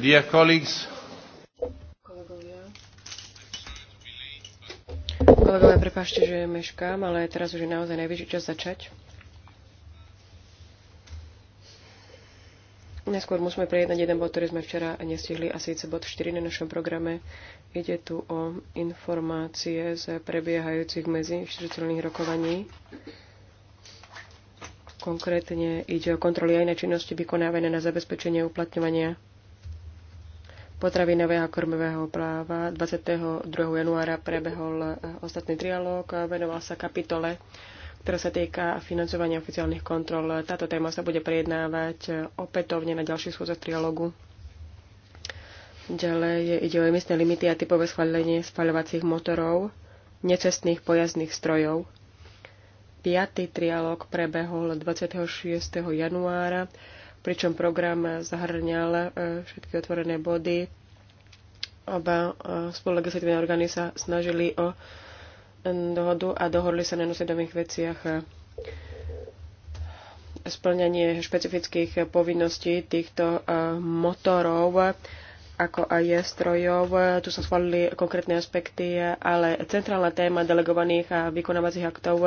Dear colleagues, Kolegovia, prepášte, že meškám, ale teraz už je naozaj najvyšší čas začať. Neskôr musíme prejednať jeden bod, ktorý sme včera nestihli, a síce bod 4 na našom programe. Ide tu o informácie z prebiehajúcich medziinštitucionálnych rokovaní. Konkrétne ide o kontroly aj na činnosti vykonávané na zabezpečenie uplatňovania potravinového a kormového práva. 22. januára prebehol eh, ostatný trialóg, venoval sa kapitole, ktorá sa týka financovania oficiálnych kontrol. Táto téma sa bude prejednávať eh, opätovne na ďalších schôdzach trialógu. Ďalej ide o emisné limity a typové schválenie spaľovacích motorov, necestných pojazdných strojov 5. trialog prebehol 26. januára, pričom program zahrňal e, všetky otvorené body. Oba e, spolulegislatívne orgány sa snažili o e, dohodu a dohodli sa na nosedomých veciach splňanie špecifických povinností týchto motorov ako aj strojov. Tu sa schválili konkrétne aspekty, ale centrálna téma delegovaných a vykonávacích aktov,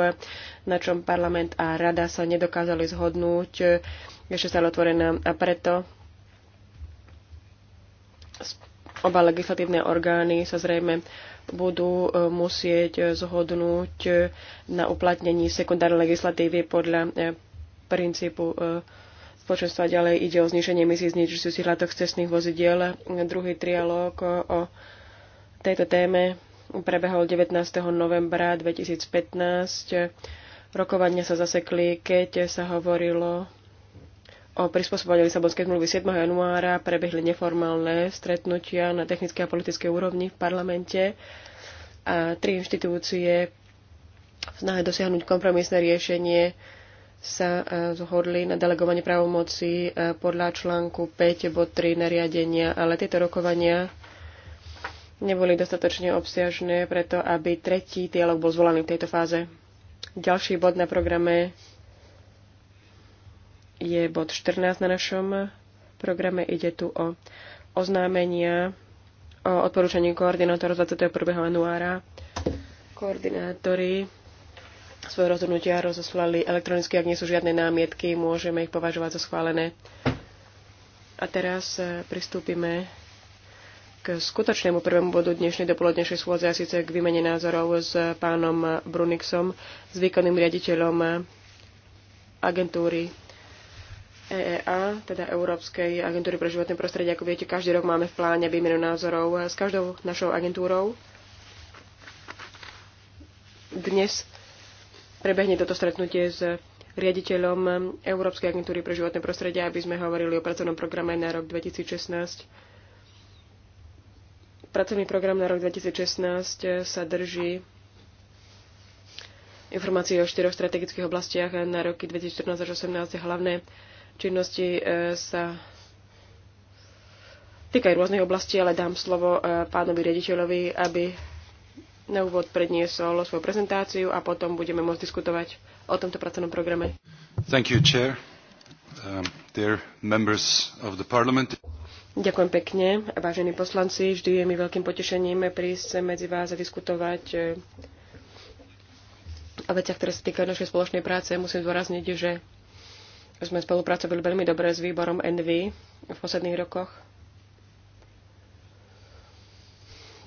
na čom parlament a rada sa nedokázali zhodnúť, ešte stále otvorená. A preto oba legislatívne orgány sa zrejme budú e, musieť zhodnúť e, na uplatnení sekundárnej legislatívy podľa e, princípu spoločenstva. Ďalej ide o zniženie emisí znižujúcich látok cestných vozidiel. Druhý trialóg o tejto téme prebehol 19. novembra 2015. Rokovania sa zasekli, keď sa hovorilo o prispôsobovaní Lisabonskej zmluvy 7. januára. Prebehli neformálne stretnutia na technickej a politickej úrovni v parlamente. A tri inštitúcie v snahe dosiahnuť kompromisné riešenie sa e, zhodli na delegovanie právomoci e, podľa článku 5 3 nariadenia, ale tieto rokovania neboli dostatočne obsiažné preto, aby tretí dialog bol zvolaný v tejto fáze. Ďalší bod na programe je bod 14 na našom programe. Ide tu o oznámenia o odporúčaní koordinátorov 21. januára. Koordinátori svoje rozhodnutia rozoslali elektronicky, ak nie sú žiadne námietky, môžeme ich považovať za schválené. A teraz e, pristúpime k skutočnému prvému bodu dnešnej dopolodnejšej schôdze a síce k výmene názorov s pánom Brunixom, s výkonným riaditeľom agentúry EEA, teda Európskej agentúry pre životné prostredie. Ako viete, každý rok máme v pláne výmenu názorov s každou našou agentúrou. Dnes prebehne toto stretnutie s riaditeľom Európskej agentúry pre životné prostredie, aby sme hovorili o pracovnom programe na rok 2016. Pracovný program na rok 2016 sa drží informácie o štyroch strategických oblastiach na roky 2014 až 2018. Hlavné činnosti e, sa týkajú rôznych oblastí, ale dám slovo e, pánovi riaditeľovi, aby na úvod predniesol svoju prezentáciu a potom budeme môcť diskutovať o tomto pracovnom programe. Thank you, Chair. Um, dear members of the parliament. Ďakujem pekne, vážení poslanci. Vždy je mi veľkým potešením prísť medzi vás a diskutovať eh, o veciach, ktoré sa týkajú našej spoločnej práce. Musím zdôrazniť, že sme spolupracovali veľmi dobre s výborom NV v posledných rokoch.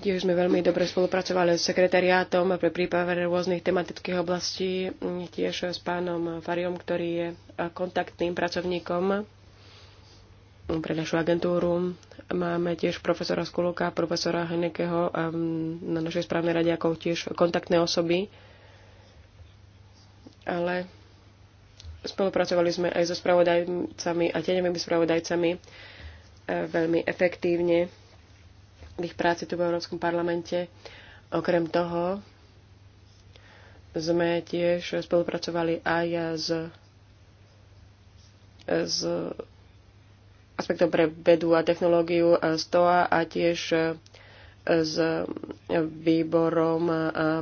Tiež sme veľmi dobre spolupracovali s sekretariátom pre prípave rôznych tematických oblastí, tiež s pánom Fariom, ktorý je kontaktným pracovníkom pre našu agentúru. Máme tiež profesora Skuluka, profesora Henekeho na našej správnej rade ako tiež kontaktné osoby. Ale spolupracovali sme aj so spravodajcami a tieňovými spravodajcami eh, veľmi efektívne v ich práci tu v Európskom parlamente. Okrem toho sme tiež spolupracovali aj s, s aspektom pre vedu a technológiu STOA a tiež s výborom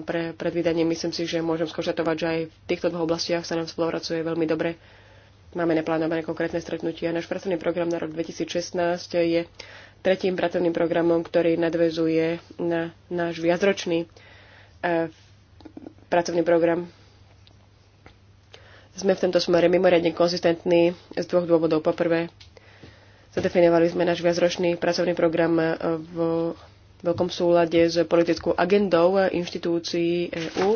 pre predvídanie. Myslím si, že môžem skonštatovať, že aj v týchto dvoch oblastiach sa nám spolupracuje veľmi dobre. Máme naplánované konkrétne stretnutia. Náš pracovný program na rok 2016 je tretím pracovným programom, ktorý nadvezuje na náš viacročný e, pracovný program. Sme v tomto smere mimoriadne konzistentní z dvoch dôvodov. Poprvé, zadefinovali sme náš viacročný pracovný program e, v veľkom súlade s politickou agendou inštitúcií EÚ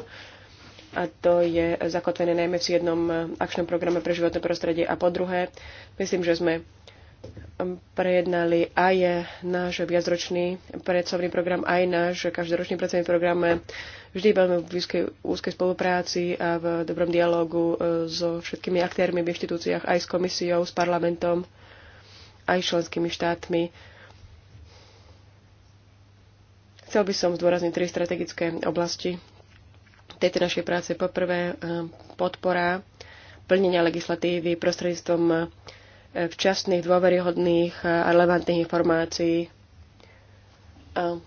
a to je zakotvené najmä v jednom akčnom programe pre životné prostredie. A po druhé, myslím, že sme prejednali aj náš viacročný pracovný program, aj náš každoročný pracovný program vždy veľmi v úzkej, úzkej spolupráci a v dobrom dialogu e, so všetkými aktérmi v inštitúciách, aj s komisiou, s parlamentom, aj s členskými štátmi. Chcel by som zdôrazniť tri strategické oblasti tejto našej práce. Poprvé, e, podpora plnenia legislatívy prostredníctvom včasných, dôveryhodných a relevantných informácií. A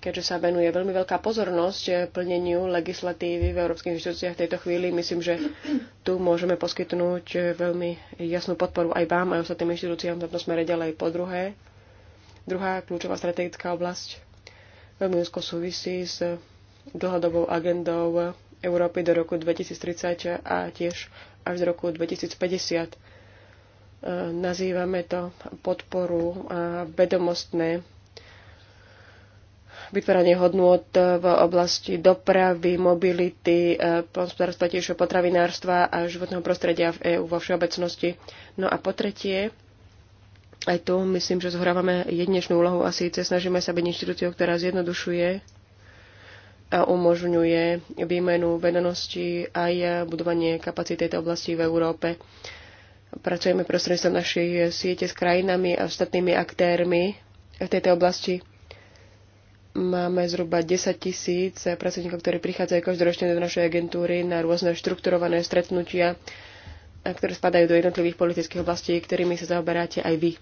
keďže sa venuje veľmi veľká pozornosť plneniu legislatívy v európskych inštitúciách v tejto chvíli, myslím, že tu môžeme poskytnúť veľmi jasnú podporu aj vám, aj ostatným inštitúciám v tomto smere ďalej. Po druhé, druhá kľúčová strategická oblasť veľmi úzko súvisí s dlhodobou agendou Európy do roku 2030 a tiež až do roku 2050. Nazývame to podporu a vedomostné vytváranie hodnôt v oblasti dopravy, mobility, e, hospodárstva, tiež potravinárstva a životného prostredia v EÚ vo všeobecnosti. No a po tretie, aj tu myslím, že zhrávame jedinečnú úlohu a síce snažíme sa byť inštitúciou, ktorá zjednodušuje a umožňuje výmenu vedenosti aj budovanie kapacity tejto oblasti v Európe. Pracujeme prostredníctvom našej siete s krajinami a ostatnými aktérmi v tejto oblasti. Máme zhruba 10 tisíc pracovníkov, ktorí prichádzajú každoročne do našej agentúry na rôzne štrukturované stretnutia, ktoré spadajú do jednotlivých politických oblastí, ktorými sa zaoberáte aj vy.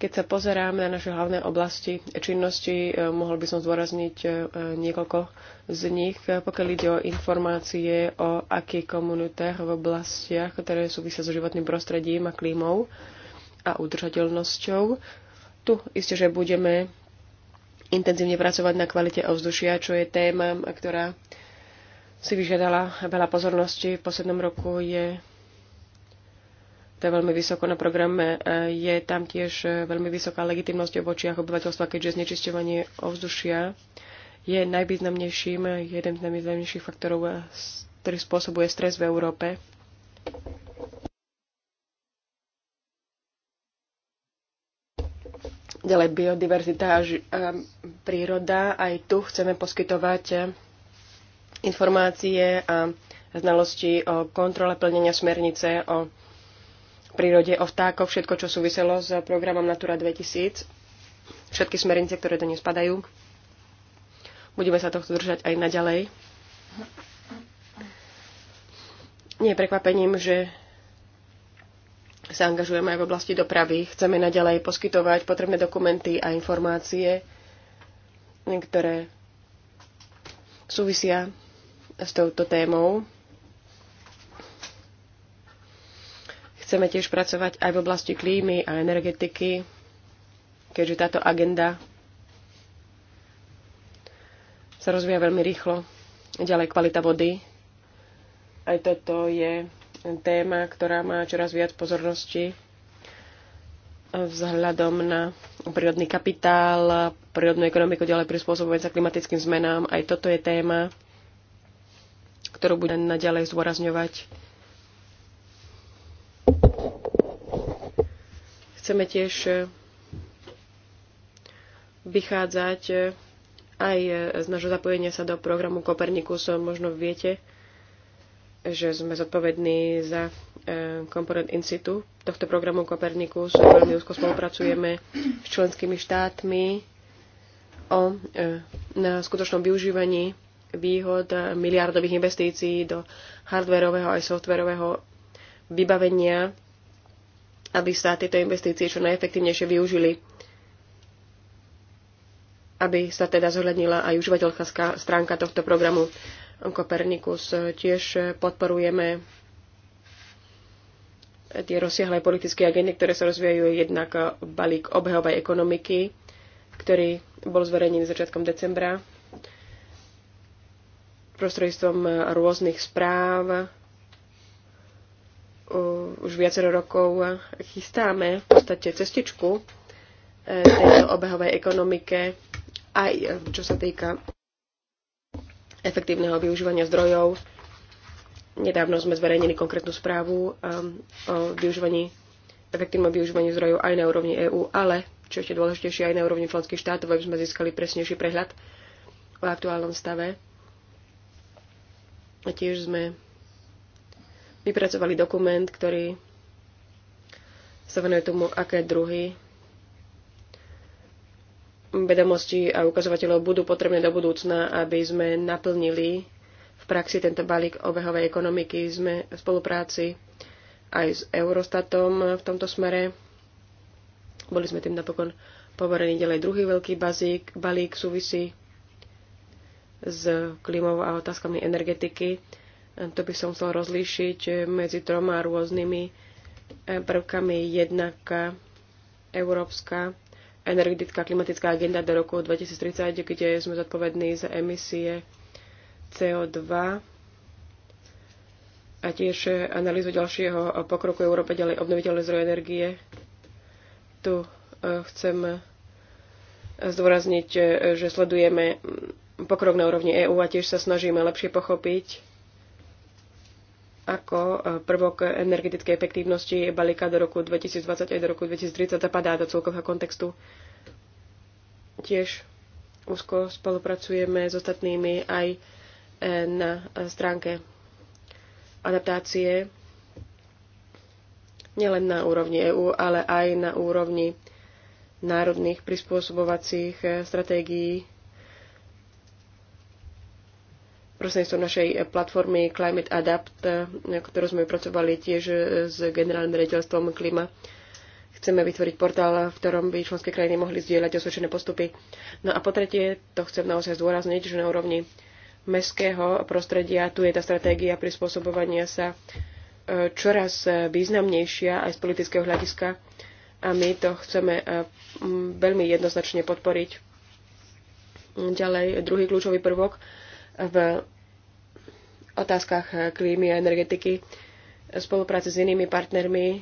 Keď sa pozeráme na naše hlavné oblasti činnosti, eh, mohol by som zdôrazniť eh, niekoľko z nich, pokiaľ ide o informácie o akých komunitách v oblastiach, ktoré súvisia so životným prostredím a klímou a udržateľnosťou. Tu isté, že budeme intenzívne pracovať na kvalite ovzdušia, čo je téma, ktorá si vyžiadala veľa pozornosti. V poslednom roku je to je veľmi vysoko na programe. E, je tam tiež e, veľmi vysoká legitimnosť v očiach obyvateľstva, keďže znečisťovanie ovzdušia je najvýznamnejším, jeden z najvýznamnejších faktorov, e, ktorý spôsobuje stres v Európe. Ďalej biodiverzita a príroda. Aj tu chceme poskytovať informácie a znalosti o kontrole plnenia smernice, o v prírode, o vtákoch, všetko, čo súviselo s programom Natura 2000, všetky smernice, ktoré do nej spadajú. Budeme sa tohto držať aj naďalej. Nie je prekvapením, že sa angažujeme aj v oblasti dopravy. Chceme naďalej poskytovať potrebné dokumenty a informácie, ktoré súvisia s touto témou. Chceme tiež pracovať aj v oblasti klímy a energetiky, keďže táto agenda sa rozvíja veľmi rýchlo. Ďalej kvalita vody. Aj toto je téma, ktorá má čoraz viac pozornosti vzhľadom na prírodný kapitál, prírodnú ekonomiku ďalej prispôsobovať sa klimatickým zmenám. Aj toto je téma, ktorú budem naďalej zdôrazňovať Chceme tiež e, vychádzať e, aj e, z nášho zapojenia sa do programu Kopernikus. Možno viete, že sme zodpovední za komponent in situ tohto programu Kopernikus. Veľmi úzko spolupracujeme s členskými štátmi o na skutočnom využívaní výhod miliardových investícií do hardwareového aj softwareového vybavenia aby sa tieto investície čo najefektívnejšie využili, aby sa teda zohľadnila aj užívateľská stránka tohto programu Kopernikus. E, tiež podporujeme tie rozsiahle politické agendy, ktoré sa rozvíjajú jednak e, balík obehovej ekonomiky, ktorý bol zverejnený začiatkom decembra prostredstvom e, rôznych správ, Eh, už viacero rokov chystáme v podstate cestičku eh, tejto obehovej ekonomike, aj eh, čo sa týka efektívneho využívania zdrojov. Nedávno sme zverejnili konkrétnu správu ehm, o využívaní, efektívnom využívaní zdrojov aj na úrovni EÚ, ale čo ešte dôležitejšie aj na úrovni členských štátov, aby sme získali presnejší prehľad o aktuálnom stave. A tiež sme vypracovali dokument, ktorý sa venuje tomu, aké druhy Vedomosti a ukazovateľov budú potrebné do budúcna, aby sme naplnili v praxi tento balík obehovej ekonomiky. Sme v spolupráci aj s Eurostatom v tomto smere. Boli sme tým napokon poverení ďalej. Druhý veľký bazík, balík súvisí s klímou a otázkami energetiky. To by som chcel rozlíšiť medzi troma rôznymi eh, prvkami. Jednak eh, európska energetická klimatická agenda do roku 2030, kde sme zodpovední za emisie CO2 a tiež eh, analýzu ďalšieho pokroku Európe ďalej obnoviteľné zdroje energie. Tu chcem zdôrazniť, že sledujeme hm, pokrok na úrovni EÚ a tiež sa snažíme lepšie pochopiť ako e, prvok energetickej efektívnosti balíka do roku 2020 aj do roku 2030 zapadá do celkového kontextu. Tiež úzko spolupracujeme s ostatnými aj e, na stránke adaptácie nielen na úrovni EÚ, ale aj na úrovni národných prispôsobovacích e, stratégií prostredníctvom našej platformy Climate Adapt, eh, ktorú sme vypracovali tiež eh, s generálnym rediteľstvom klima. Chceme vytvoriť portál, v ktorom by členské krajiny mohli zdieľať osvedčené postupy. No a po tretie, to chcem naozaj zdôrazniť, že na úrovni mestského prostredia tu je tá stratégia prispôsobovania sa eh, čoraz významnejšia aj z politického hľadiska a my to chceme veľmi jednoznačne podporiť. Ďalej, druhý kľúčový prvok v otázkach klímy a energetiky, spolupráce s inými partnermi.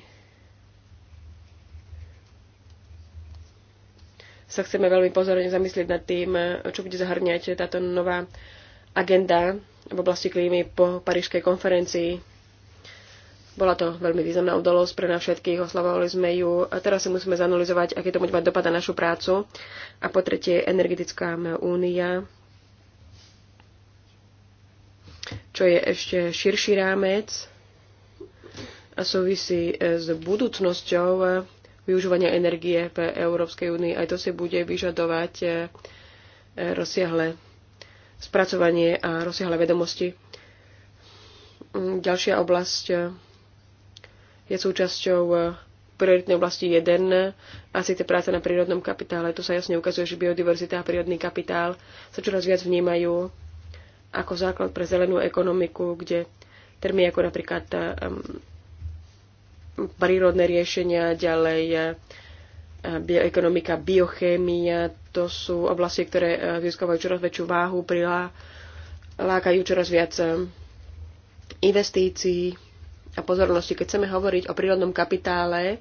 Sa chceme veľmi pozorne zamyslieť nad tým, čo bude zahrňať táto nová agenda v oblasti klímy po parížskej konferencii. Bola to veľmi významná udalosť pre nás všetkých, oslavovali sme ju a teraz si musíme zanalizovať, aké to bude mať dopad na našu prácu. A po tretie, energetická únia čo je ešte širší rámec a súvisí e, s budúcnosťou využívania energie v Európskej únii. Aj to si bude vyžadovať e, e, rozsiahle spracovanie a rozsiahle vedomosti. Mm, ďalšia oblasť je súčasťou prioritnej oblasti 1 a síce práca na prírodnom kapitále. Tu sa jasne ukazuje, že biodiverzita a prírodný kapitál sa čoraz viac vnímajú ako základ pre zelenú ekonomiku, kde termy ako napríklad prírodné riešenia, ďalej eh, bioekonomika, biochémia, to sú oblasti, ktoré eh, získavajú čoraz väčšiu váhu, prilá, lákajú čoraz viac eh, investícií a pozornosti. Keď chceme hovoriť o prírodnom kapitále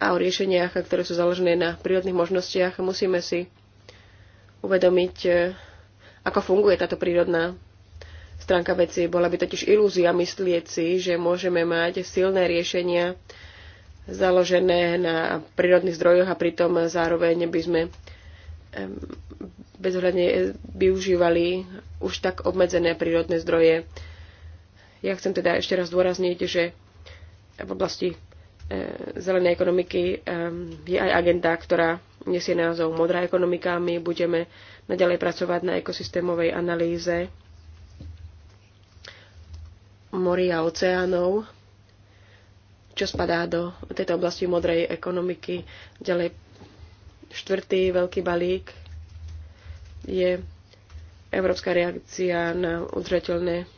a o riešeniach, ktoré sú založené na prírodných možnostiach, musíme si uvedomiť, ako funguje táto prírodná stránka veci. Bola by totiž ilúzia myslieť si, že môžeme mať silné riešenia založené na prírodných zdrojoch a pritom zároveň by sme bezohľadne eh, využívali už tak obmedzené prírodné zdroje. Ja chcem teda ešte raz dôrazniť, že v oblasti eh, zelenej ekonomiky je aj agenda, ktorá nesie názov Modrá ekonomika. My budeme naďalej pracovať na ekosystémovej analýze morí a oceánov, čo spadá do tejto oblasti modrej ekonomiky. Ďalej štvrtý veľký balík je európska reakcia na udržateľné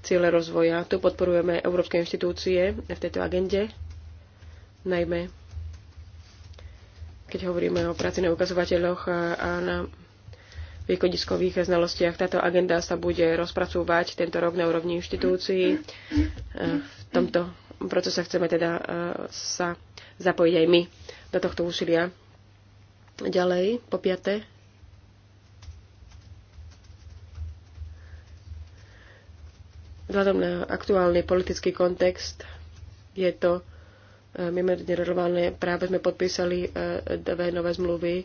ciele rozvoja. Tu podporujeme európske inštitúcie v tejto agende, najmä keď hovoríme o práci na ukazovateľoch a na východiskových znalostiach. Táto agenda sa bude rozpracúvať tento rok na úrovni inštitúcií. E, v tomto procese chceme teda e, sa zapojiť aj my do tohto úsilia. Ďalej, po piate. Vzhľadom na aktuálny politický kontext je to E, mimerne relevantné. Práve sme podpísali e, dve nové zmluvy e,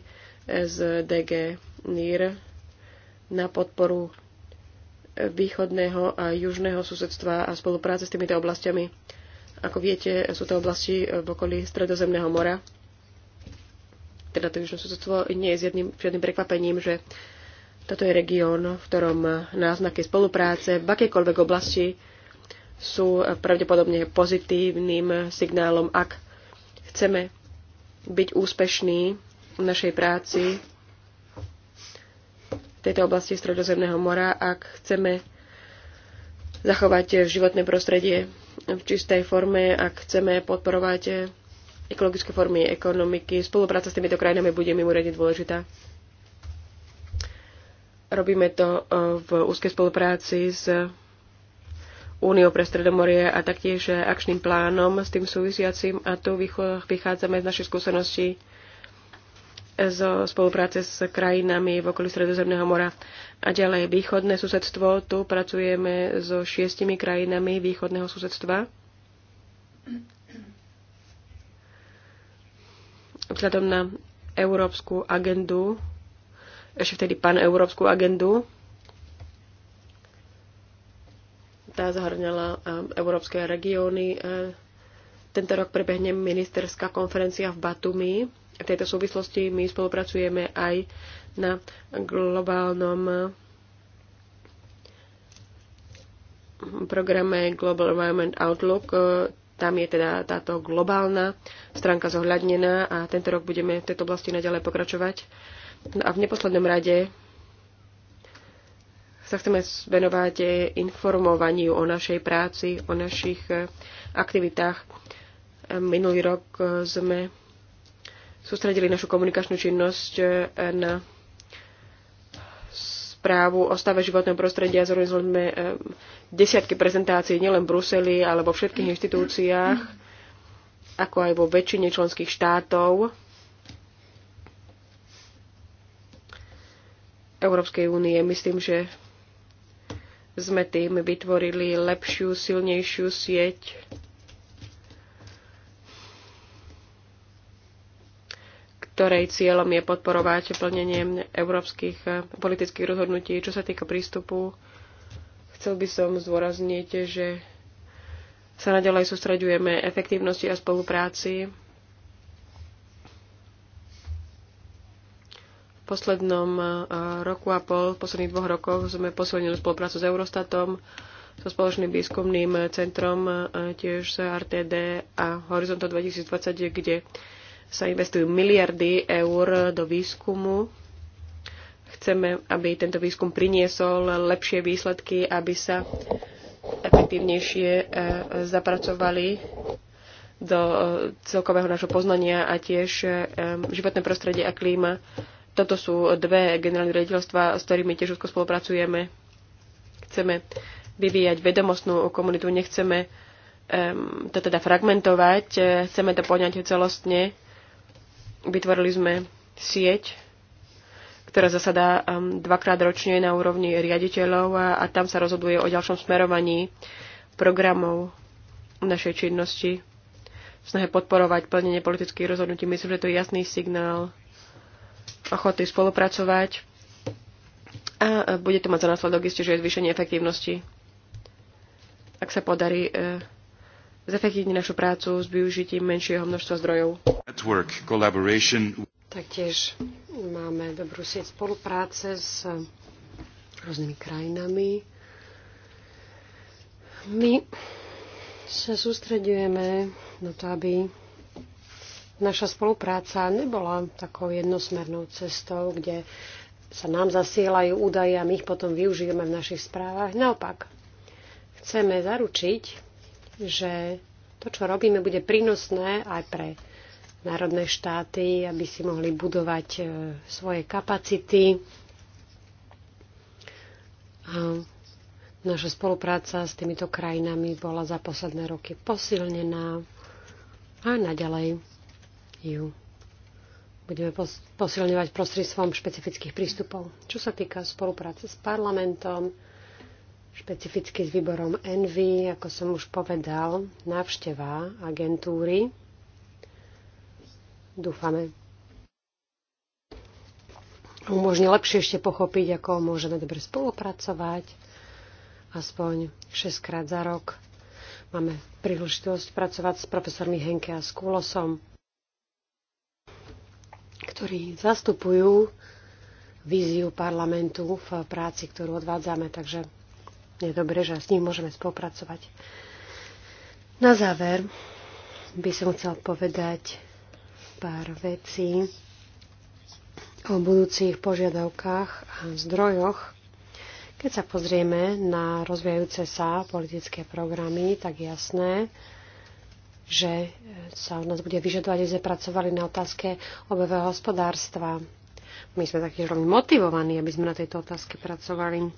z DG NIR na podporu východného a južného susedstva a spolupráce s týmito oblastiami. Ako viete, sú to oblasti v okolí Stredozemného mora. Teda to južné susedstvo nie je s jedným, žiadnym prekvapením, že toto je región, v ktorom náznaky spolupráce v akejkoľvek oblasti sú pravdepodobne pozitívnym signálom, ak chceme byť úspešní v našej práci v tejto oblasti Stredozemného mora, ak chceme zachovať životné prostredie v čistej forme, ak chceme podporovať ekologické formy ekonomiky. Spolupráca s týmito krajinami bude mimoriadne dôležitá. Robíme to eh, v úzkej spolupráci s Úniou pre Stredomorie a taktiež akčným plánom s tým súvisiacím a tu vychádzame z našej skúsenosti zo spolupráce s krajinami v okolí Stredozemného mora. A ďalej východné susedstvo, tu pracujeme so šiestimi krajinami východného susedstva. Vzhľadom na európsku agendu, ešte vtedy paneurópsku agendu, Tá zahrňala e, európske regióny. E, tento rok prebehne ministerská konferencia v Batumi. V tejto súvislosti my spolupracujeme aj na globálnom e, programe Global Environment Outlook. Tam je teda táto globálna stránka zohľadnená a tento rok budeme v tejto oblasti naďalej pokračovať. No a v neposlednom rade sa chceme venovať e, informovaniu o našej práci, o našich e, aktivitách. E, minulý rok sme sústredili našu komunikačnú činnosť na správu o stave životného prostredia. Zorganizovali sme desiatky prezentácií nielen v Bruseli, ale vo všetkých inštitúciách, ako aj vo väčšine členských štátov. Európskej únie. Myslím, že sme tým vytvorili lepšiu, silnejšiu sieť, ktorej cieľom je podporovať plnenie európskych eh, politických rozhodnutí. Čo sa týka prístupu, chcel by som zdôrazniť, že sa naďalej sústreďujeme efektívnosti a spolupráci poslednom roku a pol, v posledných dvoch rokoch sme posilnili spoluprácu s Eurostatom, so spoločným výskumným centrom, tiež s RTD a Horizonto 2020, kde sa investujú miliardy eur do výskumu. Chceme, aby tento výskum priniesol lepšie výsledky, aby sa efektívnejšie e, zapracovali do e, celkového nášho poznania a tiež e, životné prostredie a klíma toto sú dve generálne riaditeľstva, s ktorými tiež úzko spolupracujeme. Chceme vyvíjať vedomostnú komunitu, nechceme um, to teda fragmentovať, eh, chceme to poňať celostne. Vytvorili sme sieť, ktorá zasadá um, dvakrát ročne na úrovni riaditeľov a, a tam sa rozhoduje o ďalšom smerovaní programov našej činnosti v snahe podporovať plnenie politických rozhodnutí. Myslím, že to je jasný signál ochotný spolupracovať a bude to mať za následok isté, že je zvýšenie efektívnosti. Ak sa podarí e, zefektívniť našu prácu s využitím menšieho množstva zdrojov. Network, Taktiež máme dobrú sieť spolupráce s rôznymi krajinami. My sa sústredujeme na to, aby naša spolupráca nebola takou jednosmernou cestou, kde sa nám zasielajú údaje a my ich potom využijeme v našich správach. Naopak, chceme zaručiť, že to, čo robíme, bude prínosné aj pre národné štáty, aby si mohli budovať e, svoje kapacity. A naša spolupráca s týmito krajinami bola za posledné roky posilnená a naďalej ju budeme posilňovať prostredstvom špecifických prístupov. Čo sa týka spolupráce s parlamentom, špecificky s výborom ENVY, ako som už povedal, návšteva agentúry. Dúfame, umožní lepšie ešte pochopiť, ako môžeme dobre spolupracovať. Aspoň 6 krát za rok máme príležitosť pracovať s profesormi Henke a Skúlosom ktorí zastupujú víziu parlamentu v práci, ktorú odvádzame, takže je dobré, že s ním môžeme spolupracovať. Na záver by som chcel povedať pár vecí o budúcich požiadavkách a zdrojoch. Keď sa pozrieme na rozvíjajúce sa politické programy, tak jasné, že e, sa od nás bude vyžadovať, aby sme pracovali na otázke obového hospodárstva. My sme taktiež veľmi motivovaní, aby sme na tejto otázke pracovali.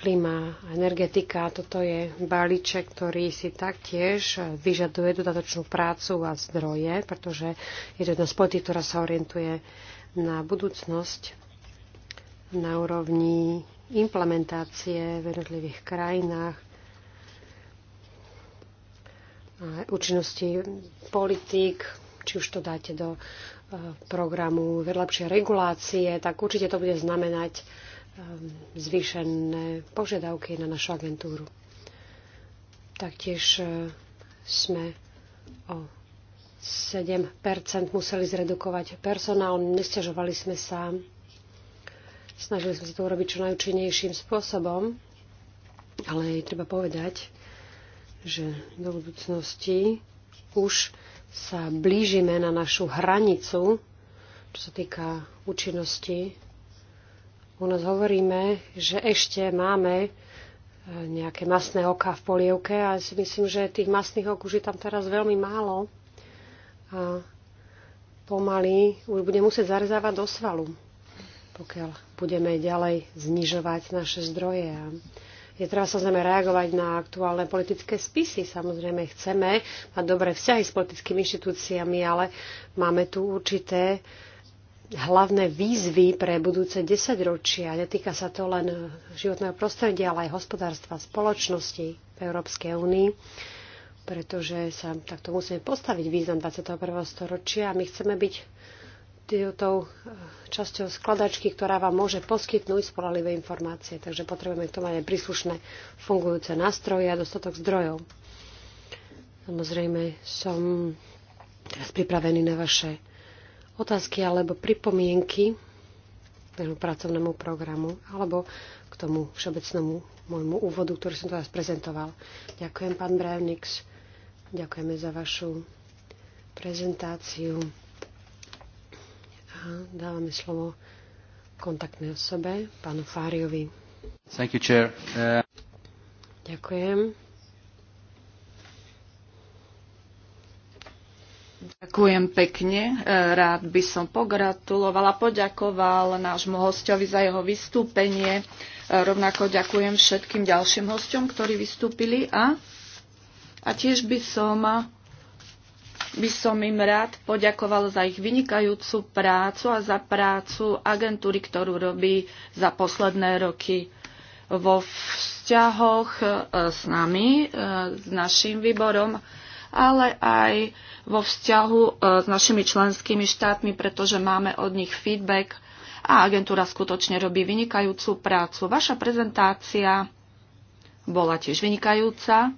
Klima, energetika, toto je balíček, ktorý si taktiež vyžaduje dodatočnú prácu a zdroje, pretože je to jedna z politik, ktorá sa orientuje na budúcnosť na úrovni implementácie v jednotlivých krajinách účinnosti politík, či už to dáte do e, programu lepšie regulácie, tak určite to bude znamenať e, zvýšené požiadavky na našu agentúru. Taktiež e, sme o 7 museli zredukovať personál, nestiažovali sme sa, snažili sme sa to urobiť čo najúčinnejším spôsobom, ale treba povedať, že do budúcnosti už sa blížime na našu hranicu, čo sa týka účinnosti. U nás hovoríme, že ešte máme e, nejaké masné oka v polievke a ja si myslím, že tých masných ok už je tam teraz veľmi málo a pomaly už bude musieť zarezávať do svalu, pokiaľ budeme ďalej znižovať naše zdroje. A je treba samozrejme reagovať na aktuálne politické spisy. Samozrejme chceme mať dobré vzťahy s politickými inštitúciami, ale máme tu určité hlavné výzvy pre budúce desaťročia. Netýka sa to len životného prostredia, ale aj hospodárstva, spoločnosti v Európskej únii pretože sa takto musíme postaviť význam 21. storočia a my chceme byť tou e, časťou skladačky, ktorá vám môže poskytnúť spolahlivé informácie. Takže potrebujeme k tomu aj príslušné fungujúce nástroje a dostatok zdrojov. Samozrejme, som teraz pripravený na vaše otázky alebo pripomienky k tomu pracovnému programu alebo k tomu všeobecnému môjmu úvodu, ktorý som teraz prezentoval. Ďakujem, pán Brevnix. Ďakujeme za vašu prezentáciu. A dávame slovo kontaktnej osobe, pánu Fáriovi. Thank you, chair. Uh... Ďakujem. Ďakujem pekne. Uh, rád by som pogratuloval a poďakoval nášmu hostovi za jeho vystúpenie. Uh, rovnako ďakujem všetkým ďalším hostom, ktorí vystúpili a, a tiež by som by som im rád poďakoval za ich vynikajúcu prácu a za prácu agentúry, ktorú robí za posledné roky vo vzťahoch e, s nami, e, s našim výborom, ale aj vo vzťahu e, s našimi členskými štátmi, pretože máme od nich feedback a agentúra skutočne robí vynikajúcu prácu. Vaša prezentácia bola tiež vynikajúca.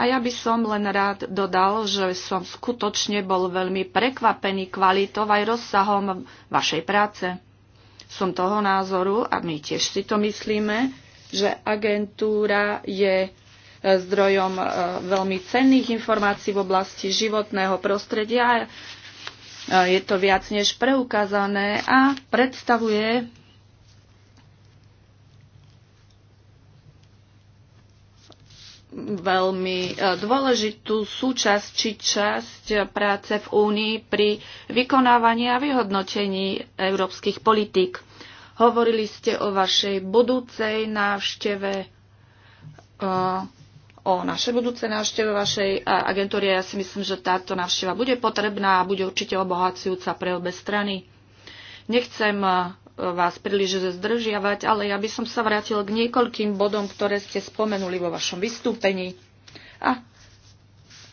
A ja by som len rád dodal, že som skutočne bol veľmi prekvapený kvalitou aj rozsahom vašej práce. Som toho názoru, a my tiež si to myslíme, že agentúra je e, zdrojom e, veľmi cenných informácií v oblasti životného prostredia. E, je to viac než preukázané a predstavuje veľmi e, dôležitú súčasť či časť práce v Únii pri vykonávaní a vyhodnotení európskych politík. Hovorili ste o vašej budúcej návšteve, e, o našej budúcej návšteve vašej agentúry. Ja si myslím, že táto návšteva bude potrebná a bude určite obohacujúca pre obe strany. Nechcem e, vás príliš zdržiavať, ale ja by som sa vrátil k niekoľkým bodom, ktoré ste spomenuli vo vašom vystúpení. A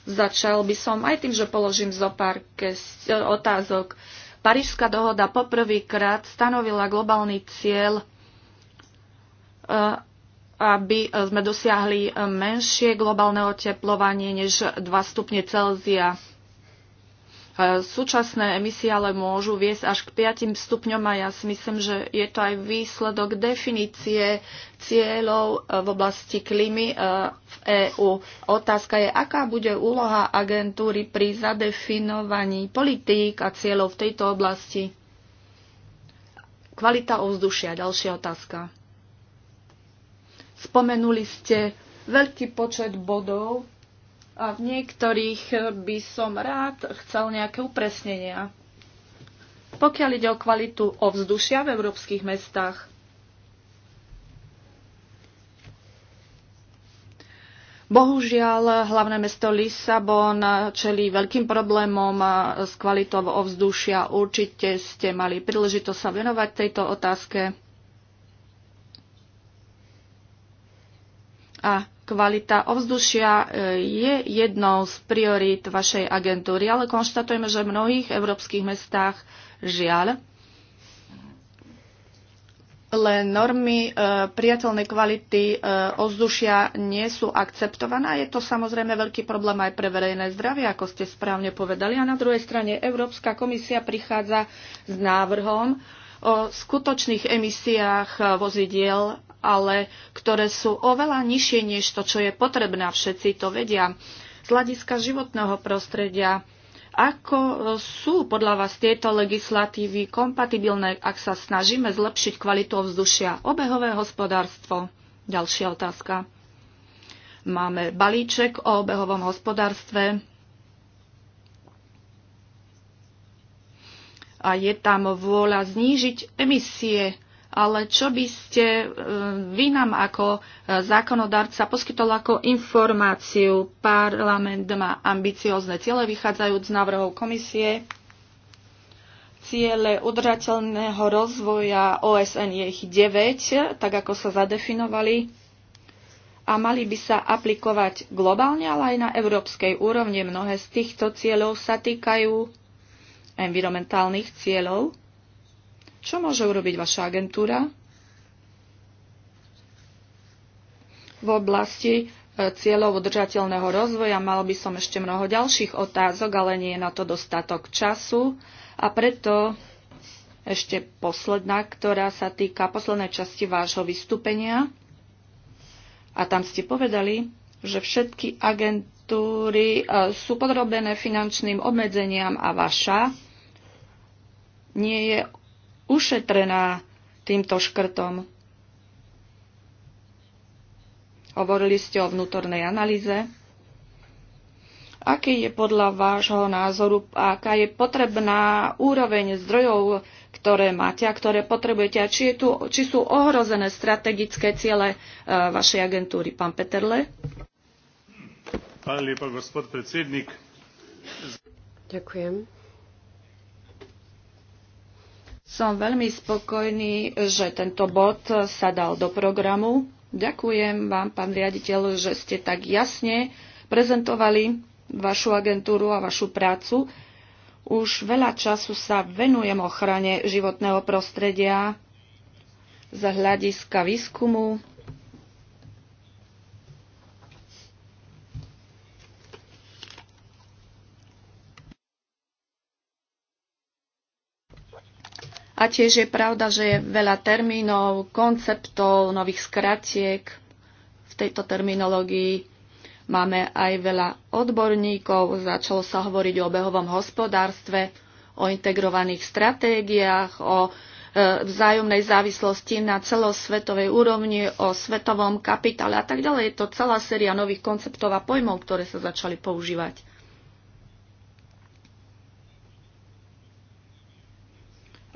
začal by som aj tým, že položím zo pár otázok. Parížská dohoda poprvýkrát stanovila globálny cieľ e, aby sme dosiahli menšie globálne oteplovanie než 2 stupne Celzia. E, súčasné emisie ale môžu viesť až k 5 stupňom a ja si myslím, že je to aj výsledok definície cieľov e, v oblasti klímy e, v EÚ. Otázka je, aká bude úloha agentúry pri zadefinovaní politík a cieľov v tejto oblasti. Kvalita ovzdušia, ďalšia otázka. Spomenuli ste veľký počet bodov, v niektorých eh, by som rád chcel nejaké upresnenia. Pokiaľ ide o kvalitu ovzdušia v európskych mestách, Bohužiaľ, hlavné mesto Lisabon čelí veľkým problémom s kvalitou ovzdušia. Určite ste mali príležitosť sa venovať tejto otázke. A Kvalita ovzdušia e, je jednou z priorít vašej agentúry, ale konštatujeme, že v mnohých európskych mestách žiaľ len normy e, priateľnej kvality e, ovzdušia nie sú akceptované. Je to samozrejme veľký problém aj pre verejné zdravie, ako ste správne povedali. A na druhej strane Európska komisia prichádza s návrhom o skutočných emisiách vozidiel ale ktoré sú oveľa nižšie než to, čo je potrebné. A všetci to vedia. Z hľadiska životného prostredia, ako sú podľa vás tieto legislatívy kompatibilné, ak sa snažíme zlepšiť kvalitu ovzdušia? Obehové hospodárstvo. Ďalšia otázka. Máme balíček o obehovom hospodárstve. a je tam vôľa znížiť emisie ale čo by ste e, vy nám ako e, zákonodarca poskytol ako informáciu? Parlament má ambiciozne ciele vychádzajúc z návrhov komisie. Ciele udržateľného rozvoja OSN je ich 9, tak ako sa zadefinovali a mali by sa aplikovať globálne, ale aj na európskej úrovni. Mnohé z týchto cieľov sa týkajú environmentálnych cieľov, čo môže urobiť vaša agentúra v oblasti e, cieľov udržateľného rozvoja? mal by som ešte mnoho ďalších otázok, ale nie je na to dostatok času. A preto ešte posledná, ktorá sa týka poslednej časti vášho vystúpenia. A tam ste povedali, že všetky agentúry e, sú podrobené finančným obmedzeniam a vaša nie je ušetrená týmto škrtom. Hovorili ste o vnútornej analýze. Aký je podľa vášho názoru, aká je potrebná úroveň zdrojov, ktoré máte a ktoré potrebujete a či, je tu, či sú ohrozené strategické ciele e, vašej agentúry. Pán Peterle. Pán Lipa, gospod predsednik. Ďakujem. Som veľmi spokojný, že tento bod sa dal do programu. Ďakujem vám, pán riaditeľ, že ste tak jasne prezentovali vašu agentúru a vašu prácu. Už veľa času sa venujem ochrane životného prostredia z hľadiska výskumu, A tiež je pravda, že je veľa termínov, konceptov, nových skratiek v tejto terminológii. Máme aj veľa odborníkov, začalo sa hovoriť o obehovom hospodárstve, o integrovaných stratégiách, o e, vzájomnej závislosti na celosvetovej úrovni, o svetovom kapitále a tak ďalej. Je to celá séria nových konceptov a pojmov, ktoré sa začali používať.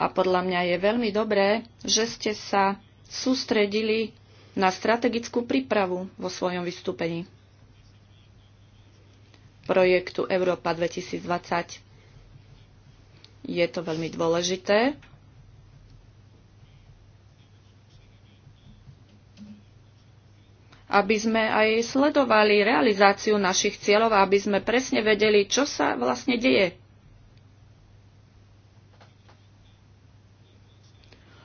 A podľa mňa je veľmi dobré, že ste sa sústredili na strategickú prípravu vo svojom vystúpení projektu Európa 2020. Je to veľmi dôležité. aby sme aj sledovali realizáciu našich cieľov, a aby sme presne vedeli, čo sa vlastne deje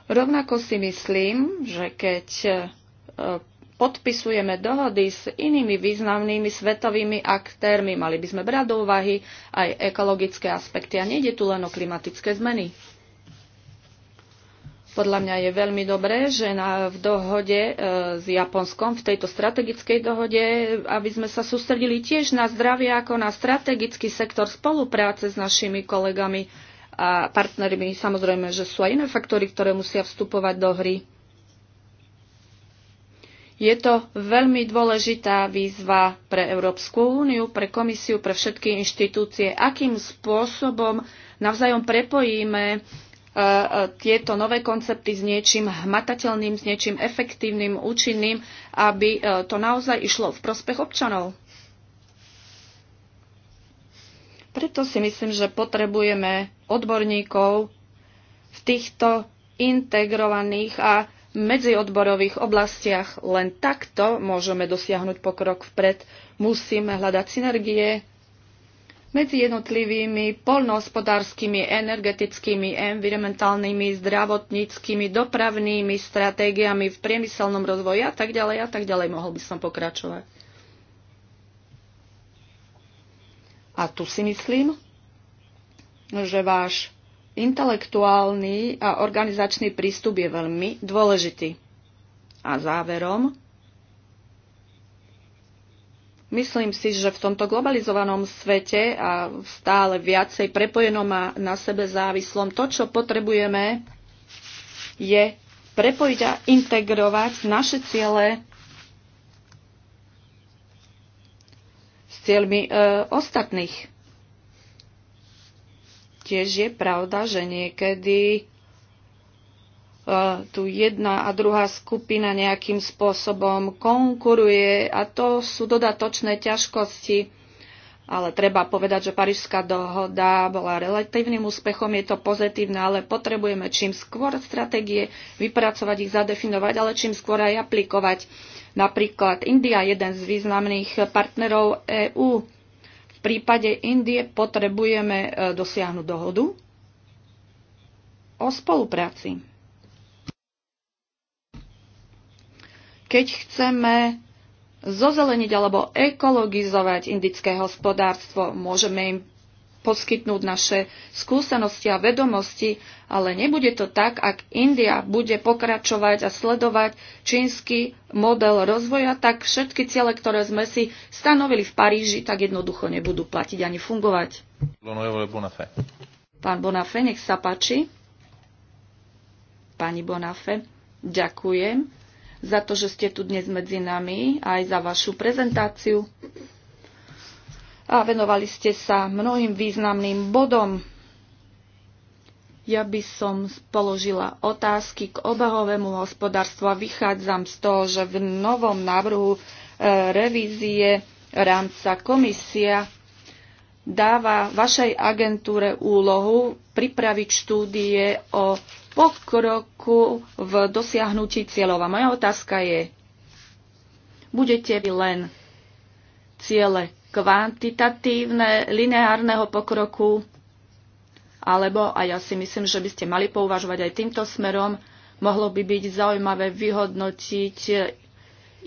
Rovnako si myslím, že keď e, podpisujeme dohody s inými významnými svetovými aktérmi, mali by sme brať do úvahy aj ekologické aspekty a nejde tu len o klimatické zmeny. Podľa mňa je veľmi dobré, že na, v dohode e, s Japonskom, v tejto strategickej dohode, aby sme sa sústredili tiež na zdravie ako na strategický sektor spolupráce s našimi kolegami a partnermi. Samozrejme, že sú aj iné faktory, ktoré musia vstupovať do hry. Je to veľmi dôležitá výzva pre Európsku úniu, pre komisiu, pre všetky inštitúcie, akým spôsobom navzájom prepojíme e, e, tieto nové koncepty s niečím hmatateľným, s niečím efektívnym, účinným, aby e, to naozaj išlo v prospech občanov. Preto si myslím, že potrebujeme odborníkov v týchto integrovaných a medziodborových oblastiach. Len takto môžeme dosiahnuť pokrok vpred. Musíme hľadať synergie medzi jednotlivými polnohospodárskymi, energetickými, environmentálnymi, zdravotníckými, dopravnými stratégiami v priemyselnom rozvoji a tak ďalej a tak ďalej. Mohol by som pokračovať. A tu si myslím, že váš intelektuálny a organizačný prístup je veľmi dôležitý. A záverom, Myslím si, že v tomto globalizovanom svete a stále viacej prepojenom a na sebe závislom, to, čo potrebujeme, je prepojiť a integrovať naše ciele cieľmi e, ostatných. Tiež je pravda, že niekedy e, tu jedna a druhá skupina nejakým spôsobom konkuruje a to sú dodatočné ťažkosti ale treba povedať, že Parížská dohoda bola relatívnym úspechom, je to pozitívne, ale potrebujeme čím skôr stratégie vypracovať ich, zadefinovať, ale čím skôr aj aplikovať. Napríklad India, jeden z významných partnerov EÚ. V prípade Indie potrebujeme e, dosiahnuť dohodu o spolupráci. Keď chceme zozeleniť alebo ekologizovať indické hospodárstvo. Môžeme im poskytnúť naše skúsenosti a vedomosti, ale nebude to tak, ak India bude pokračovať a sledovať čínsky model rozvoja, tak všetky ciele, ktoré sme si stanovili v Paríži, tak jednoducho nebudú platiť ani fungovať. Pán Bonafé, nech sa páči. Pani Bonafé, ďakujem za to, že ste tu dnes medzi nami, aj za vašu prezentáciu. A venovali ste sa mnohým významným bodom. Ja by som položila otázky k obahovému hospodárstvu a vychádzam z toho, že v novom návrhu e, revízie rámca komisia dáva vašej agentúre úlohu pripraviť štúdie o pokroku v dosiahnutí cieľov. A moja otázka je, budete vy len ciele kvantitatívne, lineárneho pokroku, alebo, a ja si myslím, že by ste mali pouvažovať aj týmto smerom, mohlo by byť zaujímavé vyhodnotiť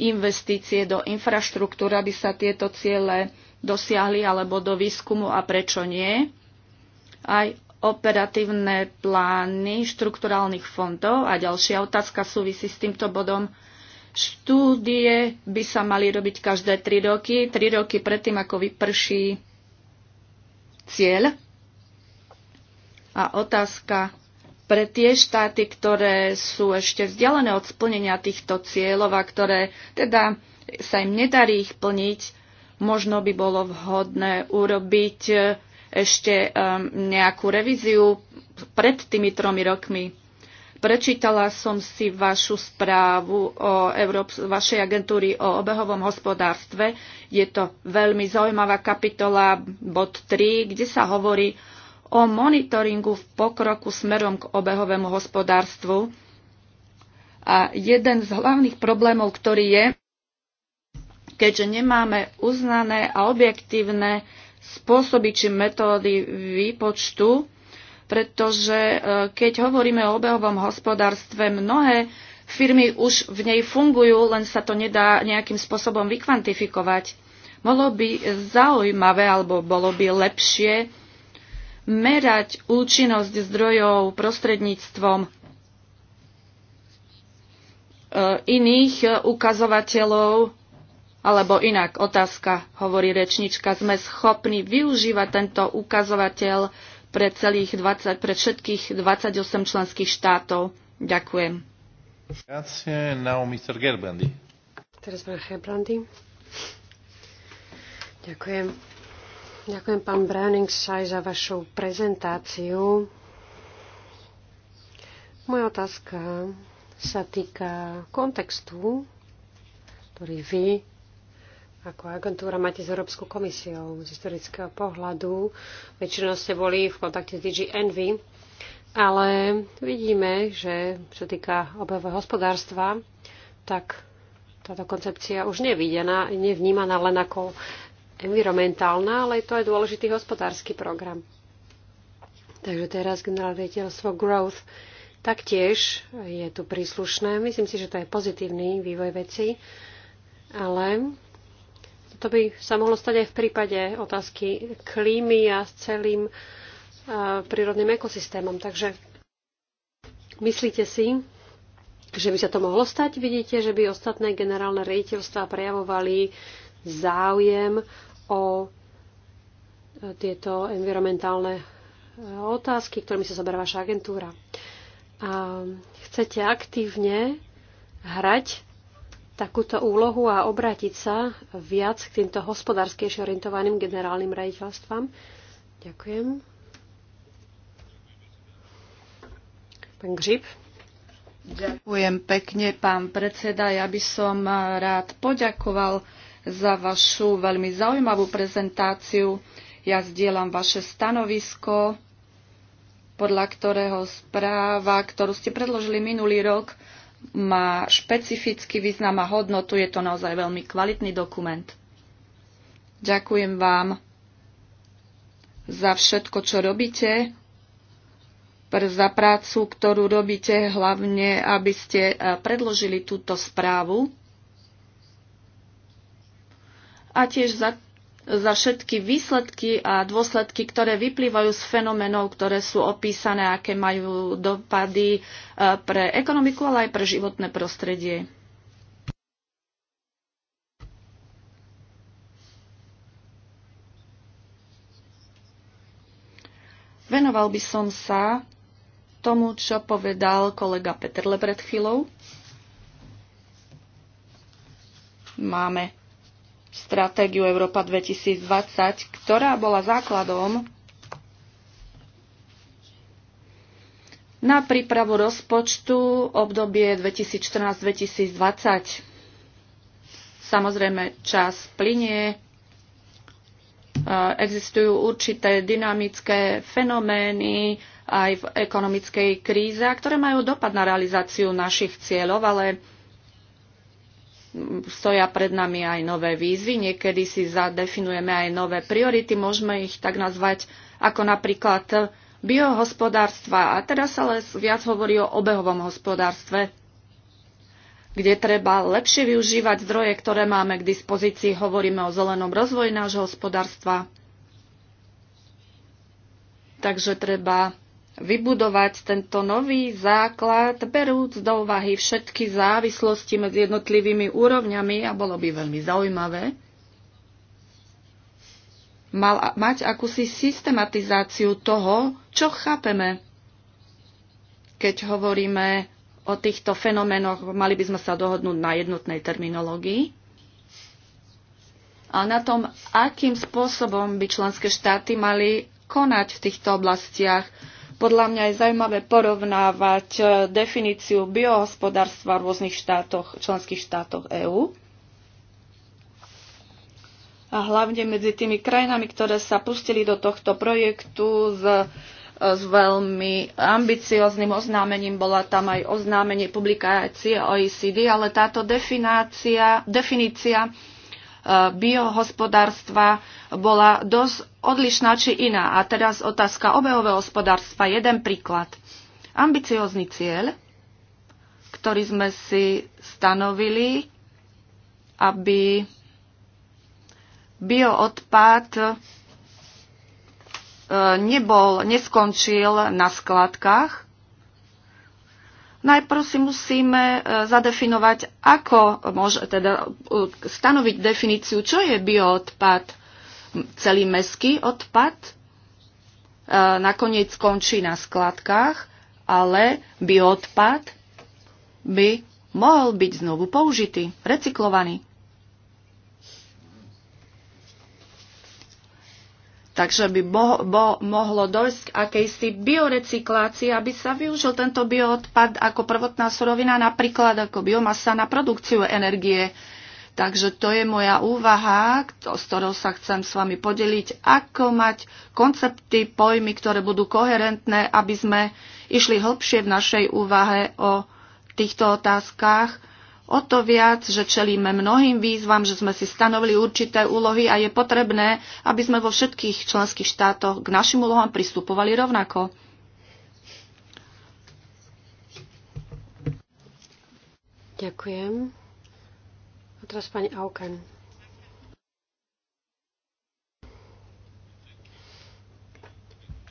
investície do infraštruktúry, aby sa tieto ciele dosiahli, alebo do výskumu a prečo nie. Aj operatívne plány štrukturálnych fondov. A ďalšia otázka súvisí s týmto bodom. Štúdie by sa mali robiť každé 3 roky, 3 roky predtým, ako vyprší cieľ. A otázka pre tie štáty, ktoré sú ešte vzdialené od splnenia týchto cieľov a ktoré teda sa im nedarí ich plniť, Možno by bolo vhodné urobiť e, ešte e, nejakú revíziu pred tými tromi rokmi. Prečítala som si vašu správu o Európs- vašej agentúry o obehovom hospodárstve. Je to veľmi zaujímavá kapitola, bod 3, kde sa hovorí o monitoringu v pokroku smerom k obehovému hospodárstvu. A jeden z hlavných problémov, ktorý je, keďže nemáme uznané a objektívne spôsoby či metódy výpočtu, pretože e, keď hovoríme o obehovom hospodárstve, mnohé firmy už v nej fungujú, len sa to nedá nejakým spôsobom vykvantifikovať. Bolo by zaujímavé, alebo bolo by lepšie merať účinnosť zdrojov prostredníctvom e, iných e, ukazovateľov, alebo inak otázka, hovorí rečnička, sme schopní využívať tento ukazovateľ pre, celých 20, pre všetkých 28 členských štátov. Ďakujem. Grazie, now Mr. Gerbrandy. Teraz pán Gerbrandy. Ďakujem. Ďakujem pán Browning aj za vašu prezentáciu. Moja otázka sa týka kontextu, ktorý vy ako agentúra máte s Európskou komisiou z historického pohľadu. Väčšinou ste boli v kontakte s DG Envy, ale vidíme, že čo týka obehové hospodárstva, tak táto koncepcia už nevidená, nevnímaná len ako environmentálna, ale to je dôležitý hospodársky program. Takže teraz generálne Growth taktiež je tu príslušné. Myslím si, že to je pozitívny vývoj veci, ale to by sa mohlo stať aj v prípade otázky klímy a s celým prírodným ekosystémom. Takže myslíte si, že by sa to mohlo stať? Vidíte, že by ostatné generálne riaditeľstva prejavovali záujem o e, tieto environmentálne e, otázky, ktorými sa zoberá vaša agentúra. A chcete aktívne hrať takúto úlohu a obrátiť sa viac k týmto hospodárskejšie orientovaným generálnym raditeľstvám. Ďakujem. Pán Gžip. Ďakujem pekne, pán predseda. Ja by som rád poďakoval za vašu veľmi zaujímavú prezentáciu. Ja zdieľam vaše stanovisko, podľa ktorého správa, ktorú ste predložili minulý rok, má špecifický význam a hodnotu. Je to naozaj veľmi kvalitný dokument. Ďakujem vám za všetko, čo robíte, za prácu, ktorú robíte, hlavne, aby ste e, predložili túto správu a tiež za za všetky výsledky a dôsledky, ktoré vyplývajú z fenomenov, ktoré sú opísané, aké majú dopady e, pre ekonomiku, ale aj pre životné prostredie. Venoval by som sa tomu, čo povedal kolega Peter pred chvíľou. Máme stratégiu Európa 2020, ktorá bola základom na prípravu rozpočtu obdobie 2014-2020. Samozrejme, čas plinie, e, existujú určité dynamické fenomény aj v ekonomickej kríze, ktoré majú dopad na realizáciu našich cieľov, ale stoja pred nami aj nové výzvy, niekedy si zadefinujeme aj nové priority, môžeme ich tak nazvať ako napríklad biohospodárstva. A teraz ale viac hovorí o obehovom hospodárstve, kde treba lepšie využívať zdroje, ktoré máme k dispozícii. Hovoríme o zelenom rozvoji nášho hospodárstva. Takže treba vybudovať tento nový základ, berúc do úvahy všetky závislosti medzi jednotlivými úrovňami a bolo by veľmi zaujímavé mal mať akúsi systematizáciu toho, čo chápeme, keď hovoríme o týchto fenoménoch. Mali by sme sa dohodnúť na jednotnej terminológii a na tom, akým spôsobom by členské štáty mali konať v týchto oblastiach podľa mňa je zaujímavé porovnávať e, definíciu biohospodárstva v rôznych štátoch, členských štátoch EÚ a hlavne medzi tými krajinami, ktoré sa pustili do tohto projektu s, e, s veľmi ambiciozným oznámením. Bola tam aj oznámenie publikácie OECD, ale táto definícia, definícia E, biohospodárstva bola dosť odlišná či iná. A teraz otázka obehového hospodárstva. Jeden príklad. Ambiciózny cieľ, ktorý sme si stanovili, aby bioodpad e, nebol, neskončil na skladkách, Najprv si musíme e, zadefinovať, ako môže, teda e, stanoviť definíciu, čo je bioodpad, celý meský odpad, e, nakoniec skončí na skladkách, ale bioodpad by mohol byť znovu použitý, recyklovaný. Takže by bo, bo- mohlo dojsť k akejsi biorecyklácii, aby sa využil tento bioodpad ako prvotná surovina, napríklad ako biomasa na produkciu energie. Takže to je moja úvaha, s ktorou sa chcem s vami podeliť, ako mať koncepty, pojmy, ktoré budú koherentné, aby sme išli hlbšie v našej úvahe o týchto otázkach O to viac, že čelíme mnohým výzvam, že sme si stanovili určité úlohy a je potrebné, aby sme vo všetkých členských štátoch k našim úlohám pristupovali rovnako. Ďakujem. A teraz pani Auken.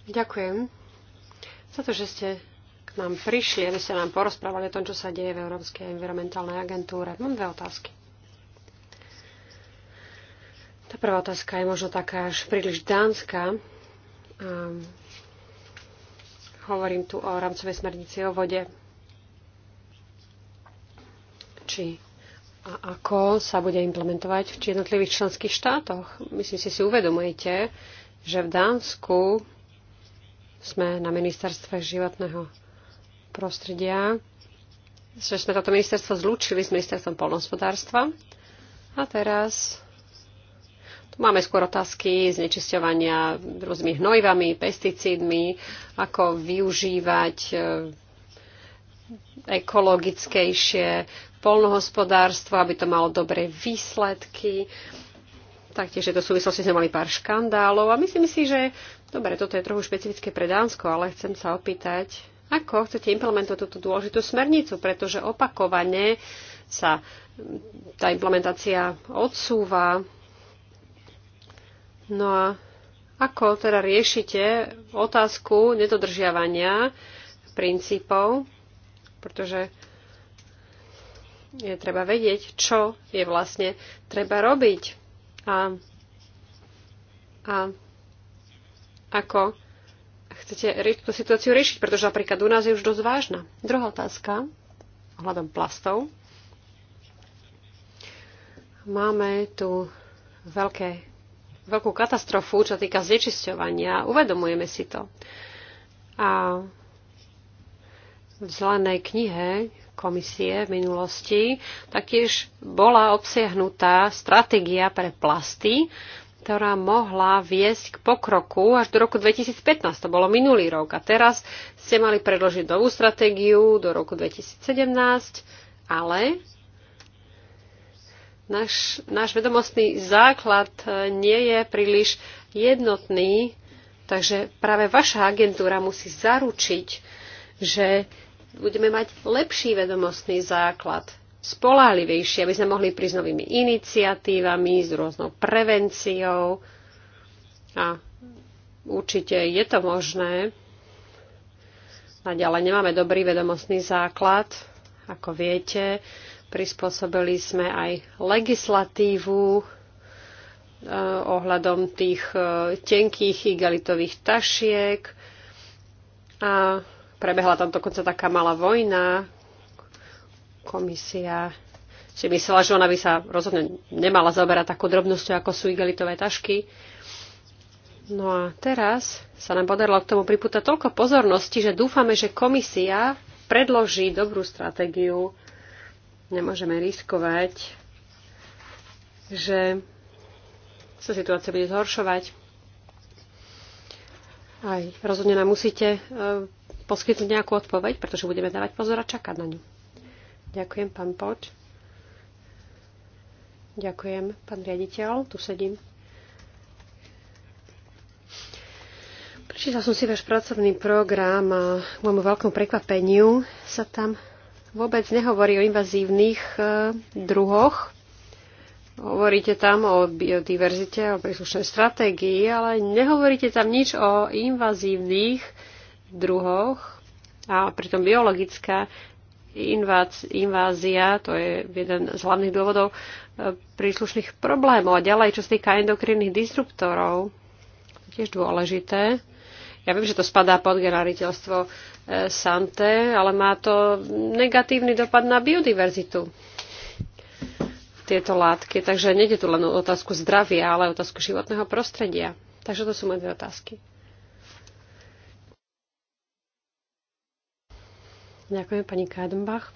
Ďakujem za to, že ste nám prišli, aby ste nám porozprávali o tom, čo sa deje v Európskej environmentálnej agentúre. Mám dve otázky. Tá prvá otázka je možno taká až príliš dánska. Um, ehm, hovorím tu o rámcovej smernici o vode. Či a ako sa bude implementovať v jednotlivých členských štátoch. Myslím si, si uvedomujete, že v Dánsku sme na ministerstve životného prostredia, že sme toto ministerstvo zlúčili s ministerstvom polnohospodárstva. A teraz tu máme skôr otázky znečisťovania rôznymi hnojivami, pesticídmi, ako využívať e, ekologickejšie polnohospodárstvo, aby to malo dobré výsledky. Taktiež je to súvislosti sme mali pár škandálov a myslím si, že dobre, toto je trochu špecifické pre Dánsko, ale chcem sa opýtať, ako chcete implementovať túto dôležitú smernicu, pretože opakovane sa tá implementácia odsúva. No a ako teda riešite otázku nedodržiavania princípov, pretože je treba vedieť, čo je vlastne treba robiť a, a ako chcete tú situáciu riešiť, pretože napríklad u nás je už dosť vážna. Druhá otázka, ohľadom plastov. Máme tu veľké, veľkú katastrofu, čo týka znečisťovania. Uvedomujeme si to. A v zelenej knihe komisie v minulosti taktiež bola obsiahnutá stratégia pre plasty, ktorá mohla viesť k pokroku až do roku 2015. To bolo minulý rok. A teraz ste mali predložiť novú stratégiu do roku 2017, ale náš, náš vedomostný základ e, nie je príliš jednotný, takže práve vaša agentúra musí zaručiť, že budeme mať lepší vedomostný základ spolahlivejšie, aby sme mohli prísť novými iniciatívami, s rôznou prevenciou. A určite je to možné. Naďalej nemáme dobrý vedomostný základ. Ako viete, prispôsobili sme aj legislatívu e, ohľadom tých e, tenkých igalitových tašiek. A prebehla tam dokonca taká malá vojna Komisia si myslela, že ona by sa rozhodne nemala zaoberať takú drobnosťou, ako sú igelitové tašky. No a teraz sa nám podarilo k tomu priputať toľko pozornosti, že dúfame, že komisia predloží dobrú stratégiu. Nemôžeme riskovať, že sa situácia bude zhoršovať. Aj rozhodne nám musíte e, poskytnúť nejakú odpoveď, pretože budeme dávať pozor a čakať na ňu. Ďakujem, pán Poč. Ďakujem, pán riaditeľ. Tu sedím. Prečítal som si váš pracovný program a k môjmu veľkom prekvapeniu sa tam vôbec nehovorí o invazívnych e, druhoch. Hovoríte tam o biodiverzite, o príslušnej stratégii, ale nehovoríte tam nič o invazívnych druhoch a pritom biologická invázia, to je jeden z hlavných dôvodov e, príslušných problémov. A ďalej, čo sa týka endokrinných disruptorov, to tiež dôležité. Ja viem, že to spadá pod generiteľstvo e, Sante, ale má to negatívny dopad na biodiverzitu tieto látky. Takže nejde tu len o otázku zdravia, ale o otázku životného prostredia. Takže to sú moje dve otázky. Ďakujem pani Kadenbach.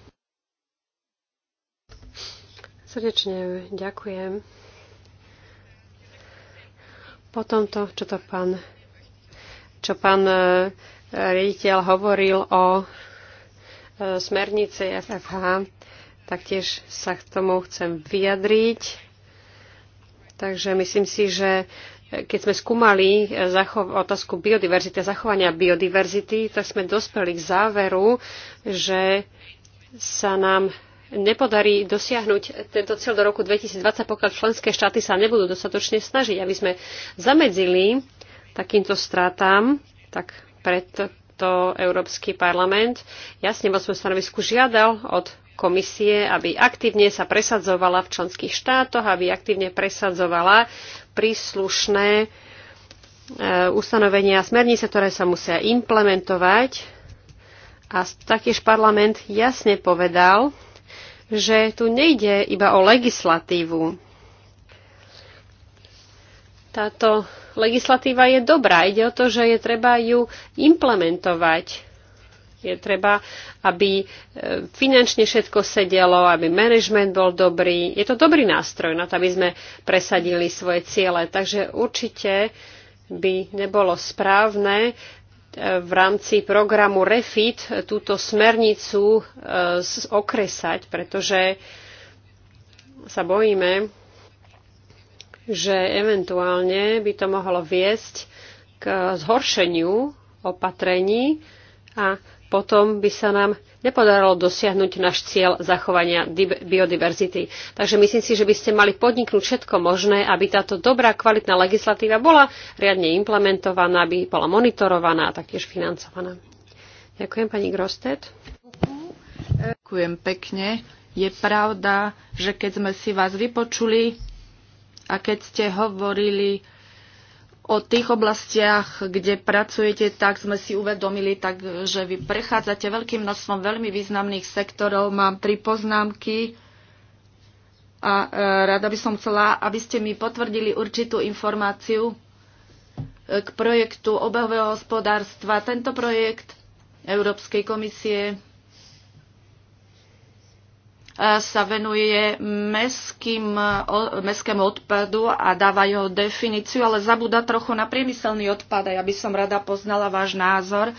Srdečne ďakujem. Po tomto, čo to pán, čo pán e, riaditeľ hovoril o e, smernici FFH, taktiež sa k tomu chcem vyjadriť. Takže myslím si, že keď sme skúmali e, otázku biodiverzity a zachovania biodiverzity, tak sme dospeli k záveru, že sa nám nepodarí dosiahnuť tento cieľ do roku 2020, pokiaľ členské štáty sa nebudú dostatočne snažiť, aby sme zamedzili takýmto stratám, tak preto Európsky parlament jasne vo svojom stanovisku žiadal od komisie, aby aktívne sa presadzovala v členských štátoch, aby aktívne presadzovala príslušné e, ustanovenia a smernice, ktoré sa musia implementovať. A taktiež parlament jasne povedal, že tu nejde iba o legislatívu. Táto legislatíva je dobrá, ide o to, že je treba ju implementovať je treba, aby e, finančne všetko sedelo, aby management bol dobrý. Je to dobrý nástroj na to, aby sme presadili svoje ciele. Takže určite by nebolo správne e, v rámci programu REFIT túto smernicu e, okresať, pretože sa bojíme, že eventuálne by to mohlo viesť k zhoršeniu opatrení a potom by sa nám nepodarilo dosiahnuť náš cieľ zachovania biodiverzity. Takže myslím si, že by ste mali podniknúť všetko možné, aby táto dobrá, kvalitná legislatíva bola riadne implementovaná, aby bola monitorovaná a taktiež financovaná. Ďakujem, pani Grostet. Ďakujem pekne. Je pravda, že keď sme si vás vypočuli a keď ste hovorili o tých oblastiach, kde pracujete, tak sme si uvedomili, tak, že vy prechádzate veľkým množstvom veľmi významných sektorov. Mám tri poznámky a e, rada by som chcela, aby ste mi potvrdili určitú informáciu e, k projektu obehového hospodárstva. Tento projekt Európskej komisie sa venuje meským, meskému odpadu a dáva jeho definíciu, ale zabúda trochu na priemyselný odpad a ja by som rada poznala váš názor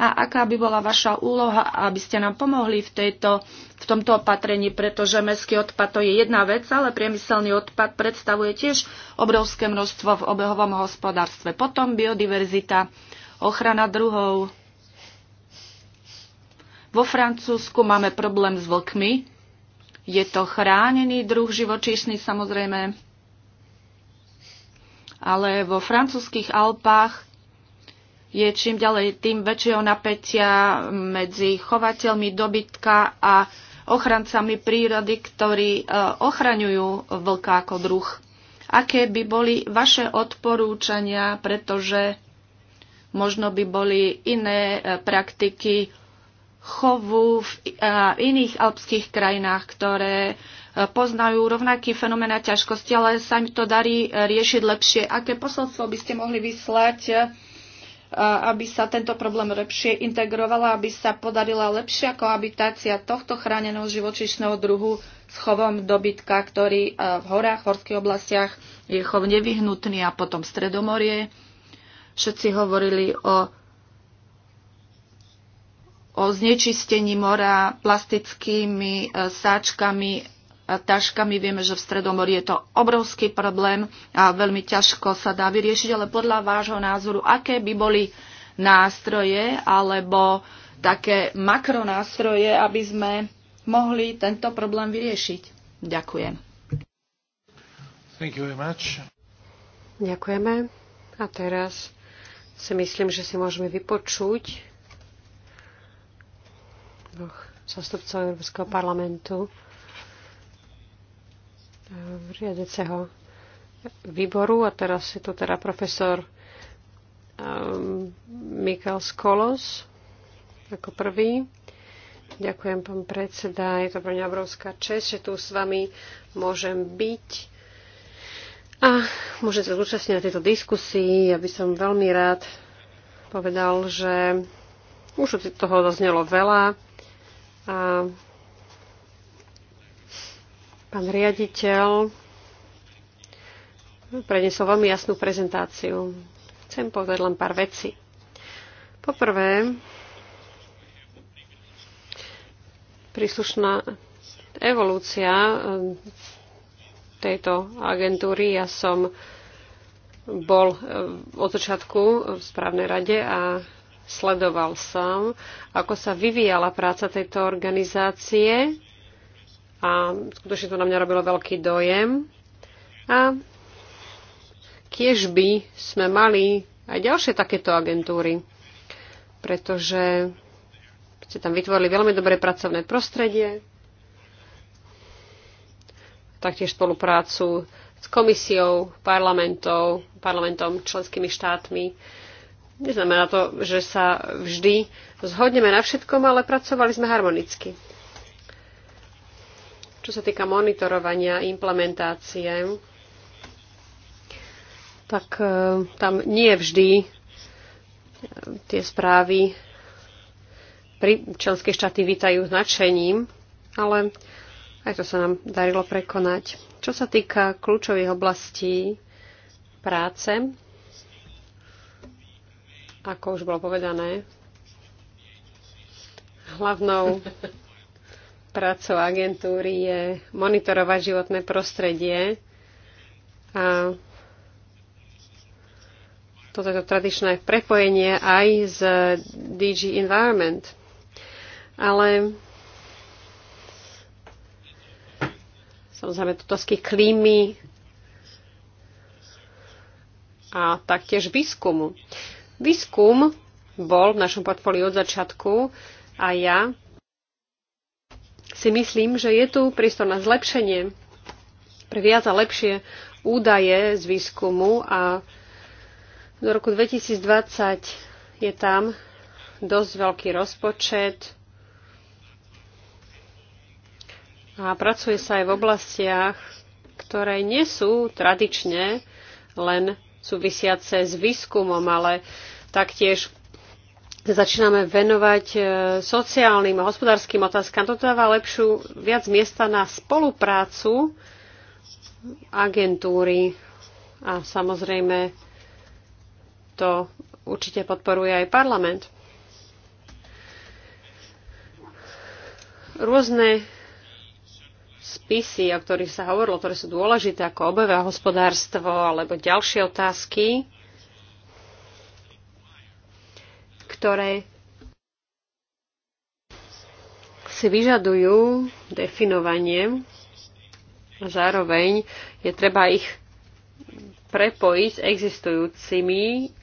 a aká by bola vaša úloha, aby ste nám pomohli v, tejto, v tomto opatrení, pretože meský odpad to je jedna vec, ale priemyselný odpad predstavuje tiež obrovské množstvo v obehovom hospodárstve. Potom biodiverzita, ochrana druhov. Vo Francúzsku máme problém s vlkmi, je to chránený druh živočíšny samozrejme, ale vo francúzských Alpách je čím ďalej tým väčšieho napätia medzi chovateľmi dobytka a ochrancami prírody, ktorí e, ochraňujú vlka ako druh. Aké by boli vaše odporúčania, pretože možno by boli iné e, praktiky chovu v iných alpských krajinách, ktoré e, poznajú rovnaký fenomén a ťažkosti, ale sa im to darí e, riešiť lepšie. Aké posolstvo by ste mohli vyslať, e, aby sa tento problém lepšie integrovala, aby sa podarila lepšia kohabitácia tohto chráneného živočišného druhu s chovom dobytka, ktorý v horách, v horských oblastiach je chov nevyhnutný a potom stredomorie. Všetci hovorili o o znečistení mora plastickými e, sáčkami a taškami. Vieme, že v Stredomori je to obrovský problém a veľmi ťažko sa dá vyriešiť, ale podľa vášho názoru, aké by boli nástroje alebo také makronástroje, aby sme mohli tento problém vyriešiť. Ďakujem. Thank you very much. Ďakujeme. A teraz si myslím, že si môžeme vypočuť dvoch zastupcov Európskeho parlamentu, eh, riadeceho výboru a teraz je tu teda profesor um, eh, Mikael Skolos ako prvý. Ďakujem, pán predseda. Je to pre mňa obrovská čest, že tu s vami môžem byť. A môžem sa zúčastniť na tejto diskusii. Ja by som veľmi rád povedal, že už od toho zaznelo veľa. A pán riaditeľ prednesol veľmi jasnú prezentáciu. Chcem povedať len pár vecí. Poprvé, príslušná evolúcia tejto agentúry. Ja som bol od začiatku v správnej rade a Sledoval som, ako sa vyvíjala práca tejto organizácie a skutočne to na mňa robilo veľký dojem. A tiež by sme mali aj ďalšie takéto agentúry, pretože ste tam vytvorili veľmi dobré pracovné prostredie, taktiež spoluprácu s komisiou, parlamentom, parlamentom členskými štátmi. Neznamená to, že sa vždy zhodneme na všetkom, ale pracovali sme harmonicky. Čo sa týka monitorovania, implementácie, tak e, tam nie vždy e, tie správy pri členské štáty vítajú značením, ale aj to sa nám darilo prekonať. Čo sa týka kľúčových oblastí práce, ako už bolo povedané, hlavnou pracou agentúry je monitorovať životné prostredie a toto je to tradičné prepojenie aj z DG Environment. Ale samozrejme otázky klímy a taktiež výskumu. Uh, Výskum bol v našom portfóliu od začiatku a ja si myslím, že je tu prístor na zlepšenie pre viac a lepšie údaje z výskumu a do roku 2020 je tam dosť veľký rozpočet a pracuje sa aj v oblastiach, ktoré nie sú tradične len súvisiace s výskumom, ale Taktiež začíname venovať e, sociálnym a hospodárskym otázkam. toto dáva lepšiu, viac miesta na spoluprácu agentúry a samozrejme to určite podporuje aj parlament. Rôzne spisy, o ktorých sa hovorilo, ktoré sú dôležité ako obeve hospodárstvo alebo ďalšie otázky, ktoré si vyžadujú definovanie a zároveň je treba ich prepojiť s existujúcimi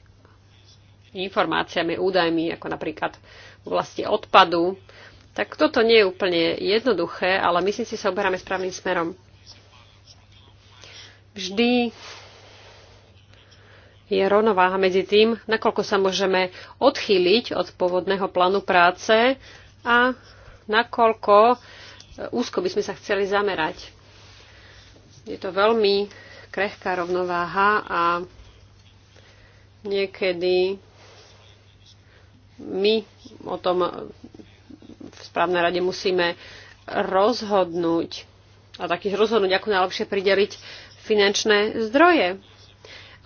informáciami, údajmi, ako napríklad v oblasti odpadu. Tak toto nie je úplne jednoduché, ale myslím si, sa oberáme správnym smerom. Vždy je rovnováha medzi tým, nakoľko sa môžeme odchýliť od pôvodného plánu práce a nakoľko e, úzko by sme sa chceli zamerať. Je to veľmi krehká rovnováha a niekedy my o tom v správnej rade musíme rozhodnúť a takých rozhodnúť, ako najlepšie prideliť finančné zdroje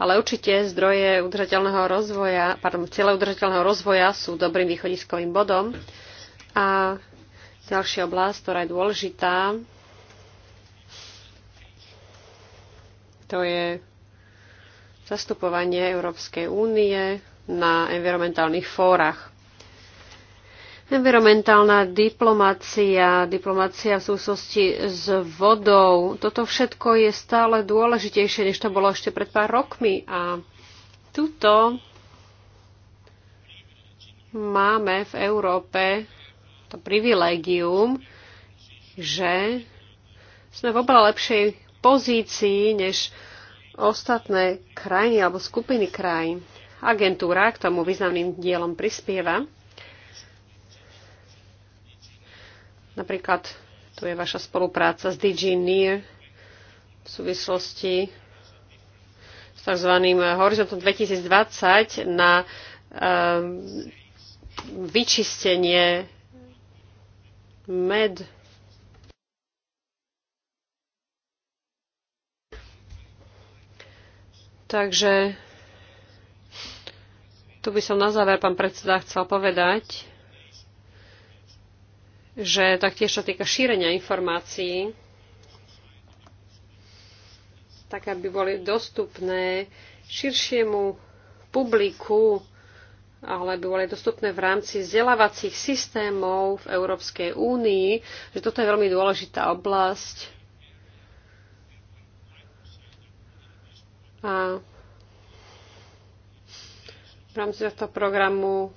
ale určite zdroje udržateľného rozvoja, pardon, cieľe udržateľného rozvoja sú dobrým východiskovým bodom. A ďalšia oblasť, ktorá je dôležitá, to je zastupovanie Európskej únie na environmentálnych fórach. Environmentálna diplomácia, diplomácia v súvislosti s vodou, toto všetko je stále dôležitejšie, než to bolo ešte pred pár rokmi. A tuto máme v Európe to privilégium, že sme v oveľa lepšej pozícii než ostatné krajiny alebo skupiny krajín. Agentúra k tomu významným dielom prispieva. Napríklad tu je vaša spolupráca s DG NIR v súvislosti s tzv. horizontom 2020 na um, vyčistenie med. Takže tu by som na záver, pán predseda, chcel povedať, že taktiež sa týka šírenia informácií, tak aby boli dostupné širšiemu publiku, ale by boli dostupné v rámci vzdelávacích systémov v Európskej únii, že toto je veľmi dôležitá oblasť. A v rámci tohto programu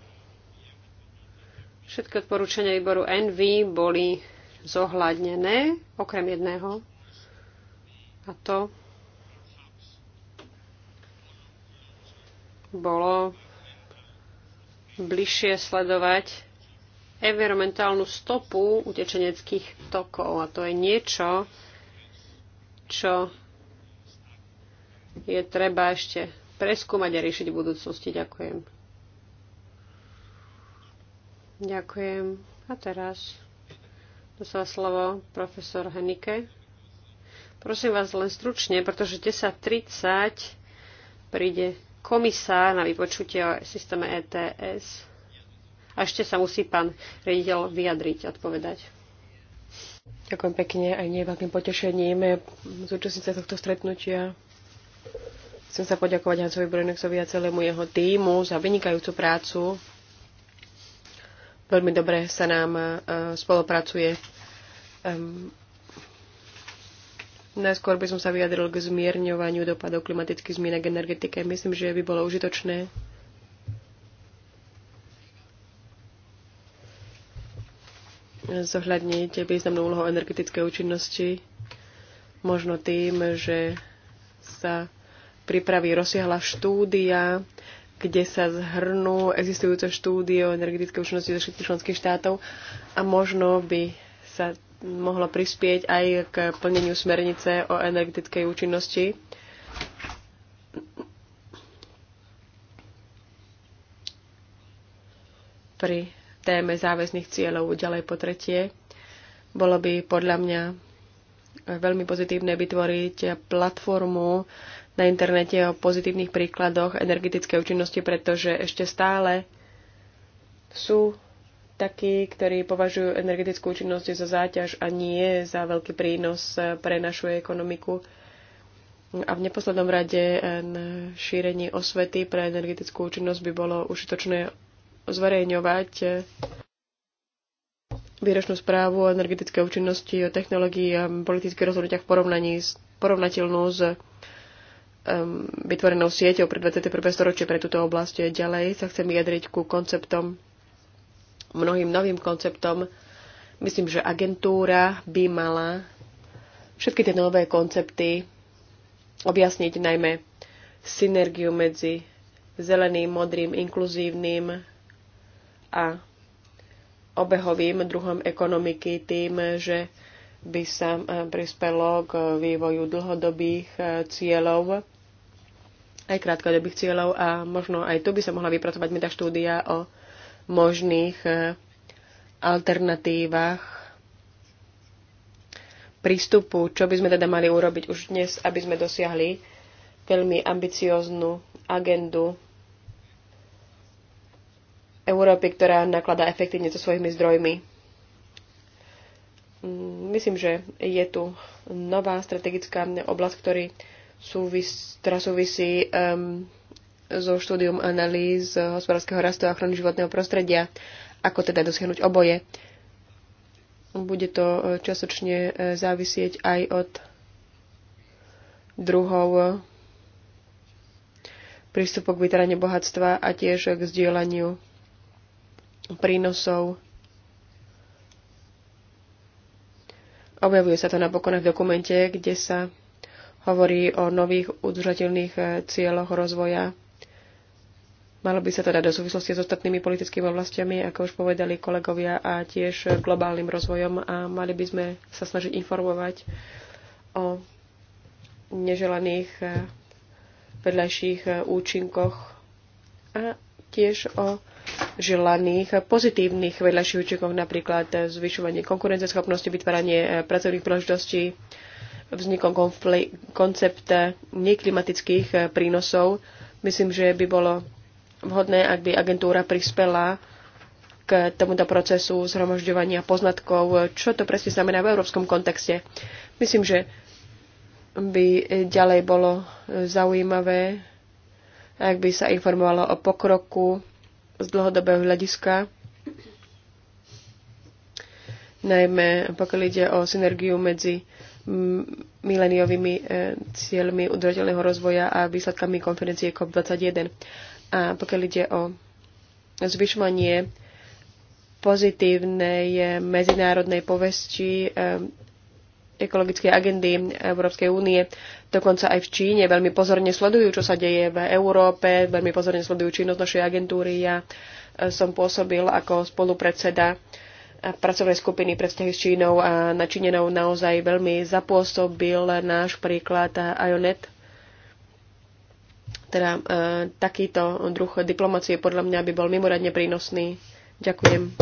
Všetky odporúčania výboru NV boli zohľadnené, okrem jedného. A to bolo bližšie sledovať environmentálnu stopu utečeneckých tokov. A to je niečo, čo je treba ešte preskúmať a riešiť v budúcnosti. Ďakujem. Ďakujem. A teraz dostáva slovo profesor Henike. Prosím vás len stručne, pretože 10.30 príde komisár na vypočutie o systéme ETS. A ešte sa musí pán riaditeľ vyjadriť, odpovedať. Ďakujem pekne aj nie veľkým potešením zúčastniť sa tohto stretnutia. Chcem sa poďakovať Hancovi Brojnexovi a celému jeho týmu za vynikajúcu prácu veľmi dobre sa nám e, spolupracuje. Najskôr by som sa vyjadril k zmierňovaniu dopadov klimatických zmien k energetike. Myslím, že by bolo užitočné zohľadniť významnú úlohu energetickej účinnosti možno tým, že sa pripraví rozsiahla štúdia kde sa zhrnú existujúce štúdie o energetické účinnosti zo všetkých členských štátov a možno by sa mohlo prispieť aj k plneniu smernice o energetickej účinnosti. Pri téme záväzných cieľov ďalej po tretie bolo by podľa mňa veľmi pozitívne vytvoriť platformu na internete o pozitívnych príkladoch energetickej účinnosti, pretože ešte stále sú takí, ktorí považujú energetickú účinnosť za záťaž a nie za veľký prínos pre našu ekonomiku. A v neposlednom rade eh, šírenie osvety pre energetickú účinnosť by bolo užitočné zverejňovať eh, výročnú správu o energetickej účinnosti, o technológii a politických rozhodnutiach v porovnaní s, porovnateľnú s Um, vytvorenou sieťou pre 21. storočie pre túto oblasť. je Ďalej sa chcem vyjadriť ku konceptom, mnohým novým konceptom. Myslím, že agentúra by mala všetky tie nové koncepty objasniť najmä synergiu medzi zeleným, modrým, inkluzívnym a obehovým druhom ekonomiky tým, že by sa eh, prispelo k vývoju dlhodobých eh, cieľov aj krátkodobých cieľov a možno aj tu by sa mohla vypracovať štúdia o možných e, alternatívach prístupu, čo by sme teda mali urobiť už dnes, aby sme dosiahli veľmi ambicióznu agendu Európy, ktorá nakladá efektívne so svojimi zdrojmi. Mm, myslím, že je tu nová strategická oblasť, ktorý, súvis, ktorá súvisí um, so štúdium analýz hospodárskeho rastu a ochrany životného prostredia, ako teda dosiahnuť oboje. Bude to e, časočne e, závisieť aj od druhov e, prístupu k vytáraniu bohatstva a tiež k zdieľaniu prínosov. Objavuje sa to napokon v dokumente, kde sa hovorí o nových udržateľných eh, cieľoch rozvoja. Malo by sa teda do súvislosti s ostatnými politickými oblastiami, ako už povedali kolegovia, a tiež globálnym rozvojom a mali by sme sa snažiť informovať o neželaných eh, vedľajších eh, účinkoch a tiež o želaných pozitívnych vedľajších účinkoch, napríklad zvyšovanie konkurenceschopnosti, vytváranie pracovných príležitostí, Vznikom koncept eh, neklimatických eh, prínosov. Myslím, že by bolo vhodné, ak by agentúra prispela k tomuto procesu zhromažďovania poznatkov, čo to presne znamená v európskom kontexte. Myslím, že by ďalej bolo eh, zaujímavé, ak by sa informovalo o pokroku z dlhodobého hľadiska, najmä pokiaľ ide o synergiu medzi mileniovými e, cieľmi udržateľného rozvoja a výsledkami konferencie COP21. A pokiaľ ide o zvyšovanie pozitívnej e, medzinárodnej povesti e, ekologickej agendy Európskej únie. Dokonca aj v Číne veľmi pozorne sledujú, čo sa deje v Európe, veľmi pozorne sledujú činnosť našej agentúry. Ja som pôsobil ako spolupredseda pracovnej skupiny pre vzťahy s Čínou a na Číňanov naozaj veľmi zapôsobil náš príklad IONET. Teda e, takýto druh diplomacie podľa mňa by bol mimoriadne prínosný. Ďakujem.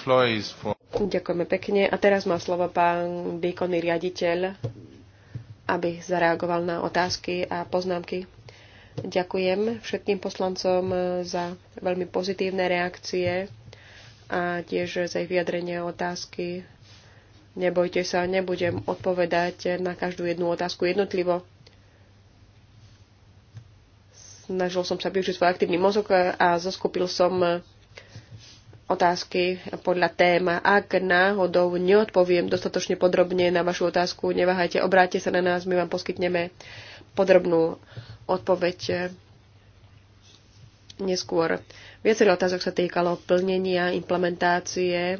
For... Ďakujeme pekne. A teraz má slovo pán výkonný riaditeľ, aby zareagoval na otázky a poznámky. Ďakujem všetkým poslancom za veľmi pozitívne reakcie a tiež za ich vyjadrenie otázky. Nebojte sa, nebudem odpovedať na každú jednu otázku jednotlivo. Snažil som sa využiť svoj aktívny mozog a zoskupil som otázky podľa téma. Ak náhodou neodpoviem dostatočne podrobne na vašu otázku, neváhajte, obráťte sa na nás, my vám poskytneme podrobnú odpoveď neskôr. Viacero otázok sa týkalo plnenia, implementácie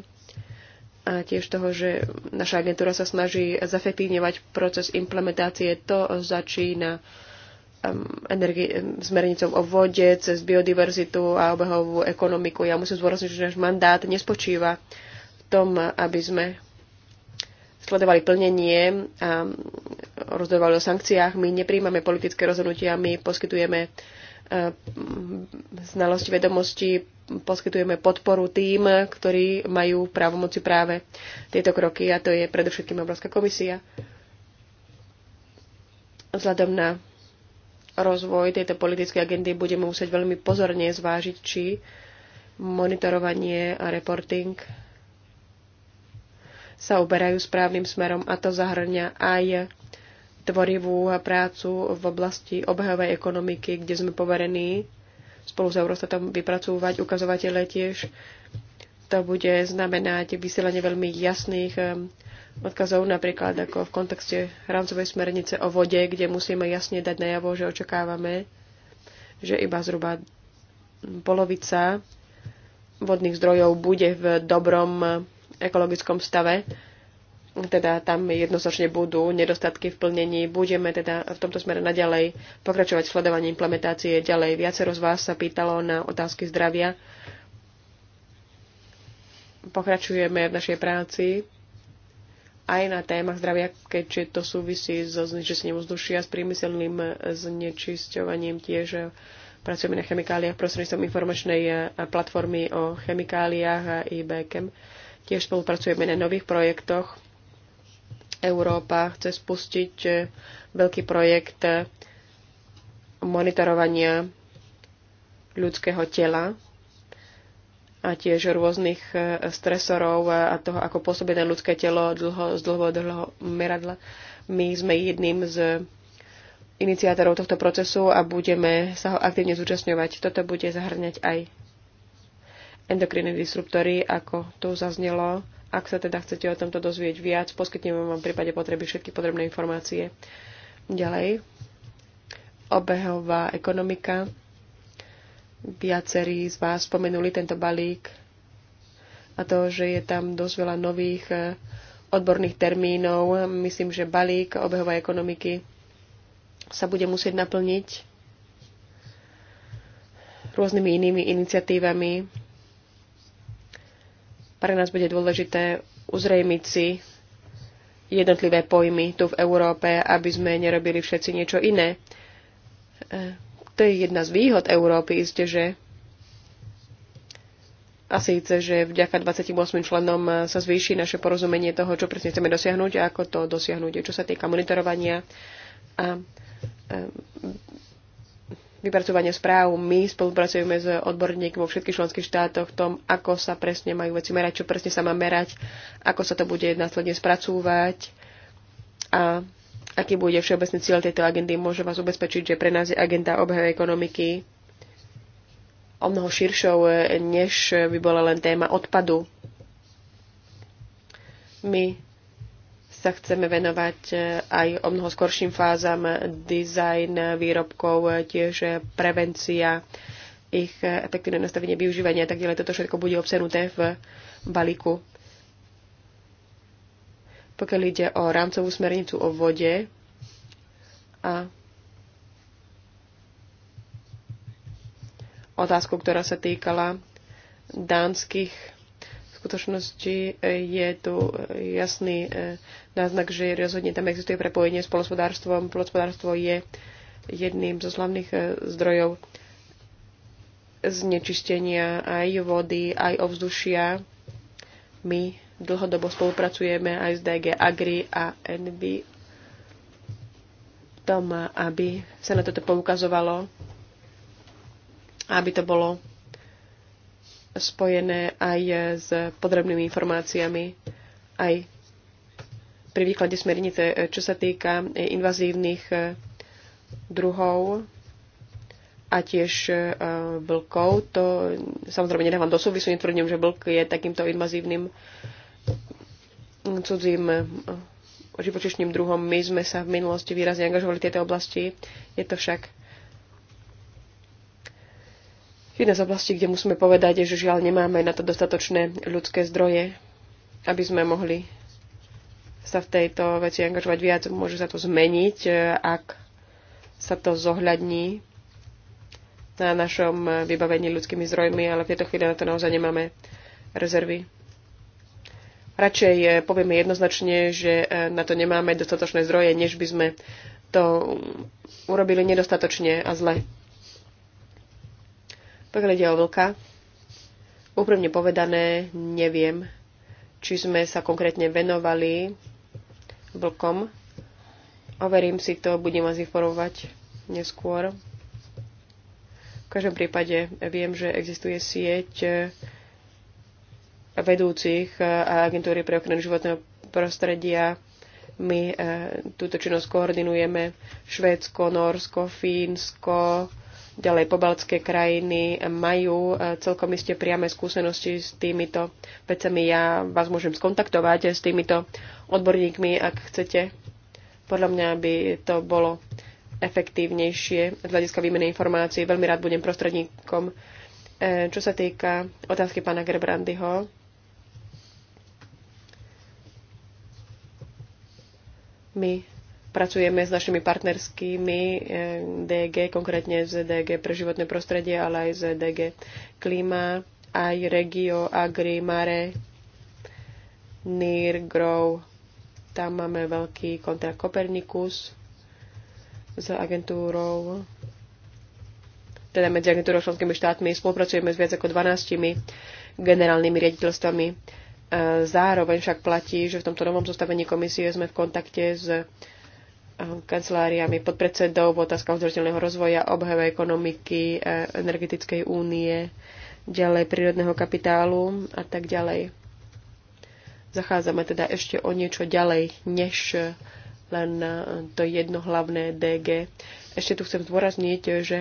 a tiež toho, že naša agentúra sa snaží zefektívňovať proces implementácie. To začína um, energi- smernicou o vode, cez biodiverzitu a obehovú ekonomiku. Ja musím zdôrazniť, že náš mandát nespočíva v tom, aby sme sledovali plnenie a rozhodovali o sankciách. My nepríjmame politické rozhodnutia, my poskytujeme E, znalosti, vedomosti poskytujeme podporu tým, ktorí majú právomoci práve tieto kroky a to je predovšetkým Európska komisia. Vzhľadom na rozvoj tejto politickej agendy budeme musieť veľmi pozorne zvážiť, či monitorovanie a reporting sa uberajú správnym smerom a to zahrňa aj tvorivú prácu v oblasti obehovej ekonomiky, kde sme poverení spolu s Eurostatom vypracúvať ukazovatele tiež. To bude znamenať vysielanie veľmi jasných odkazov, napríklad ako v kontexte rámcovej smernice o vode, kde musíme jasne dať najavo, že očakávame, že iba zhruba polovica vodných zdrojov bude v dobrom ekologickom stave teda tam jednoznačne budú nedostatky v plnení. Budeme teda v tomto smere naďalej pokračovať v sledovaní implementácie ďalej. Viacero z vás sa pýtalo na otázky zdravia. Pokračujeme v našej práci aj na témach zdravia, keďže to súvisí so znečistením vzdušia, s priemyselným znečisťovaním tiež pracujeme na chemikáliách prostredníctvom informačnej platformy o chemikáliách a IBKM. Tiež spolupracujeme na nových projektoch Európa chce spustiť eh, veľký projekt eh, monitorovania ľudského tela a tiež rôznych eh, stresorov a toho, ako pôsobí na ľudské telo dlho, z dlho, dlho meradla. My sme jedným z iniciátorov tohto procesu a budeme sa ho aktívne zúčastňovať. Toto bude zahrňať aj endokrinné disruptory, ako tu zaznelo ak sa teda chcete o tomto dozvieť viac, poskytneme vám v prípade potreby všetky potrebné informácie. Ďalej, obehová ekonomika. Viacerí z vás spomenuli tento balík a to, že je tam dosť veľa nových eh, odborných termínov. Myslím, že balík obehovej ekonomiky sa bude musieť naplniť rôznymi inými iniciatívami, pre nás bude dôležité uzrejmiť si jednotlivé pojmy tu v Európe, aby sme nerobili všetci niečo iné. E, to je jedna z výhod Európy, isté, že a síce, že vďaka 28 členom sa zvýši naše porozumenie toho, čo presne chceme dosiahnuť a ako to dosiahnuť, čo sa týka monitorovania a e, vypracovanie správ. My spolupracujeme s odborníkmi vo všetkých členských štátoch v tom, ako sa presne majú veci merať, čo presne sa má merať, ako sa to bude následne spracúvať a aký bude všeobecný cieľ tejto agendy. Môžem vás ubezpečiť, že pre nás je agenda obhajov ekonomiky o mnoho širšou, eh, než by bola len téma odpadu. My sa chceme venovať e, aj o mnoho skorším fázam dizajn výrobkov, e, tiež prevencia, ich efektívne nastavenie využívania a tak ďalej. Toto všetko bude obsenuté v balíku. Pokiaľ ide o rámcovú smernicu o vode a otázku, ktorá sa týkala dánskych skutočnosti e, je tu e, jasný e, náznak, že rozhodne tam existuje prepojenie s polospodárstvom. Polospodárstvo je jedným zo slavných zdrojov znečistenia aj vody, aj ovzdušia. My dlhodobo spolupracujeme aj s DG Agri a NB tom, aby sa na toto poukazovalo, aby to bolo spojené aj s podrobnými informáciami, aj pri výklade smernice, e, čo sa týka e, invazívnych e, druhov a tiež vlkov. To samozrejme nedávam do súvisu, netvrdím, že vlk je takýmto invazívnym cudzím živočišným druhom. My sme sa v minulosti výrazne angažovali v tejto oblasti. Je to však Jedna z oblastí, kde musíme povedať, je, že žiaľ nemáme na to dostatočné ľudské zdroje, aby sme mohli sa v tejto veci angažovať viac. Môže sa to zmeniť, e, ak sa to zohľadní na našom vybavení ľudskými zdrojmi, ale v tejto chvíli na to naozaj nemáme rezervy. Radšej e, povieme jednoznačne, že e, na to nemáme dostatočné zdroje, než by sme to urobili nedostatočne a zle. Pokiaľ ide o vlka, úprimne povedané, neviem, či sme sa konkrétne venovali vlkom. Overím si to, budem vás informovať neskôr. V každom prípade viem, že existuje sieť vedúcich a agentúry pre ochranu životného prostredia. My eh, túto činnosť koordinujeme Švédsko, Norsko, Fínsko, Ďalej pobaltské krajiny majú eh, celkom iste priame skúsenosti s týmito vecami. Ja vás môžem skontaktovať eh, s týmito odborníkmi, ak chcete. Podľa mňa by to bolo efektívnejšie z hľadiska výmeny informácií. Veľmi rád budem prostredníkom. Eh, čo sa týka otázky pána Gerbrandyho, my Pracujeme s našimi partnerskými eh, DG, konkrétne z DG pre životné prostredie, ale aj z DG Klima, aj Regio, Agri, Mare, NIR, Grow. Tam máme veľký kontrakt Kopernikus s agentúrou teda medzi agentúrou členskými štátmi. Spolupracujeme s viac ako 12 generálnymi riaditeľstvami. Eh, zároveň však platí, že v tomto novom zostavení komisie sme v kontakte s kanceláriami podpredsedov v otázkach udržateľného rozvoja, obhave ekonomiky, e, energetickej únie, ďalej prírodného kapitálu a tak ďalej. Zachádzame teda ešte o niečo ďalej, než len to jedno hlavné DG. Ešte tu chcem zdôrazniť, že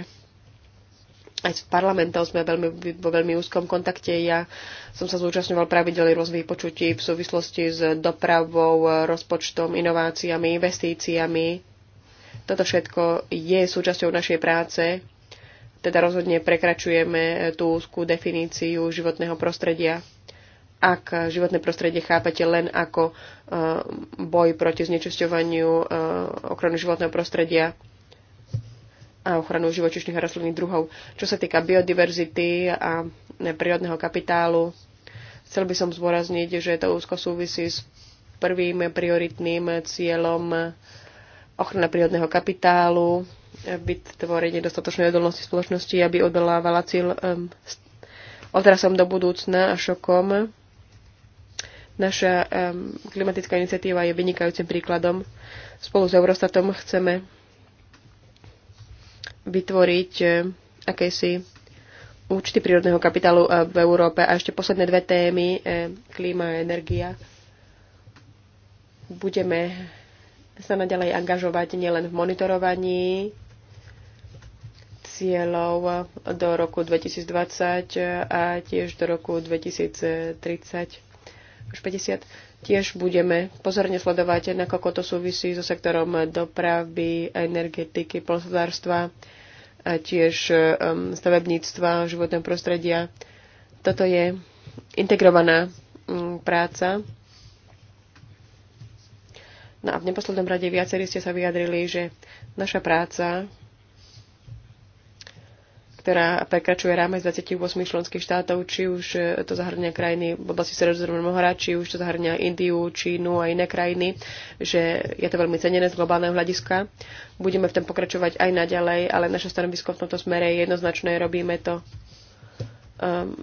aj s parlamentom sme veľmi, vo veľmi úzkom kontakte. Ja som sa zúčastňoval pravidelne rôznych počutí v súvislosti s dopravou, rozpočtom, inováciami, investíciami. Toto všetko je súčasťou našej práce. Teda rozhodne prekračujeme tú úzkú definíciu životného prostredia. Ak životné prostredie chápate len ako eh, boj proti znečisťovaniu eh, ochrany životného prostredia, a ochranu živočišných a rastlinných druhov. Čo sa týka biodiverzity a prírodného kapitálu, chcel by som zvorazniť, že to úzko súvisí s prvým prioritným cieľom ochrana prírodného kapitálu, vytvorenie dostatočnej odolnosti spoločnosti, aby odolávala cieľ um, odrasom do budúcna a šokom. Naša um, klimatická iniciatíva je vynikajúcim príkladom. Spolu s Eurostatom chceme vytvoriť e, akési účty prírodného kapitálu e, v Európe. A ešte posledné dve témy, e, klíma a energia. Budeme sa naďalej angažovať nielen v monitorovaní cieľov do roku 2020 a tiež do roku 2030 až 50. Tiež budeme pozorne sledovať, nakoľko to súvisí so sektorom dopravy, energetiky, polsodárstva a tiež um, stavebníctva, životného prostredia. Toto je integrovaná um, práca. No a v neposlednom rade viacerí ste sa vyjadrili, že naša práca ktorá prekračuje rámec 28 členských štátov, či už e, to zahrňa krajiny v oblasti Sredozemného mora, či už to zahrňa Indiu, Čínu a iné krajiny, že je to veľmi cenené z globálneho hľadiska. Budeme v tom pokračovať aj naďalej, ale naše stanovisko v tomto smere je jednoznačné, robíme to um,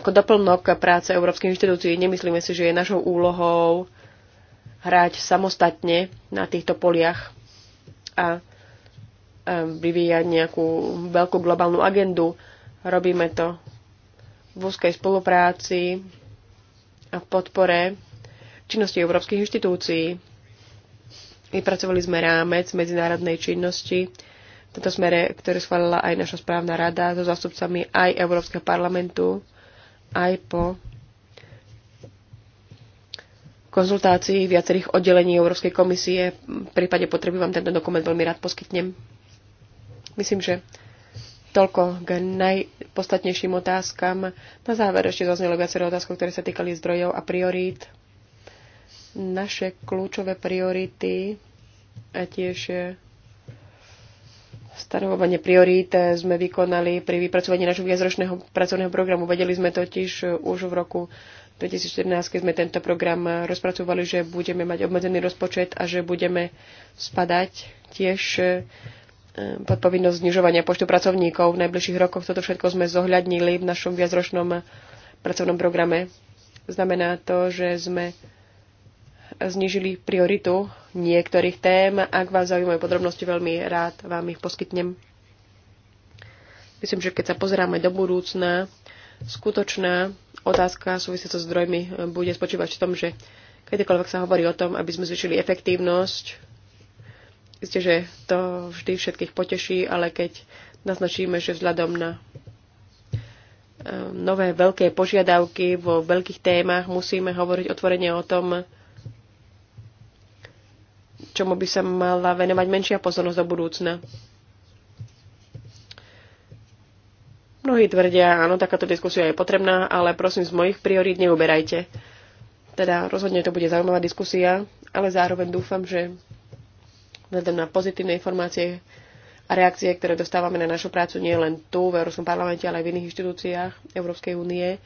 ako doplnok práce európskych inštitúcií. Nemyslíme si, že je našou úlohou hrať samostatne na týchto poliach a vyvíjať nejakú veľkú globálnu agendu. Robíme to v úzkej spolupráci a v podpore činnosti európskych inštitúcií. Vypracovali sme rámec medzinárodnej činnosti v tomto smere, ktorý schválila aj naša správna rada so zástupcami aj Európskeho parlamentu, aj po konzultácii viacerých oddelení Európskej komisie. V prípade potreby vám tento dokument veľmi rád poskytnem. Myslím, že toľko k najpostatnejším otázkam. Na záver ešte zaznelo viacero otázkov, ktoré sa týkali zdrojov a priorít. Naše kľúčové priority a tiež e, stanovovanie priorít sme vykonali pri vypracovaní našho viacročného pracovného programu. Vedeli sme totiž e, už v roku 2014, keď sme tento program rozpracovali, že budeme mať obmedzený rozpočet a že budeme spadať tiež e, pod povinnosť znižovania počtu pracovníkov. V najbližších rokoch toto všetko sme zohľadnili v našom viacročnom pracovnom programe. Znamená to, že sme znižili prioritu niektorých tém. Ak vás zaujímajú podrobnosti, veľmi rád vám ich poskytnem. Myslím, že keď sa pozeráme do budúcna, skutočná otázka súvisiaca so zdrojmi bude spočívať v tom, že kedykoľvek sa hovorí o tom, aby sme zvyšili efektívnosť Isté, že to vždy všetkých poteší, ale keď naznačíme, že vzhľadom na ehm, nové veľké požiadavky vo veľkých témach musíme hovoriť otvorene o tom, čomu by sa mala venovať menšia pozornosť do budúcna. Mnohí tvrdia, áno, takáto diskusia je potrebná, ale prosím, z mojich priorít neuberajte. Teda rozhodne to bude zaujímavá diskusia, ale zároveň dúfam, že vzhľadom na pozitívne informácie a reakcie, ktoré dostávame na našu prácu nie len tu v Európskom parlamente, ale aj v iných inštitúciách Európskej únie,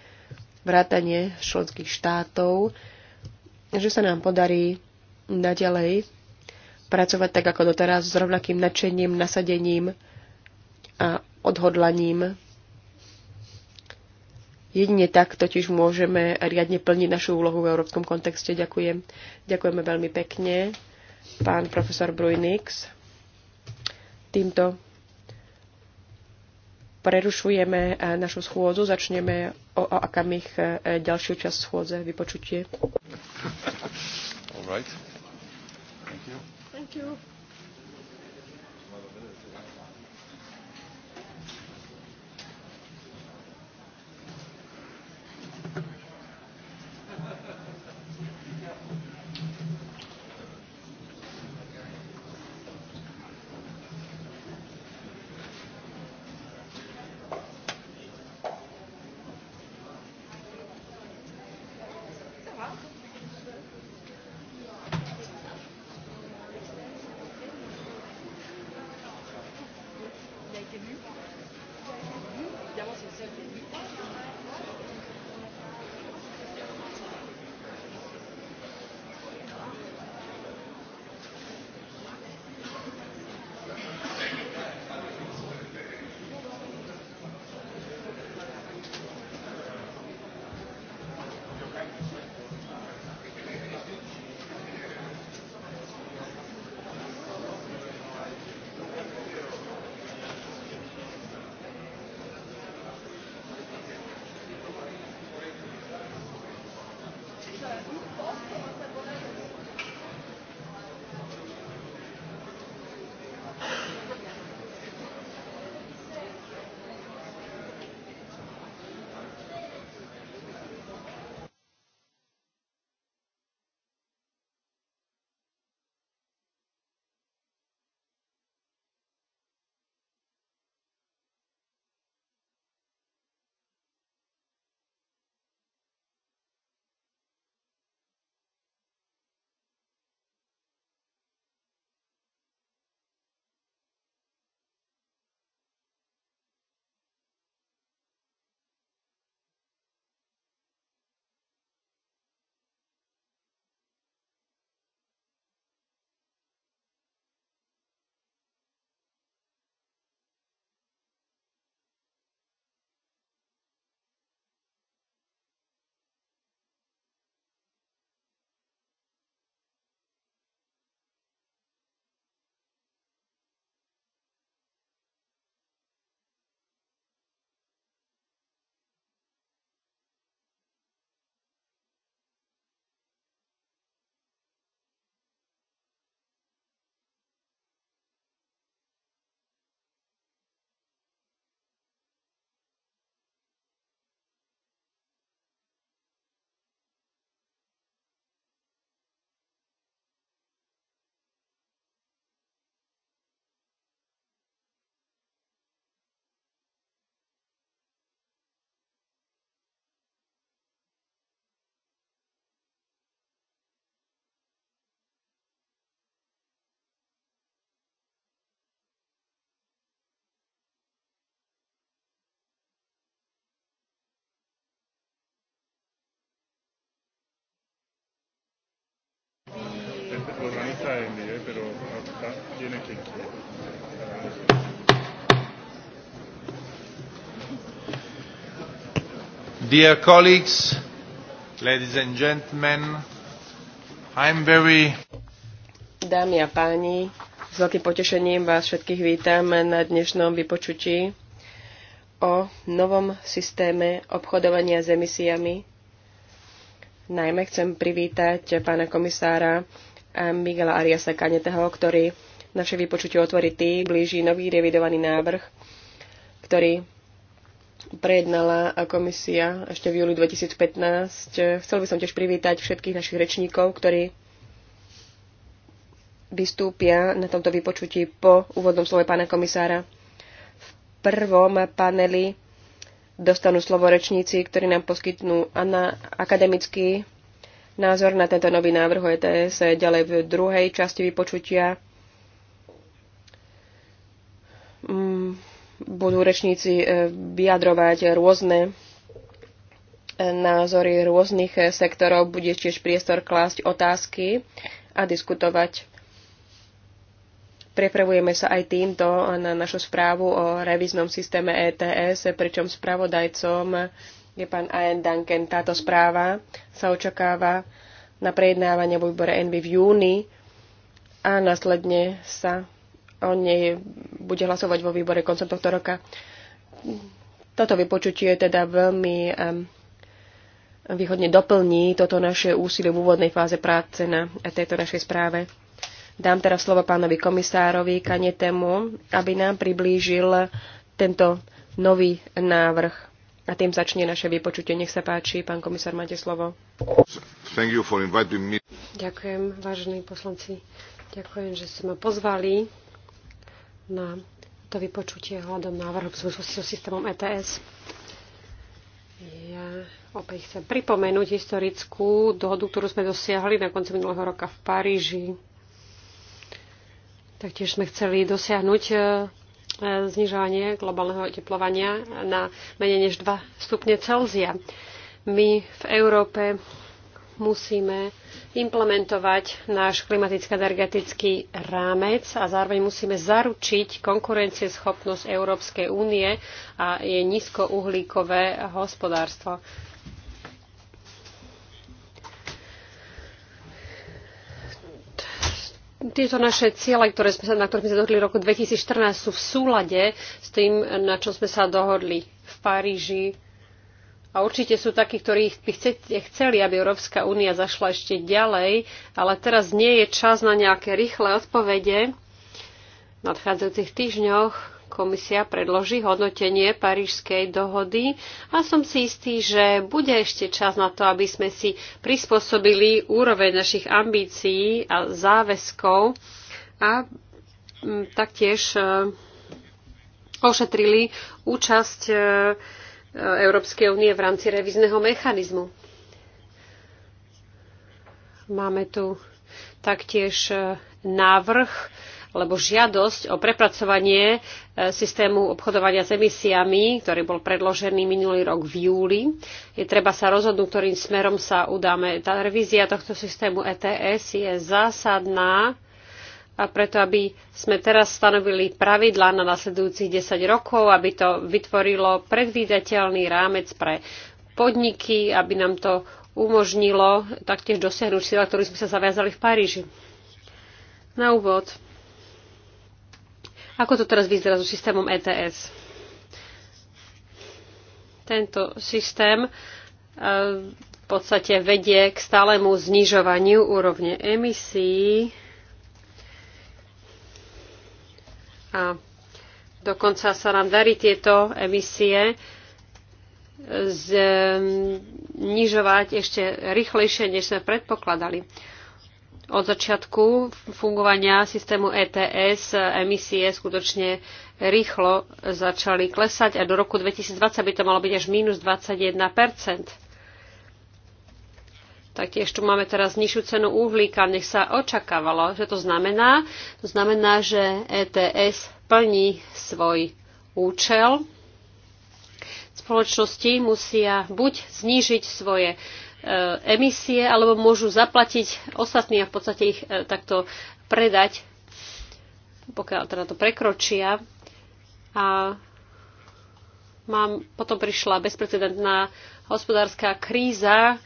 vrátanie členských štátov, že sa nám podarí naďalej pracovať tak ako doteraz s rovnakým nadšením, nasadením a odhodlaním. Jedine tak totiž môžeme riadne plniť našu úlohu v európskom kontexte. Ďakujem. Ďakujeme veľmi pekne pán profesor Brujnix. Týmto prerušujeme eh, našu schôdzu, začneme o, o akamih eh, ďalšiu časť schôdze, vypočutie. All right. Thank you. Thank you. está en día, pero está, tiene que. Dear colleagues, ladies and gentlemen, I'm very... Dámy a páni, s veľkým potešením vás všetkých vítam na dnešnom vypočutí o novom systéme obchodovania s emisiami. Najmä chcem privítať pána komisára Miguela Ariasa Kaneteho, ktorý naše vypočutie tý, blíži nový revidovaný návrh, ktorý prejednala komisia ešte v júli 2015. Chcel by som tiež privítať všetkých našich rečníkov, ktorí vystúpia na tomto vypočutí po úvodnom slove pána komisára. V prvom paneli dostanú slovo rečníci, ktorí nám poskytnú akademický názor na tento nový návrh o ETS ďalej v druhej časti vypočutia. Mm, budú rečníci e, vyjadrovať rôzne e, názory rôznych e, sektorov, bude tiež priestor klásť otázky a diskutovať. Prepravujeme sa aj týmto na našu správu o revíznom systéme ETS, pričom spravodajcom je pán Ian Duncan. Táto správa sa očakáva na prejednávanie v výbore Envy v júni a následne sa o nej bude hlasovať vo výbore koncom tohto roka. Toto vypočutie teda veľmi výhodne doplní toto naše úsilie v úvodnej fáze práce na tejto našej správe. Dám teraz slovo pánovi komisárovi Kanetemu, aby nám priblížil tento nový návrh a tým začne naše vypočutie. Nech sa páči, pán komisár, máte slovo. Ďakujem, vážení poslanci. Ďakujem, že ste ma pozvali na to vypočutie hľadom návrhu v súvislosti so systémom ETS. Ja opäť chcem pripomenúť historickú dohodu, ktorú sme dosiahli na konci minulého roka v Paríži. Taktiež sme chceli dosiahnuť eh, E, znižovanie globálneho oteplovania na menej než 2 stupne Celzia. My v Európe musíme implementovať náš klimatický energetický rámec a zároveň musíme zaručiť konkurencieschopnosť Európskej únie a jej nízkouhlíkové hospodárstvo. tieto naše ciele, na ktorých sme sa dohodli v roku 2014, sú v súlade s tým, na čo sme sa dohodli v Paríži. A určite sú takí, ktorí by chceli, aby Európska únia zašla ešte ďalej, ale teraz nie je čas na nejaké rýchle odpovede v nadchádzajúcich týždňoch komisia predloží hodnotenie Parížskej dohody a som si istý, že bude ešte čas na to, aby sme si prispôsobili úroveň našich ambícií a záväzkov a mm, taktiež e, ošetrili účasť e, Európskej únie v rámci revizného mechanizmu. Máme tu taktiež e, návrh lebo žiadosť o prepracovanie e, systému obchodovania s emisiami, ktorý bol predložený minulý rok v júli. Je treba sa rozhodnúť, ktorým smerom sa udáme. Tá revízia tohto systému ETS je zásadná a preto, aby sme teraz stanovili pravidlá na nasledujúcich 10 rokov, aby to vytvorilo predvídateľný rámec pre podniky, aby nám to umožnilo taktiež dosiahnuť cieľa, ktorý sme sa zaviazali v Paríži. Na úvod ako to teraz vyzerá so systémom ETS? Tento systém e, v podstate vedie k stálemu znižovaniu úrovne emisí a dokonca sa nám darí tieto emisie e, znižovať ešte rýchlejšie, než sme predpokladali od začiatku fungovania systému ETS emisie skutočne rýchlo začali klesať a do roku 2020 by to malo byť až minus 21 Taktiež tu máme teraz nižšiu cenu uhlíka, nech sa očakávalo, že to znamená. To znamená, že ETS plní svoj účel. Spoločnosti musia buď znížiť svoje E, emisie, alebo môžu zaplatiť ostatní a v podstate ich e, takto predať, pokiaľ teda to prekročia. A mám, potom prišla bezprecedentná hospodárska kríza,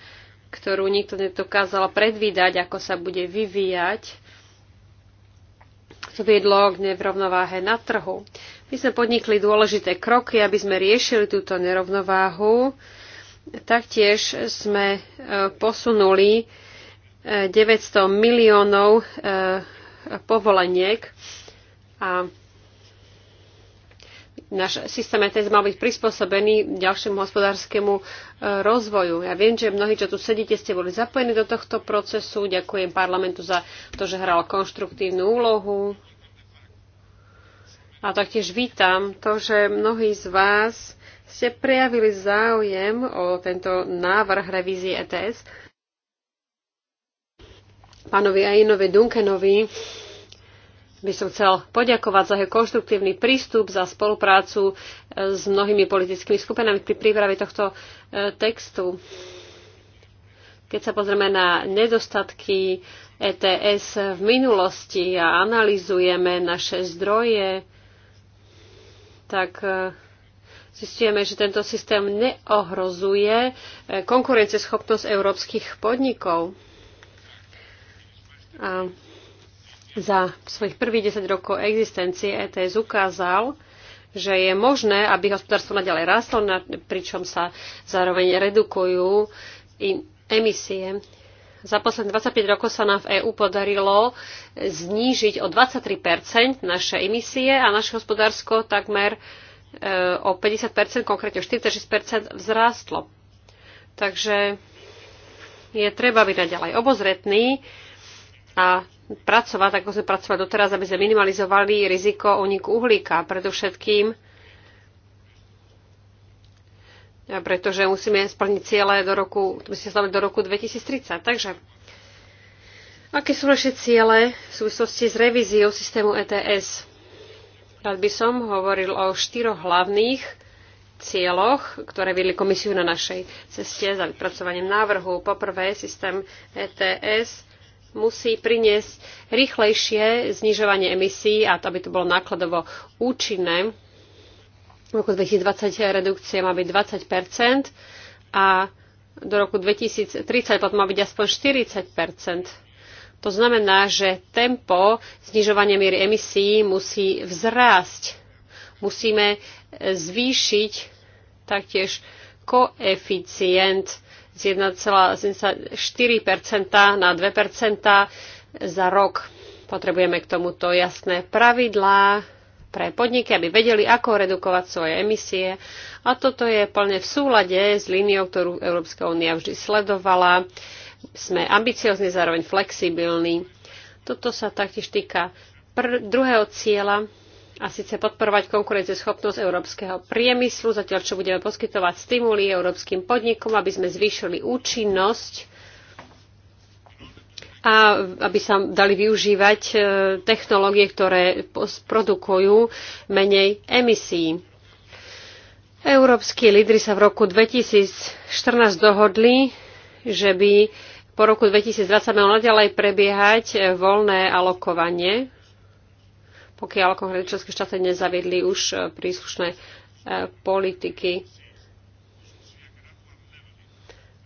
ktorú nikto nedokázal predvídať, ako sa bude vyvíjať. To viedlo k nerovnováhe na trhu. My sme podnikli dôležité kroky, aby sme riešili túto nerovnováhu Taktiež sme e, posunuli 900 e, miliónov e, povoleniek a náš systém ETS mal byť prispôsobený ďalšiemu hospodárskemu rozvoju. Ja viem, že mnohí, čo tu sedíte, ste boli zapojení do tohto procesu. Ďakujem parlamentu za to, že hral konštruktívnu úlohu. A taktiež vítam to, že mnohí z vás ste prejavili záujem o tento návrh revízie ETS. Pánovi Ainovi Dunkenovi by som chcel poďakovať za jeho konštruktívny prístup, za spoluprácu e, s mnohými politickými skupinami pri príprave tohto e, textu. Keď sa pozrieme na nedostatky ETS v minulosti a analizujeme naše zdroje, tak e, zistujeme, že tento systém neohrozuje eh, konkurencieschopnosť európskych podnikov. A za svojich prvých 10 rokov existencie ETS ukázal, že je možné, aby hospodárstvo naďalej rastlo, pričom sa zároveň redukujú emisie. Za posledných 25 rokov sa nám v EÚ podarilo znížiť o 23 naše emisie a naše hospodársko takmer o 50%, konkrétne o 46% vzrástlo. Takže je treba byť naďalej obozretný a pracovať, ako sme pracovali doteraz, aby sme minimalizovali riziko uniku uhlíka. Predovšetkým pretože musíme splniť ciele do roku, musíme splniť do roku 2030. Takže, aké sú naše ciele v súvislosti s revíziou systému ETS? Rád by som hovoril o štyroch hlavných cieľoch, ktoré vyli komisiu na našej ceste za vypracovaním návrhu. Poprvé, systém ETS musí priniesť rýchlejšie znižovanie emisí a to, aby to bolo nákladovo účinné. V roku 2020 redukcia má byť 20 a do roku 2030 potom má byť aspoň 40 to znamená, že tempo znižovania miery emisí musí vzrásť. Musíme e, zvýšiť taktiež koeficient z 1,4% na 2% za rok. Potrebujeme k tomuto jasné pravidlá pre podniky, aby vedeli, ako redukovať svoje emisie. A toto je plne v súlade s líniou, ktorú Európska únia vždy sledovala sme ambiciozni, zároveň flexibilní. Toto sa taktiež týka druhého cieľa, a síce podporovať konkurencieschopnosť európskeho priemyslu, zatiaľ čo budeme poskytovať stimuly európskym podnikom, aby sme zvýšili účinnosť a aby sa dali využívať e, technológie, ktoré produkujú menej emisí. Európsky lídry sa v roku 2014 dohodli, že by po roku 2020 malo naďalej prebiehať e, voľné alokovanie, pokiaľ konkrétne členské štáty nezaviedli už e, príslušné e, politiky.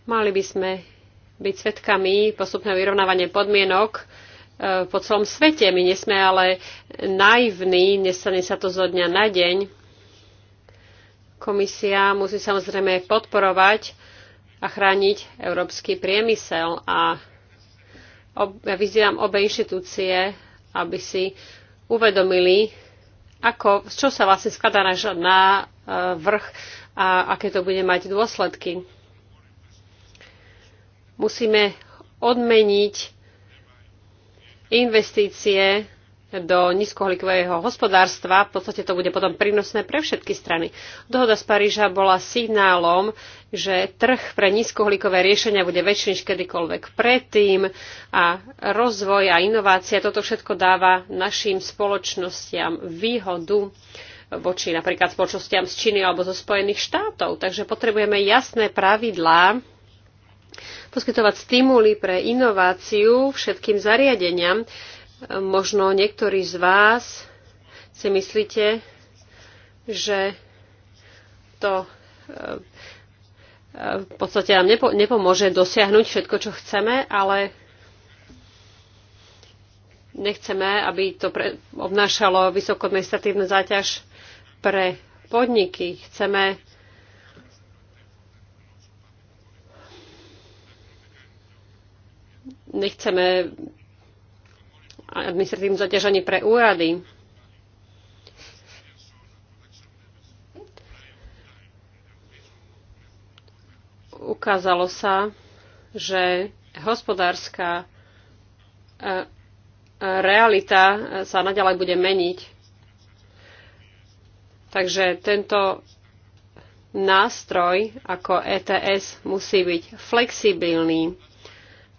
Mali by sme byť svetkami postupného vyrovnávania podmienok po celom svete. My nesme ale naivní, nestane sa to zo dňa na deň. Komisia musí samozrejme podporovať a chrániť európsky priemysel. A ob, ja vyzývam obe inštitúcie, aby si uvedomili, ako, z čo sa vlastne skladá na, na e, vrch a aké to bude mať dôsledky. Musíme odmeniť investície do nízkoholikového hospodárstva, v podstate to bude potom prínosné pre všetky strany. Dohoda z Paríža bola signálom, že trh pre nízkoholikové riešenia bude väčší než kedykoľvek predtým a rozvoj a inovácia, toto všetko dáva našim spoločnostiam výhodu voči napríklad spoločnostiam z Číny alebo zo Spojených štátov. Takže potrebujeme jasné pravidlá, poskytovať stimuly pre inováciu všetkým zariadeniam, Možno niektorí z vás si myslíte, že to eh, v podstate nám nepo, nepomôže dosiahnuť všetko, čo chceme, ale nechceme, aby to pre, obnášalo vysokú administratívnu záťaž pre podniky. Chceme nechceme administratívnym zaťažaním pre úrady. Ukázalo sa, že hospodárska e, realita sa naďalej bude meniť. Takže tento nástroj ako ETS musí byť flexibilný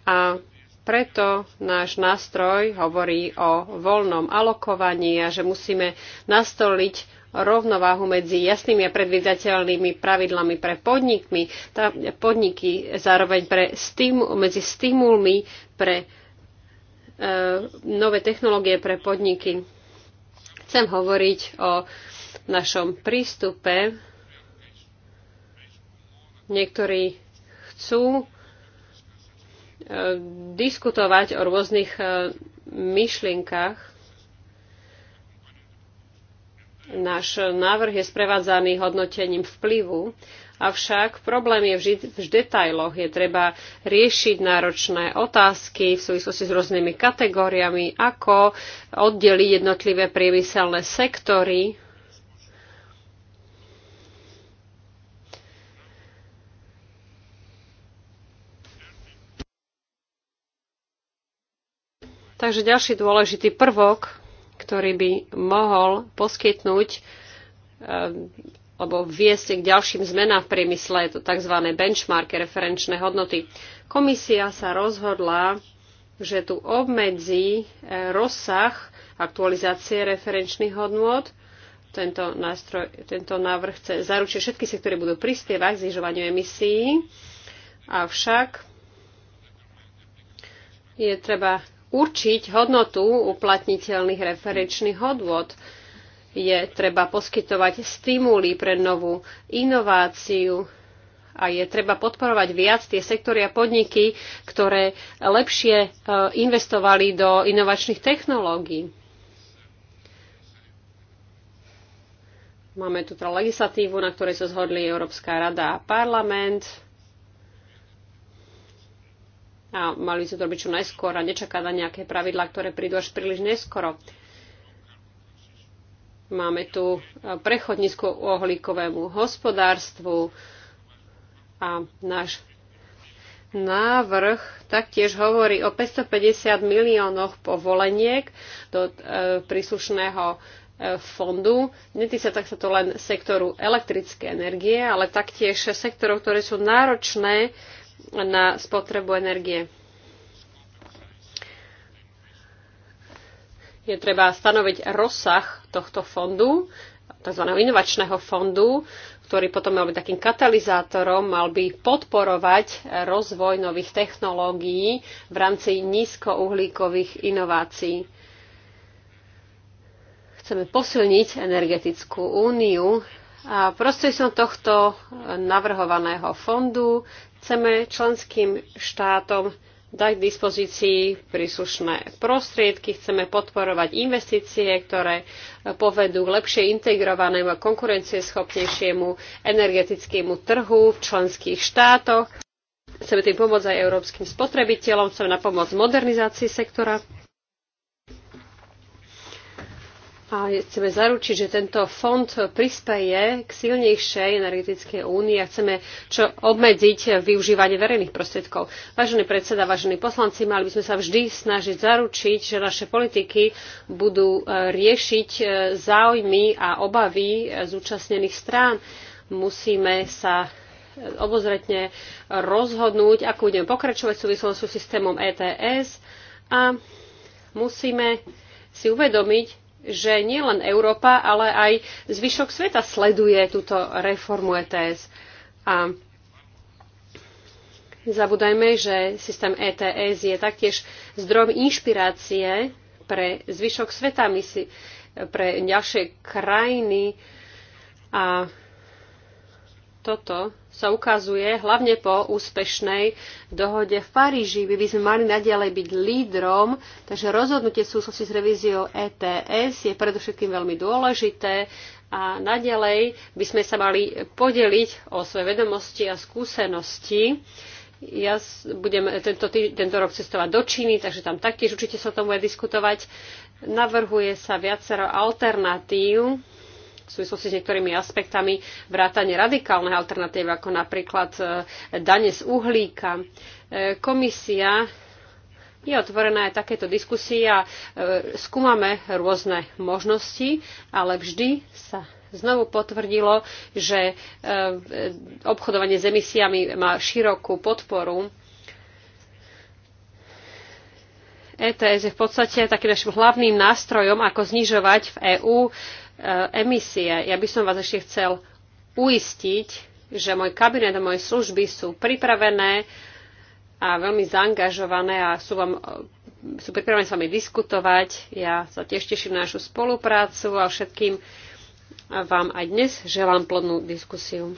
a preto náš nástroj hovorí o voľnom alokovaní a že musíme nastoliť rovnováhu medzi jasnými a predvydateľnými pravidlami pre podnikmi, tá, podniky zároveň pre stimu, medzi stimulmi pre e, nové technológie pre podniky. Chcem hovoriť o našom prístupe. Niektorí chcú diskutovať o rôznych e, myšlienkach. Náš návrh je sprevádzaný hodnotením vplyvu, avšak problém je vždy v detailoch. Je treba riešiť náročné otázky v súvislosti s rôznymi kategóriami, ako oddeliť jednotlivé priemyselné sektory Takže ďalší dôležitý prvok, ktorý by mohol poskytnúť eh, alebo viesť k ďalším zmenám v priemysle, je to tzv. benchmarky, referenčné hodnoty. Komisia sa rozhodla, že tu obmedzí eh, rozsah aktualizácie referenčných hodnôt. Tento, nástroj, tento návrh chce zaručiť, všetky všetky sektory budú prispievať k znižovaniu emisí, avšak je treba určiť hodnotu uplatniteľných referenčných hodnot. Je treba poskytovať stimuly pre novú inováciu a je treba podporovať viac tie sektory a podniky, ktoré lepšie e, investovali do inovačných technológií. Máme tu teda legislatívu, na ktorej sa zhodli Európska rada a parlament a mali by sme to robiť čo najskôr a nečakať na nejaké pravidlá, ktoré prídu až príliš neskoro. Máme tu e, prechod nízkouhlíkovému hospodárstvu a náš návrh taktiež hovorí o 550 miliónoch povoleniek do e, príslušného e, fondu. Netýka sa to len sektoru elektrické energie, ale taktiež sektorov, ktoré sú náročné na spotrebu energie. Je treba stanoviť rozsah tohto fondu, tzv. inovačného fondu, ktorý potom mal byť takým katalizátorom, mal by podporovať rozvoj nových technológií v rámci nízkouhlíkových inovácií. Chceme posilniť energetickú úniu a prostredstvom tohto navrhovaného fondu Chceme členským štátom dať k dispozícii príslušné prostriedky, chceme podporovať investície, ktoré povedú k lepšie integrovanému a konkurencieschopnejšiemu energetickému trhu v členských štátoch. Chceme tým pomôcť aj európskym spotrebiteľom, chceme na pomoc modernizácii sektora a chceme zaručiť, že tento fond prispeje k silnejšej energetickej únii a chceme čo obmedziť využívanie verejných prostriedkov. Vážený predseda, vážení poslanci, mali by sme sa vždy snažiť zaručiť, že naše politiky budú e, riešiť e, záujmy a obavy e, zúčastnených strán. Musíme sa obozretne rozhodnúť, ako budeme pokračovať v súvislosti s systémom ETS a musíme si uvedomiť, že nielen Európa, ale aj zvyšok sveta sleduje túto reformu ETS. A zabudajme, že systém ETS je taktiež zdrojom inšpirácie pre zvyšok sveta, my si, pre ďalšie krajiny a toto sa ukazuje hlavne po úspešnej dohode v Paríži. My by sme mali naďalej byť lídrom, takže rozhodnutie v súvislosti s revíziou ETS je predovšetkým veľmi dôležité a nadalej by sme sa mali podeliť o svoje vedomosti a skúsenosti. Ja budem tento, tý, tento rok cestovať do Číny, takže tam taktiež určite sa o tom bude diskutovať. Navrhuje sa viacero alternatív v súvislosti s niektorými aspektami vrátane radikálnej alternatív, ako napríklad e, dane z uhlíka. E, komisia je otvorená aj takéto diskusie a e, skúmame rôzne možnosti, ale vždy sa znovu potvrdilo, že obchodovanie s emisiami má širokú podporu. ETS je v podstate takým našim hlavným nástrojom, ako znižovať v EÚ Eh, emisie. Ja by som vás ešte chcel uistiť, že môj kabinet a moje služby sú pripravené a veľmi zaangažované a sú, vám, eh, sú pripravené s vami diskutovať. Ja sa tiež teším na našu spoluprácu a všetkým vám aj dnes želám plodnú diskusiu.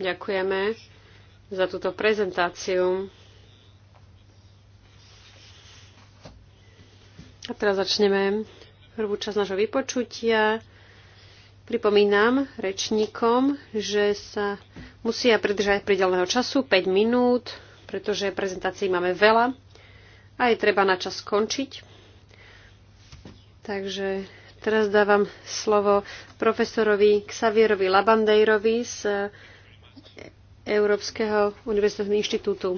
Ďakujeme za túto prezentáciu. A teraz začneme prvú časť nášho vypočutia. Pripomínam rečníkom, že sa musia pridržať pridelného času 5 minút, pretože prezentácií máme veľa a je treba na čas skončiť. Takže teraz dávam slovo profesorovi Xavierovi Labandejrovi z Európskeho univerzitného inštitútu.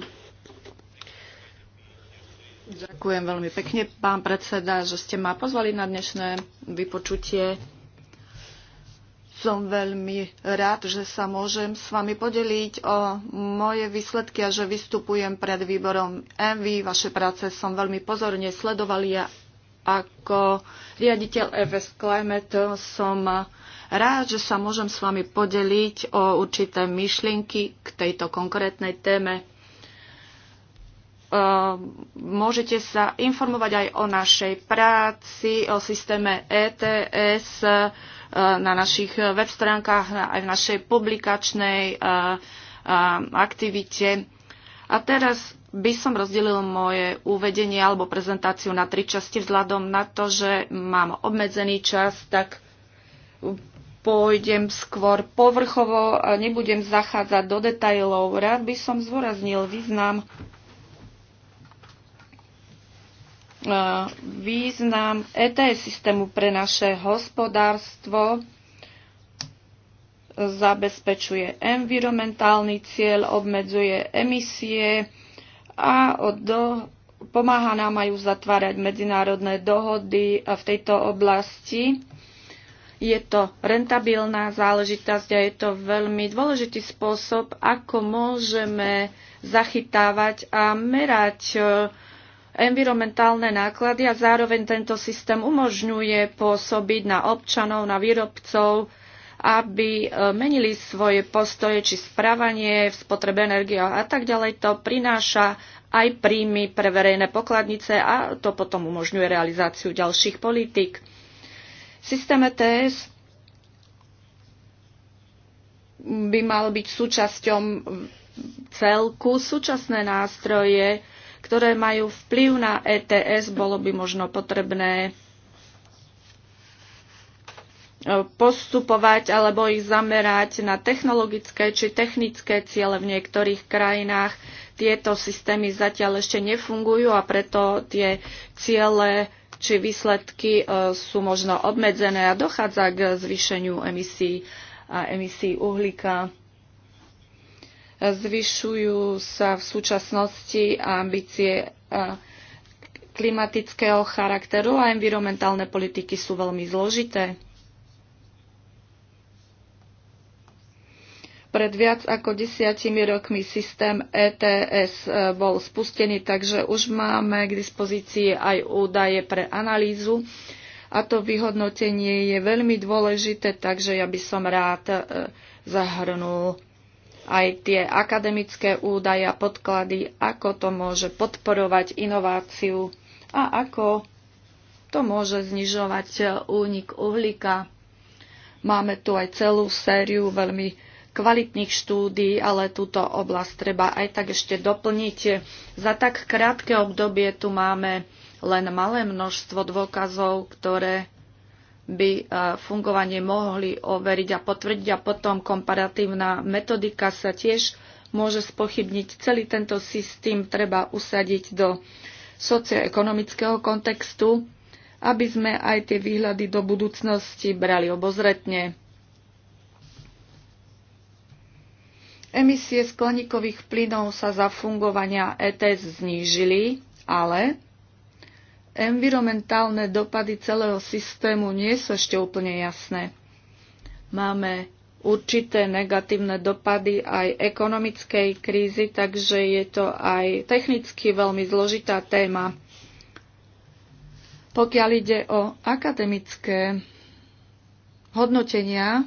Ďakujem veľmi pekne, pán predseda, že ste ma pozvali na dnešné vypočutie. Som veľmi rád, že sa môžem s vami podeliť o moje výsledky a že vystupujem pred výborom ENVY. Vaše práce som veľmi pozorne sledovali Ja ako riaditeľ FS Climate som rád, že sa môžem s vami podeliť o určité myšlienky k tejto konkrétnej téme. Ehm, môžete sa informovať aj o našej práci, o systéme ETS e, na našich web stránkach, aj v našej publikačnej e, e, aktivite. A teraz by som rozdelil moje uvedenie alebo prezentáciu na tri časti vzhľadom na to, že mám obmedzený čas, tak pôjdem skôr povrchovo a nebudem zachádzať do detajlov. Rád by som zvoraznil význam význam ETS systému pre naše hospodárstvo zabezpečuje environmentálny cieľ, obmedzuje emisie a do, pomáha nám aj uzatvárať medzinárodné dohody v tejto oblasti. Je to rentabilná záležitosť a je to veľmi dôležitý spôsob, ako môžeme zachytávať a merať uh, environmentálne náklady a zároveň tento systém umožňuje pôsobiť na občanov, na výrobcov, aby e, menili svoje postoje či správanie v spotrebe energie a tak ďalej. To prináša aj príjmy pre verejné pokladnice a to potom umožňuje realizáciu ďalších politík. Systém ETS by mal byť súčasťom celku. Súčasné nástroje ktoré majú vplyv na ETS, bolo by možno potrebné e, postupovať alebo ich zamerať na technologické či technické ciele v niektorých krajinách. Tieto systémy zatiaľ ešte nefungujú a preto tie ciele či výsledky e, sú možno obmedzené a dochádza k zvýšeniu emisí a emisí uhlíka. Zvyšujú sa v súčasnosti ambície e, klimatického charakteru a environmentálne politiky sú veľmi zložité. Pred viac ako desiatimi rokmi systém ETS e, bol spustený, takže už máme k dispozícii aj údaje pre analýzu a to vyhodnotenie je veľmi dôležité, takže ja by som rád e, zahrnul aj tie akademické údaje a podklady, ako to môže podporovať inováciu a ako to môže znižovať únik uhlíka. Máme tu aj celú sériu veľmi kvalitných štúdií, ale túto oblasť treba aj tak ešte doplniť. Za tak krátke obdobie tu máme len malé množstvo dôkazov, ktoré by e, fungovanie mohli overiť a potvrdiť a potom komparatívna metodika sa tiež môže spochybniť. Celý tento systém treba usadiť do socioekonomického kontextu, aby sme aj tie výhľady do budúcnosti brali obozretne. Emisie skleníkových plynov sa za fungovania ETS znížili, ale environmentálne dopady celého systému nie sú ešte úplne jasné. Máme určité negatívne dopady aj ekonomickej krízy, takže je to aj technicky veľmi zložitá téma. Pokiaľ ide o akademické hodnotenia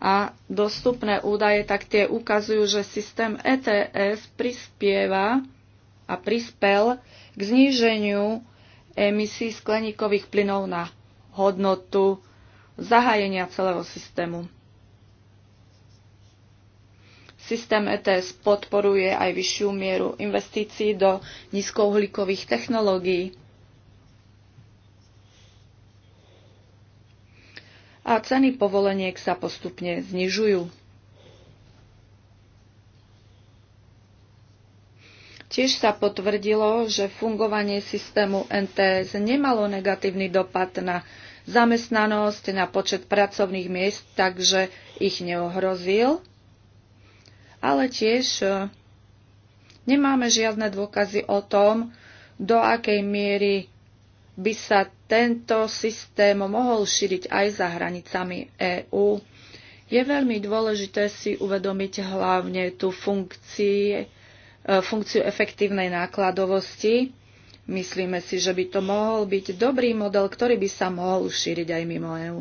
a dostupné údaje, tak tie ukazujú, že systém ETF prispieva a prispel k zníženiu emisí skleníkových plynov na hodnotu zahájenia celého systému. Systém ETS podporuje aj vyššiu mieru investícií do nízkouhlíkových technológií. A ceny povoleniek sa postupne znižujú. Tiež sa potvrdilo, že fungovanie systému NTS nemalo negatívny dopad na zamestnanosť, na počet pracovných miest, takže ich neohrozil. Ale tiež e, nemáme žiadne dôkazy o tom, do akej miery by sa tento systém mohol šíriť aj za hranicami EÚ. Je veľmi dôležité si uvedomiť hlavne tú funkciu E, funkciu efektívnej nákladovosti. Myslíme si, že by to mohol byť dobrý model, ktorý by sa mohol šíriť aj mimo EÚ.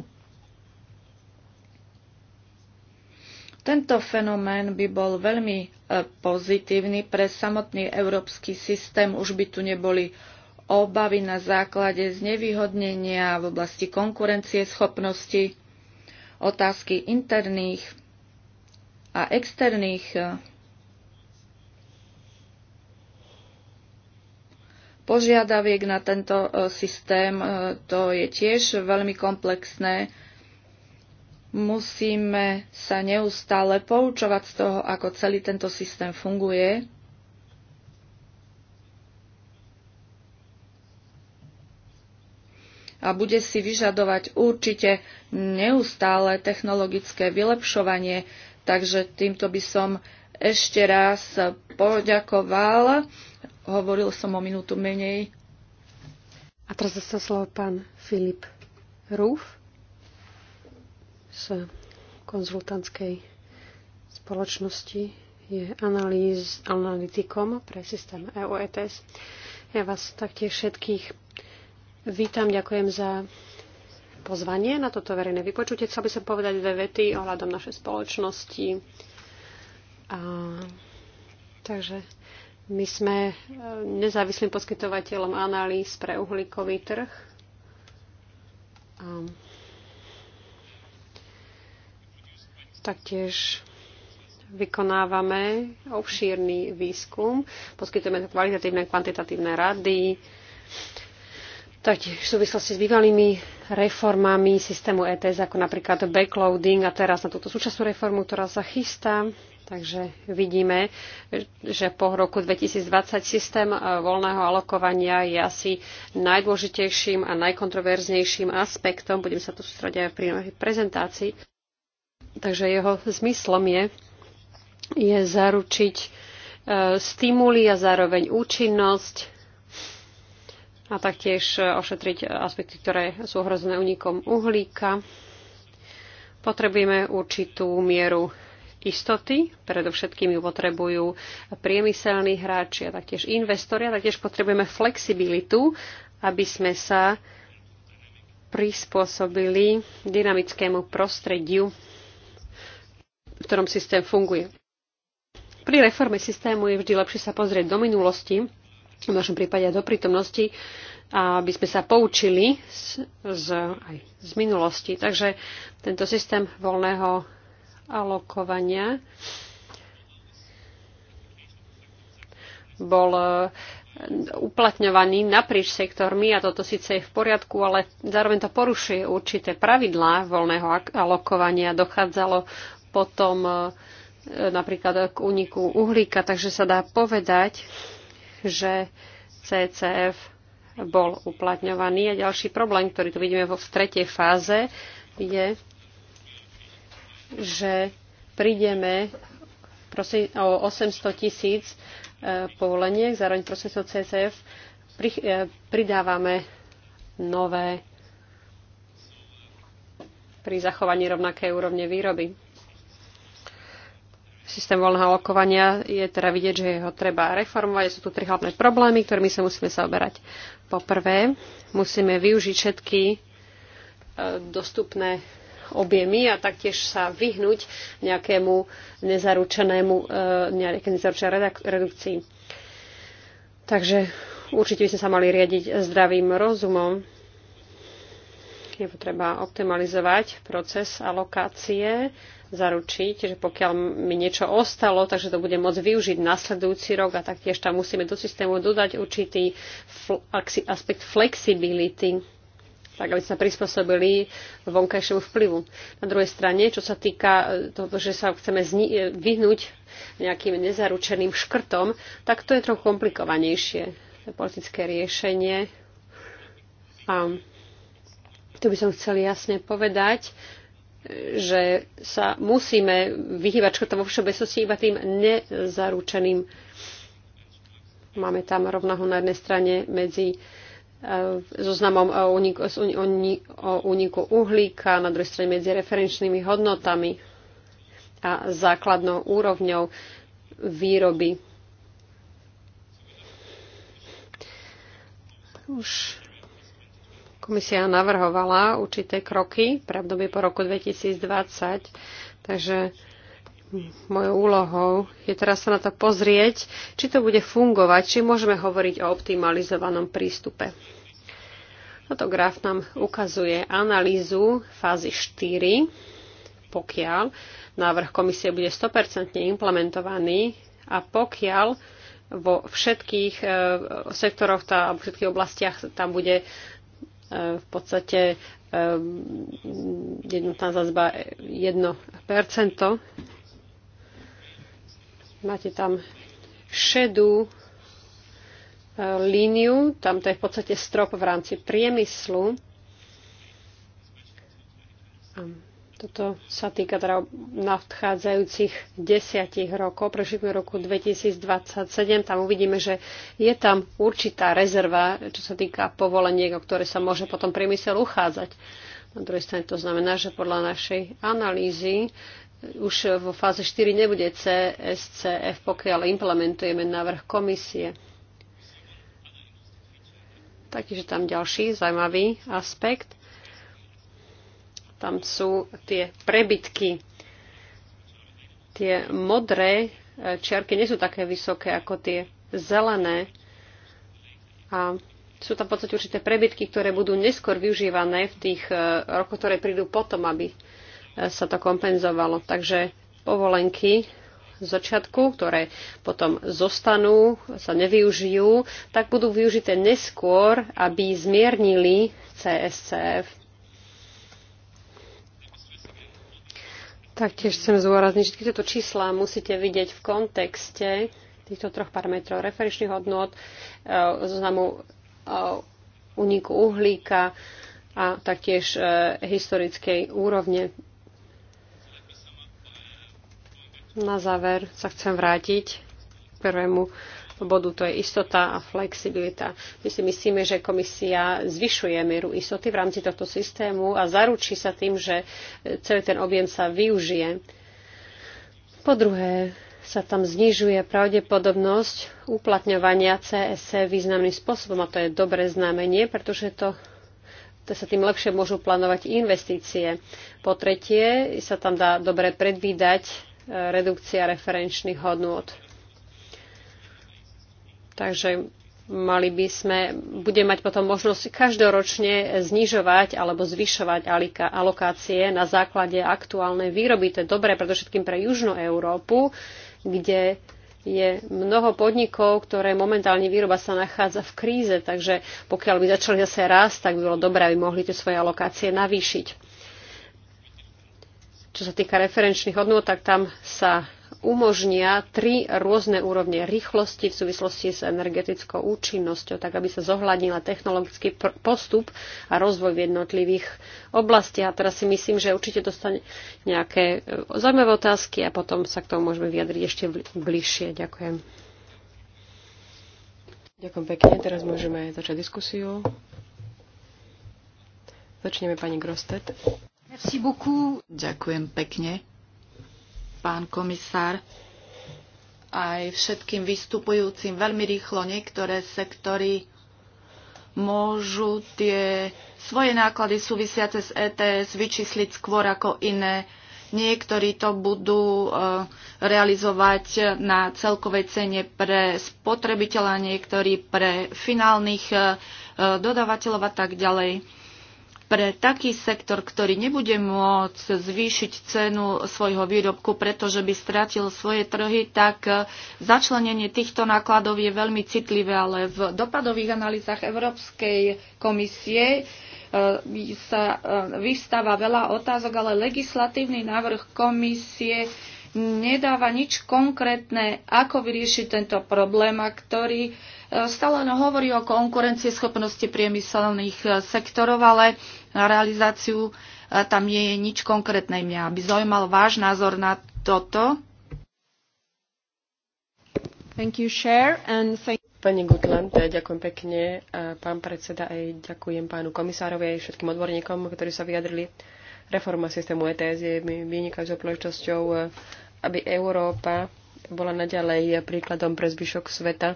Tento fenomén by bol veľmi e, pozitívny pre samotný európsky systém. Už by tu neboli obavy na základe znevýhodnenia v oblasti konkurencie schopnosti, otázky interných a externých e, požiadaviek na tento e, systém. E, to je tiež veľmi komplexné. Musíme sa neustále poučovať z toho, ako celý tento systém funguje. a bude si vyžadovať určite neustále technologické vylepšovanie. Takže týmto by som ešte raz poďakoval Hovoril som o minútu menej. A teraz zase slovo pán Filip Rúf z konzultantskej spoločnosti je analýz, analytikom pre systém EOETS. Ja vás taktiež všetkých vítam, ďakujem za pozvanie na toto verejné vypočutie. Chcel by som povedať dve vety ohľadom našej spoločnosti. A, takže my sme e, nezávislým poskytovateľom analýz pre uhlíkový trh. taktiež vykonávame obšírny výskum, poskytujeme kvalitatívne a kvantitatívne rady, taktiež v súvislosti s bývalými reformami systému ETS, ako napríklad backloading a teraz na túto súčasnú reformu, ktorá sa chystá. Takže vidíme, že po roku 2020 systém eh, voľného alokovania je asi najdôležitejším a najkontroverznejším aspektom. Budem sa tu sústrediť aj pri prezentácii. Takže jeho zmyslom je, je zaručiť eh, stimuly a zároveň účinnosť a taktiež eh, ošetriť aspekty, ktoré sú ohrozené unikom uhlíka. Potrebujeme určitú mieru istoty. Predovšetkým ju potrebujú priemyselní hráči a taktiež investori a taktiež potrebujeme flexibilitu, aby sme sa prispôsobili dynamickému prostrediu, v ktorom systém funguje. Pri reforme systému je vždy lepšie sa pozrieť do minulosti, v našom prípade do prítomnosti, aby sme sa poučili z, z, aj z minulosti. Takže tento systém voľného alokovania bol e, uplatňovaný naprieč sektormi a toto síce je v poriadku, ale zároveň to porušuje určité pravidlá voľného alokovania. Dochádzalo potom e, napríklad k úniku uhlíka, takže sa dá povedať, že CCF bol uplatňovaný. A ďalší problém, ktorý tu vidíme vo v tretej fáze, je že prídeme o 800 tisíc e, povoleniek, zároveň procesov CCF e, pridávame nové pri zachovaní rovnakej úrovne výroby. Systém voľného lokovania je teda vidieť, že ho treba reformovať. Sú tu tri hlavné problémy, ktorými sa musíme zaoberať. Po prvé, musíme využiť všetky e, dostupné objemy a taktiež sa vyhnúť nejakému nezaručenému, e, nejaké nezaručené redukcii. Takže určite by sme sa mali riadiť zdravým rozumom. Je potreba optimalizovať proces alokácie, zaručiť, že pokiaľ mi niečo ostalo, takže to bude môcť využiť nasledujúci rok a taktiež tam musíme do systému dodať určitý aspekt flexibility tak aby sa prispôsobili vonkajšiemu vplyvu. Na druhej strane, čo sa týka eh, toho, že sa chceme zni- eh, vyhnúť nejakým nezaručeným škrtom, tak to je trochu komplikovanejšie politické riešenie. A tu by som chcel jasne povedať, eh, že sa musíme vyhýbať škrtom vo všeobecnosti iba tým nezaručeným. Máme tam rovnahu na jednej strane medzi E, zoznamom o e, úniku, o úniku uhlíka, na druhej strane medzi referenčnými hodnotami a základnou úrovňou výroby. Už komisia navrhovala určité kroky pre obdobie po roku 2020, takže mojou úlohou je teraz sa na to pozrieť, či to bude fungovať, či môžeme hovoriť o optimalizovanom prístupe. Toto graf nám ukazuje analýzu fázy 4, pokiaľ návrh komisie bude 100% implementovaný a pokiaľ vo všetkých e, sektoroch tá, alebo všetkých oblastiach tam bude e, v podstate e, jednotná zazba 1%, Máte tam šedú e, líniu, tam to je v podstate strop v rámci priemyslu. A toto sa týka teda nadchádzajúcich desiatich rokov, prežitme roku 2027, tam uvidíme, že je tam určitá rezerva, čo sa týka povoleniek, o ktoré sa môže potom priemysel uchádzať. Na druhej strane to znamená, že podľa našej analýzy už vo fáze 4 nebude CSCF, pokiaľ implementujeme návrh komisie. Takže tam ďalší zaujímavý aspekt. Tam sú tie prebytky. Tie modré čiarky nie sú také vysoké ako tie zelené. A sú tam v podstate určité prebytky, ktoré budú neskôr využívané v tých eh, rokoch, ktoré prídu potom, aby sa to kompenzovalo. Takže povolenky z začiatku, ktoré potom zostanú, sa nevyužijú, tak budú využité neskôr, aby zmiernili CSCF. Taktiež chcem zúrazniť, že tieto čísla musíte vidieť v kontexte týchto troch parametrov referenčných hodnot, eh, zoznamu uniku eh, uhlíka a taktiež eh, historickej úrovne na záver sa chcem vrátiť k prvému bodu, to je istota a flexibilita. My si myslíme, že komisia zvyšuje mieru istoty v rámci tohto systému a zaručí sa tým, že celý ten objem sa využije. Po druhé, sa tam znižuje pravdepodobnosť uplatňovania CSE významným spôsobom a to je dobré znamenie, pretože to, to sa tým lepšie môžu plánovať investície. Po tretie, sa tam dá dobre predvídať redukcia referenčných hodnôt. Takže mali by sme, bude mať potom možnosť každoročne znižovať alebo zvyšovať alokácie na základe aktuálnej výroby. To je dobré predovšetkým pre Južnú Európu, kde je mnoho podnikov, ktoré momentálne výroba sa nachádza v kríze, takže pokiaľ by začali zase rásť, tak by bolo dobré, aby mohli tie svoje alokácie navýšiť. Čo sa týka referenčných hodnot, tak tam sa umožnia tri rôzne úrovne rýchlosti v súvislosti s energetickou účinnosťou, tak aby sa zohľadnila technologický postup a rozvoj v jednotlivých oblastiach. A teraz si myslím, že určite dostane nejaké e, zaujímavé otázky a potom sa k tomu môžeme vyjadriť ešte bližšie. Ďakujem. Ďakujem pekne. Teraz môžeme začať diskusiu. Začneme pani Grostet. Ďakujem pekne, pán komisár. Aj všetkým vystupujúcim veľmi rýchlo niektoré sektory môžu tie svoje náklady súvisiace s ETS vyčísliť skôr ako iné. Niektorí to budú e, realizovať na celkovej cene pre spotrebiteľa, niektorí pre finálnych e, dodávateľov a tak ďalej pre taký sektor, ktorý nebude môcť zvýšiť cenu svojho výrobku, pretože by stratil svoje trhy, tak eh, začlenenie týchto nákladov je veľmi citlivé, ale v dopadových analýzach Európskej komisie eh, sa eh, vystáva veľa otázok, ale legislatívny návrh komisie nedáva nič konkrétne, ako vyriešiť tento problém, a ktorý e, stále hovorí o schopnosti priemyselných e, sektorov, ale na realizáciu e, tam nie je nič konkrétne. Mňa by zaujímal váš názor na toto. Thank you, Cher, and thank Pani Gutland, ďakujem pekne. Pán predseda, aj ďakujem pánu komisárovi aj všetkým odborníkom, ktorí sa vyjadrili. Reforma systému ETS je vynikajúcou príležitosťou, e, aby Európa bola naďalej príkladom pre zvyšok sveta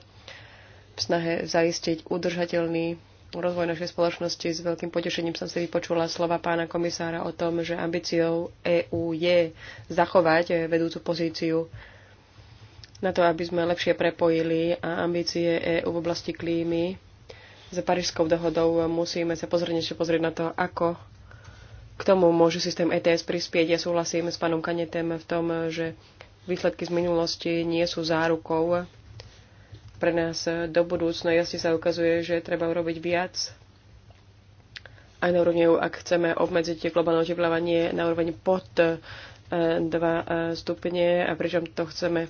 v snahe zaistiť udržateľný rozvoj našej spoločnosti. S veľkým potešením som si vypočula slova pána komisára o tom, že ambíciou EÚ je zachovať vedúcu pozíciu na to, aby sme lepšie prepojili a ambície EÚ v oblasti klímy. Za Parížskou dohodou musíme sa pozrieť, pozrieť na to, ako k tomu môže systém ETS prispieť. Ja súhlasím s pánom Kanetem v tom, že výsledky z minulosti nie sú zárukou pre nás do budúcna. Jasne sa ukazuje, že treba urobiť viac aj na úrovni, ak chceme obmedziť globálne oteplávanie na úroveň pod 2 e, e, stupne a pričom to chceme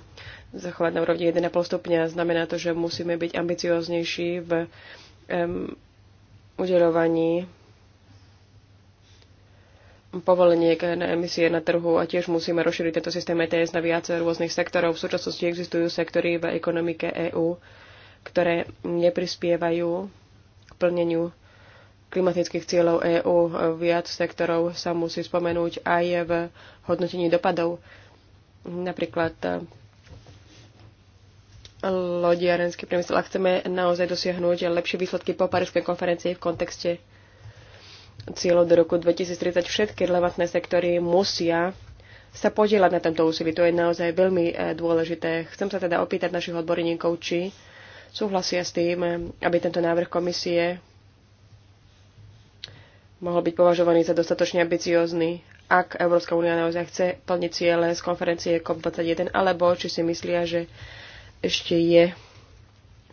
zachovať na úrovni 1,5 stupňa. Znamená to, že musíme byť ambicioznejší v um, udelovaní povolenie na emisie na trhu a tiež musíme rozšíriť tento systém ETS na viac rôznych sektorov. V súčasnosti existujú sektory v ekonomike EÚ, ktoré neprispievajú k plneniu klimatických cieľov EÚ. Viac sektorov sa musí spomenúť aj v hodnotení dopadov. Napríklad eh, lodiarenský priemysel. A chceme naozaj dosiahnuť lepšie výsledky po Parískej konferencii v kontexte cieľov do roku 2030 všetky relevantné sektory musia sa podielať na tomto úsilí. To je naozaj veľmi e, dôležité. Chcem sa teda opýtať našich odborníkov, či súhlasia s tým, e, aby tento návrh komisie mohol byť považovaný za dostatočne ambiciózny, ak Európska únia naozaj chce plniť ciele z konferencie COP21, alebo či si myslia, že ešte je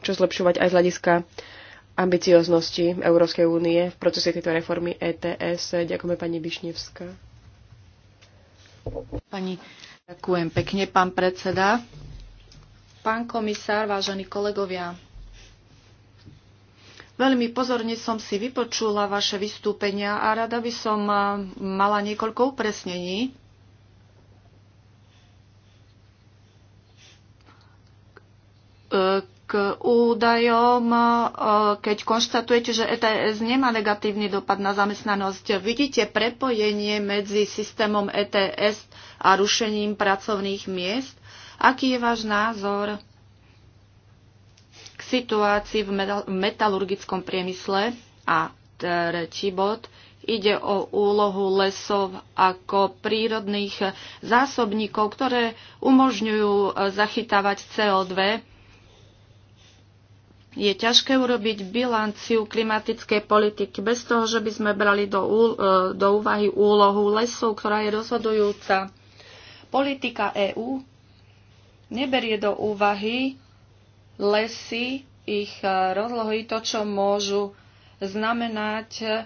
čo zlepšovať aj z hľadiska ambicioznosti Európskej únie v procese tejto reformy ETS. Ďakujeme pani Višnevská. Pani, ďakujem pekne, pán predseda. Pán komisár, vážení kolegovia, Veľmi pozorne som si vypočula vaše vystúpenia a rada by som mala niekoľko upresnení. E, k údajom, e, keď konštatujete, že ETS nemá negatívny dopad na zamestnanosť. Vidíte prepojenie medzi systémom ETS a rušením pracovných miest? Aký je váš názor k situácii v metalurgickom priemysle? A tretí bod, ide o úlohu lesov ako prírodných zásobníkov, ktoré umožňujú e, zachytávať CO2 je ťažké urobiť bilanciu klimatickej politiky bez toho, že by sme brali do, e, do úvahy úlohu lesov, ktorá je rozhodujúca. Politika EÚ neberie do úvahy lesy, ich e, rozlohy, to, čo môžu znamenať.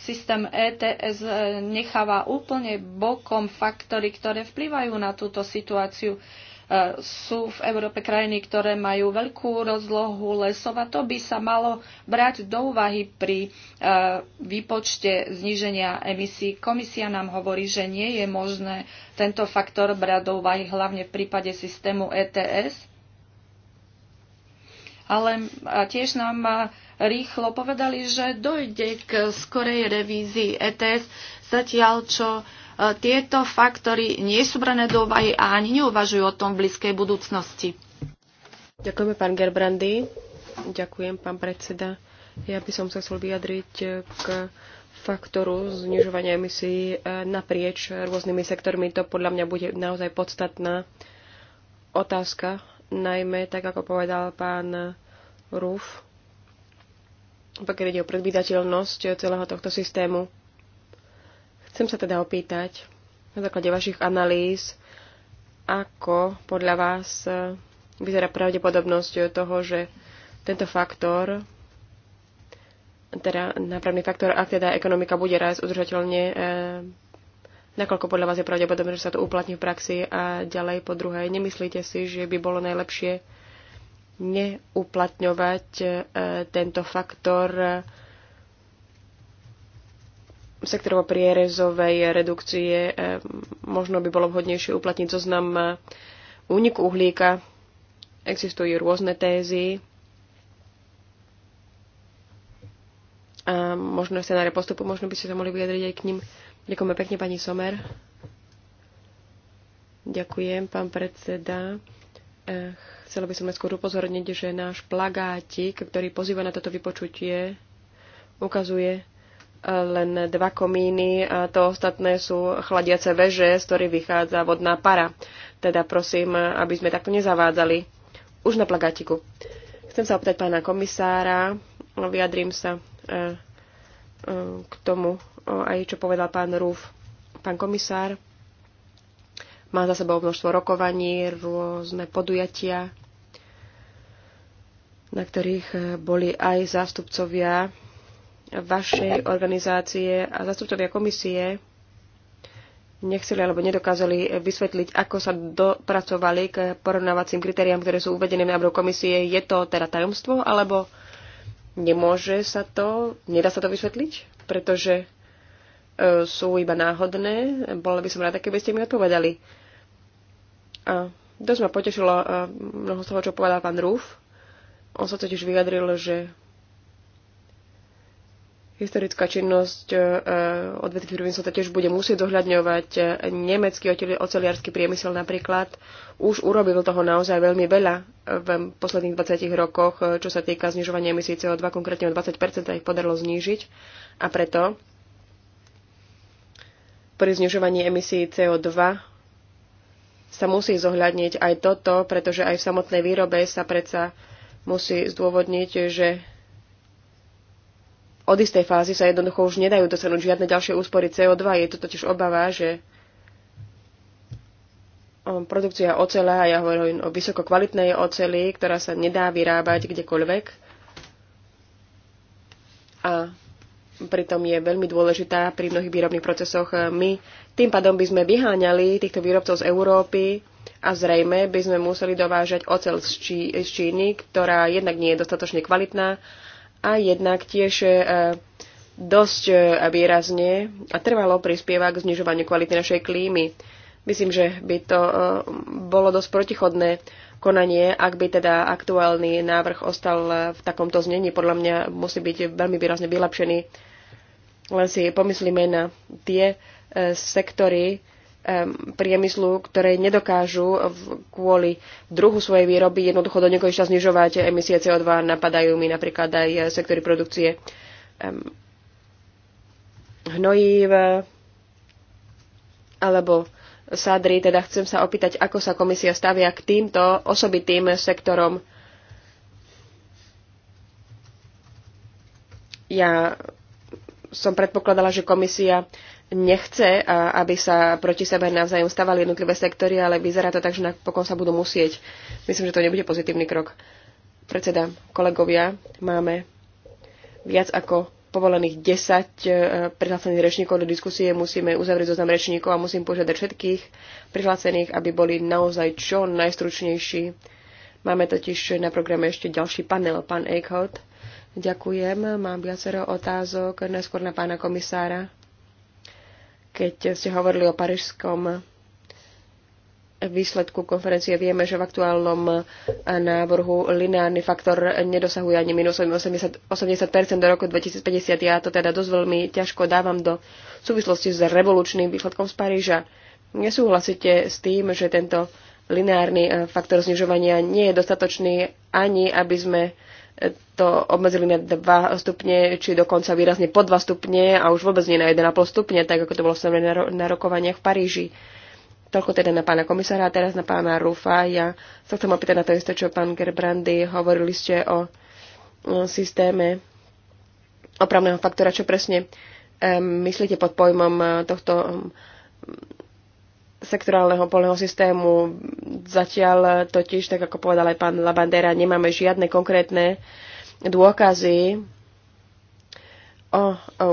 Systém ETS e, necháva úplne bokom faktory, ktoré vplyvajú na túto situáciu. E, sú v Európe krajiny, ktoré majú veľkú rozlohu lesov a to by sa malo brať do úvahy pri e, výpočte zníženia emisí. Komisia nám hovorí, že nie je možné tento faktor brať do úvahy hlavne v prípade systému ETS. Ale tiež nám e, rýchlo povedali, že dojde k skorej revízii ETS, zatiaľ čo E, tieto faktory nie sú brané do úvahy a ani neuvažujú o tom v blízkej budúcnosti. Ďakujeme, pán Gerbrandy. Ďakujem, pán predseda. Ja by som sa chcel vyjadriť k faktoru znižovania emisí e, naprieč rôznymi sektormi. To podľa mňa bude naozaj podstatná otázka, najmä tak ako povedal pán Rúf. pokiaľ ide o predvídateľnosť celého tohto systému. Chcem sa teda opýtať, na základe vašich analýz, ako podľa vás e, vyzerá pravdepodobnosť toho, že tento faktor, teda nápravný faktor, ak teda ekonomika bude raz udržateľne, e, nakoľko podľa vás je pravdepodobné, že sa to uplatní v praxi a ďalej po druhej, nemyslíte si, že by bolo najlepšie neuplatňovať e, tento faktor e, sektorovo prierezovej redukcie eh, možno by bolo vhodnejšie uplatniť zoznam eh, úniku uhlíka. Existujú rôzne tézy a možno scenáre postupu, možno by ste sa mohli vyjadriť aj k ním. Ďakujeme pekne, pani Somer. Ďakujem, pán predseda. Eh, chcela by som skôr upozorniť, že náš plagátik, ktorý pozýva na toto vypočutie, ukazuje len dva komíny a to ostatné sú chladiace veže, z ktorých vychádza vodná para. Teda prosím, aby sme takto nezavádzali. Už na plagátiku. Chcem sa opýtať pána komisára, vyjadrím sa e, e, k tomu, aj čo povedal pán Rúf. Pán komisár má za sebou množstvo rokovaní, rôzne podujatia, na ktorých e, boli aj zástupcovia vašej organizácie a zastupcovia komisie nechceli alebo nedokázali vysvetliť, ako sa dopracovali k porovnávacím kritériám, ktoré sú uvedené na návrhu komisie. Je to teda tajomstvo, alebo nemôže sa to, nedá sa to vysvetliť, pretože e, sú iba náhodné. Bola by som rada, keby ste mi odpovedali. A dosť ma potešilo e, mnoho z toho, čo povedal pán Rúf. On sa totiž vyjadril, že historická činnosť e, e, odvetví priemyslu tiež bude musieť zohľadňovať. E, nemecký oceliarský priemysel napríklad už urobil toho naozaj veľmi veľa v posledných 20 rokoch, čo sa týka znižovania emisí CO2, konkrétne o 20 ich podarilo znížiť. A preto pri znižovaní emisí CO2 sa musí zohľadniť aj toto, pretože aj v samotnej výrobe sa predsa musí zdôvodniť, že od istej fázy sa jednoducho už nedajú dosiahnuť žiadne ďalšie úspory CO2. Je to totiž obava, že produkcia ocele, a ja hovorím o vysokokvalitnej oceli, ktorá sa nedá vyrábať kdekoľvek a pritom je veľmi dôležitá pri mnohých výrobných procesoch. My tým pádom by sme vyháňali týchto výrobcov z Európy a zrejme by sme museli dovážať ocel z, Čí, z Číny, ktorá jednak nie je dostatočne kvalitná a jednak tiež e, dosť e, výrazne a trvalo prispieva k znižovaniu kvality našej klímy. Myslím, že by to e, bolo dosť protichodné konanie, ak by teda aktuálny návrh ostal v takomto znení. Podľa mňa musí byť veľmi výrazne vylepšený. Len si pomyslíme na tie sektory, priemyslu, ktoré nedokážu kvôli druhu svojej výroby jednoducho do nekonečna znižovať emisie CO2. Napadajú mi napríklad aj sektory produkcie hnojív alebo sadry. Teda chcem sa opýtať, ako sa komisia stavia k týmto osobitým sektorom. Ja som predpokladala, že komisia nechce, aby sa proti sebe navzájom stavali jednotlivé sektory, ale vyzerá to tak, že napokon sa budú musieť. Myslím, že to nebude pozitívny krok. Predseda, kolegovia, máme viac ako povolených 10 e, prihlásených rečníkov do diskusie musíme uzavrieť zoznam rečníkov a musím požiadať všetkých prihlásených, aby boli naozaj čo najstručnejší. Máme totiž na programe ešte ďalší panel, pán Eichhout. Ďakujem, mám viacero otázok, najskôr na pána komisára. Keď ste hovorili o parížskom výsledku konferencie vieme, že v aktuálnom návrhu lineárny faktor nedosahuje ani minus 80, do roku 2050. Ja to teda dosť veľmi ťažko dávam do súvislosti s revolučným výsledkom z Paríža. Nesúhlasíte s tým, že tento lineárny eh, faktor znižovania nie je dostatočný ani, aby sme to obmedzili na 2 stupne, či dokonca výrazne po 2 stupne a už vôbec nie na 1,5 stupne, tak ako to bolo stanovené na rokovaniach v Paríži. Toľko teda na pána komisára a teraz na pána Rufa. Ja sa chcem opýtať na to isté, čo pán Gerbrandy. Hovorili ste o, o systéme opravného faktora, čo presne um, myslíte pod pojmom eh, tohto um, sektorálneho polného systému. Zatiaľ totiž, tak ako povedal aj pán Labandera, nemáme žiadne konkrétne dôkazy o,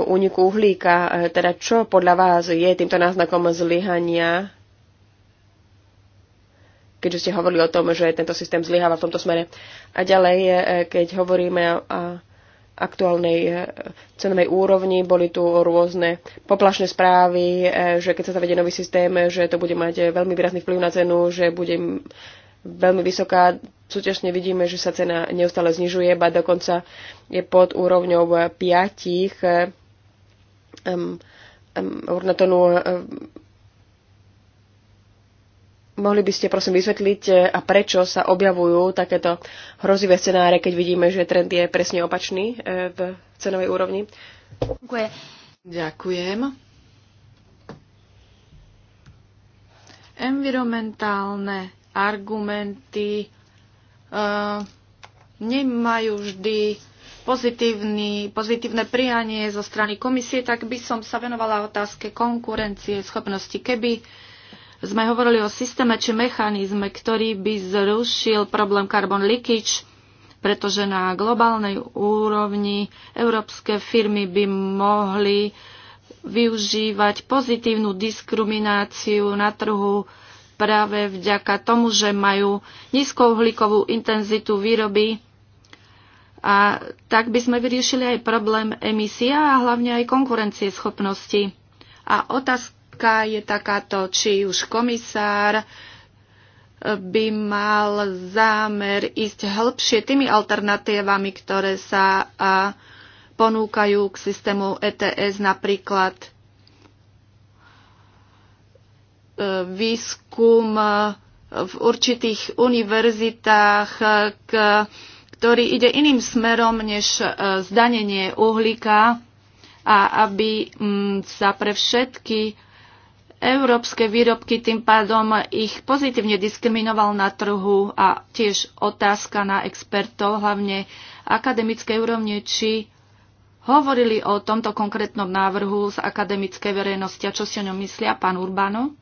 úniku uhlíka. E, teda čo podľa vás je týmto náznakom zlyhania? keďže ste hovorili o tom, že tento systém zlyháva v tomto smere. A ďalej, e, keď hovoríme o aktuálnej e, cenovej úrovni. Boli tu rôzne poplašné správy, e, že keď sa zavede nový systém, že to bude mať e, veľmi výrazný vplyv na cenu, že bude veľmi vysoká. Súťažne vidíme, že sa cena neustále znižuje, ba dokonca je pod úrovňou 5 um, um, na um, Mohli by ste prosím vysvetliť, e, a prečo sa objavujú takéto hrozivé scenáre, keď vidíme, že trend je presne opačný e, v cenovej úrovni? Ďakujem. Environmentálne argumenty uh, nemajú vždy pozitívne prianie zo strany komisie, tak by som sa venovala otázke konkurencie schopnosti. Keby uh, sme hovorili o systéme či mechanizme, ktorý by zrušil problém carbon leakage, pretože na globálnej úrovni európske firmy by mohli využívať pozitívnu diskrimináciu na trhu práve vďaka tomu, že majú nízkouhlíkovú intenzitu výroby a tak by sme vyriešili aj problém emisia a hlavne aj konkurencie schopnosti. A otázka otázka je takáto, či už komisár eh, by mal zámer ísť hĺbšie tými alternatívami, ktoré sa ponúkajú k systému ETS, napríklad eh, výskum eh, v určitých univerzitách, k, ktorý ide iným smerom než zdanenie uhlíka a aby mm, sa pre všetky európske výrobky, tým pádom ich pozitívne diskriminoval na trhu a tiež otázka na expertov, hlavne akademické úrovne, či hovorili o tomto konkrétnom návrhu z akademickej verejnosti a čo si o ňom myslia pán Urbano?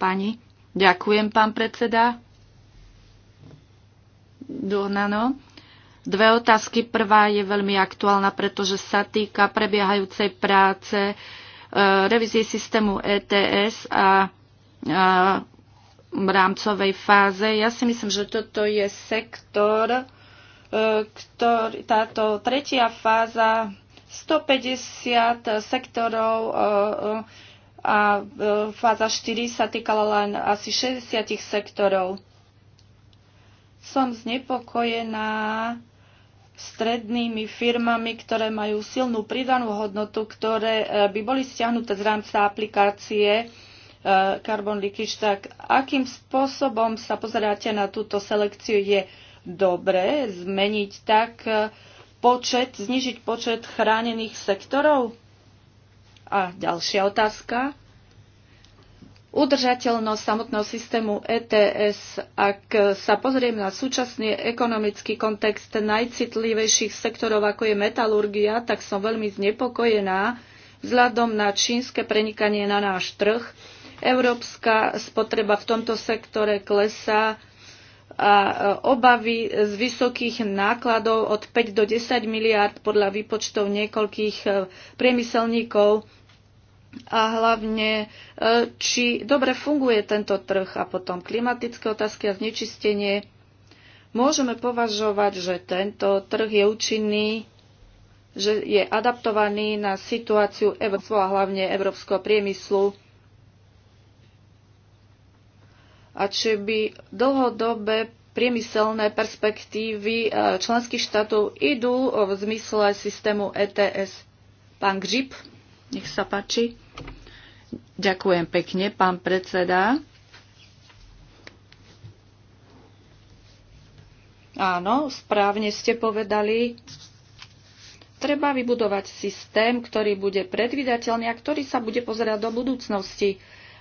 Pani, ďakujem pán predseda. Dohnano. Dve otázky. Prvá je veľmi aktuálna, pretože sa týka prebiehajúcej práce Eh, revízie systému ETS a rámcovej fáze. Ja si myslím, že toto je sektor, eh, ktorý, táto tretia fáza 150 sektorov eh, a fáza 4 sa týkala len asi 60 sektorov. Som znepokojená strednými firmami, ktoré majú silnú pridanú hodnotu, ktoré eh, by boli stiahnuté z rámca aplikácie eh, Carbon Leakage, tak akým spôsobom sa pozeráte na túto selekciu? Je dobré zmeniť tak eh, počet, znižiť počet chránených sektorov? A ďalšia otázka udržateľnosť samotného systému ETS. Ak sa pozrieme na súčasný ekonomický kontext najcitlivejších sektorov, ako je metalurgia, tak som veľmi znepokojená vzhľadom na čínske prenikanie na náš trh. Európska spotreba v tomto sektore klesá a e, obavy z vysokých nákladov od 5 do 10 miliard podľa výpočtov niekoľkých e, priemyselníkov a hlavne, e, či dobre funguje tento trh a potom klimatické otázky a znečistenie. Môžeme považovať, že tento trh je účinný, že je adaptovaný na situáciu Európskeho a hlavne európskeho priemyslu a či by dlhodobé priemyselné perspektívy e, členských štátov idú v zmysle systému ETS. Pán Gžip, nech sa páči. Ďakujem pekne, pán predseda. Áno, správne ste povedali. Treba vybudovať systém, ktorý bude predvydateľný a ktorý sa bude pozerať do budúcnosti.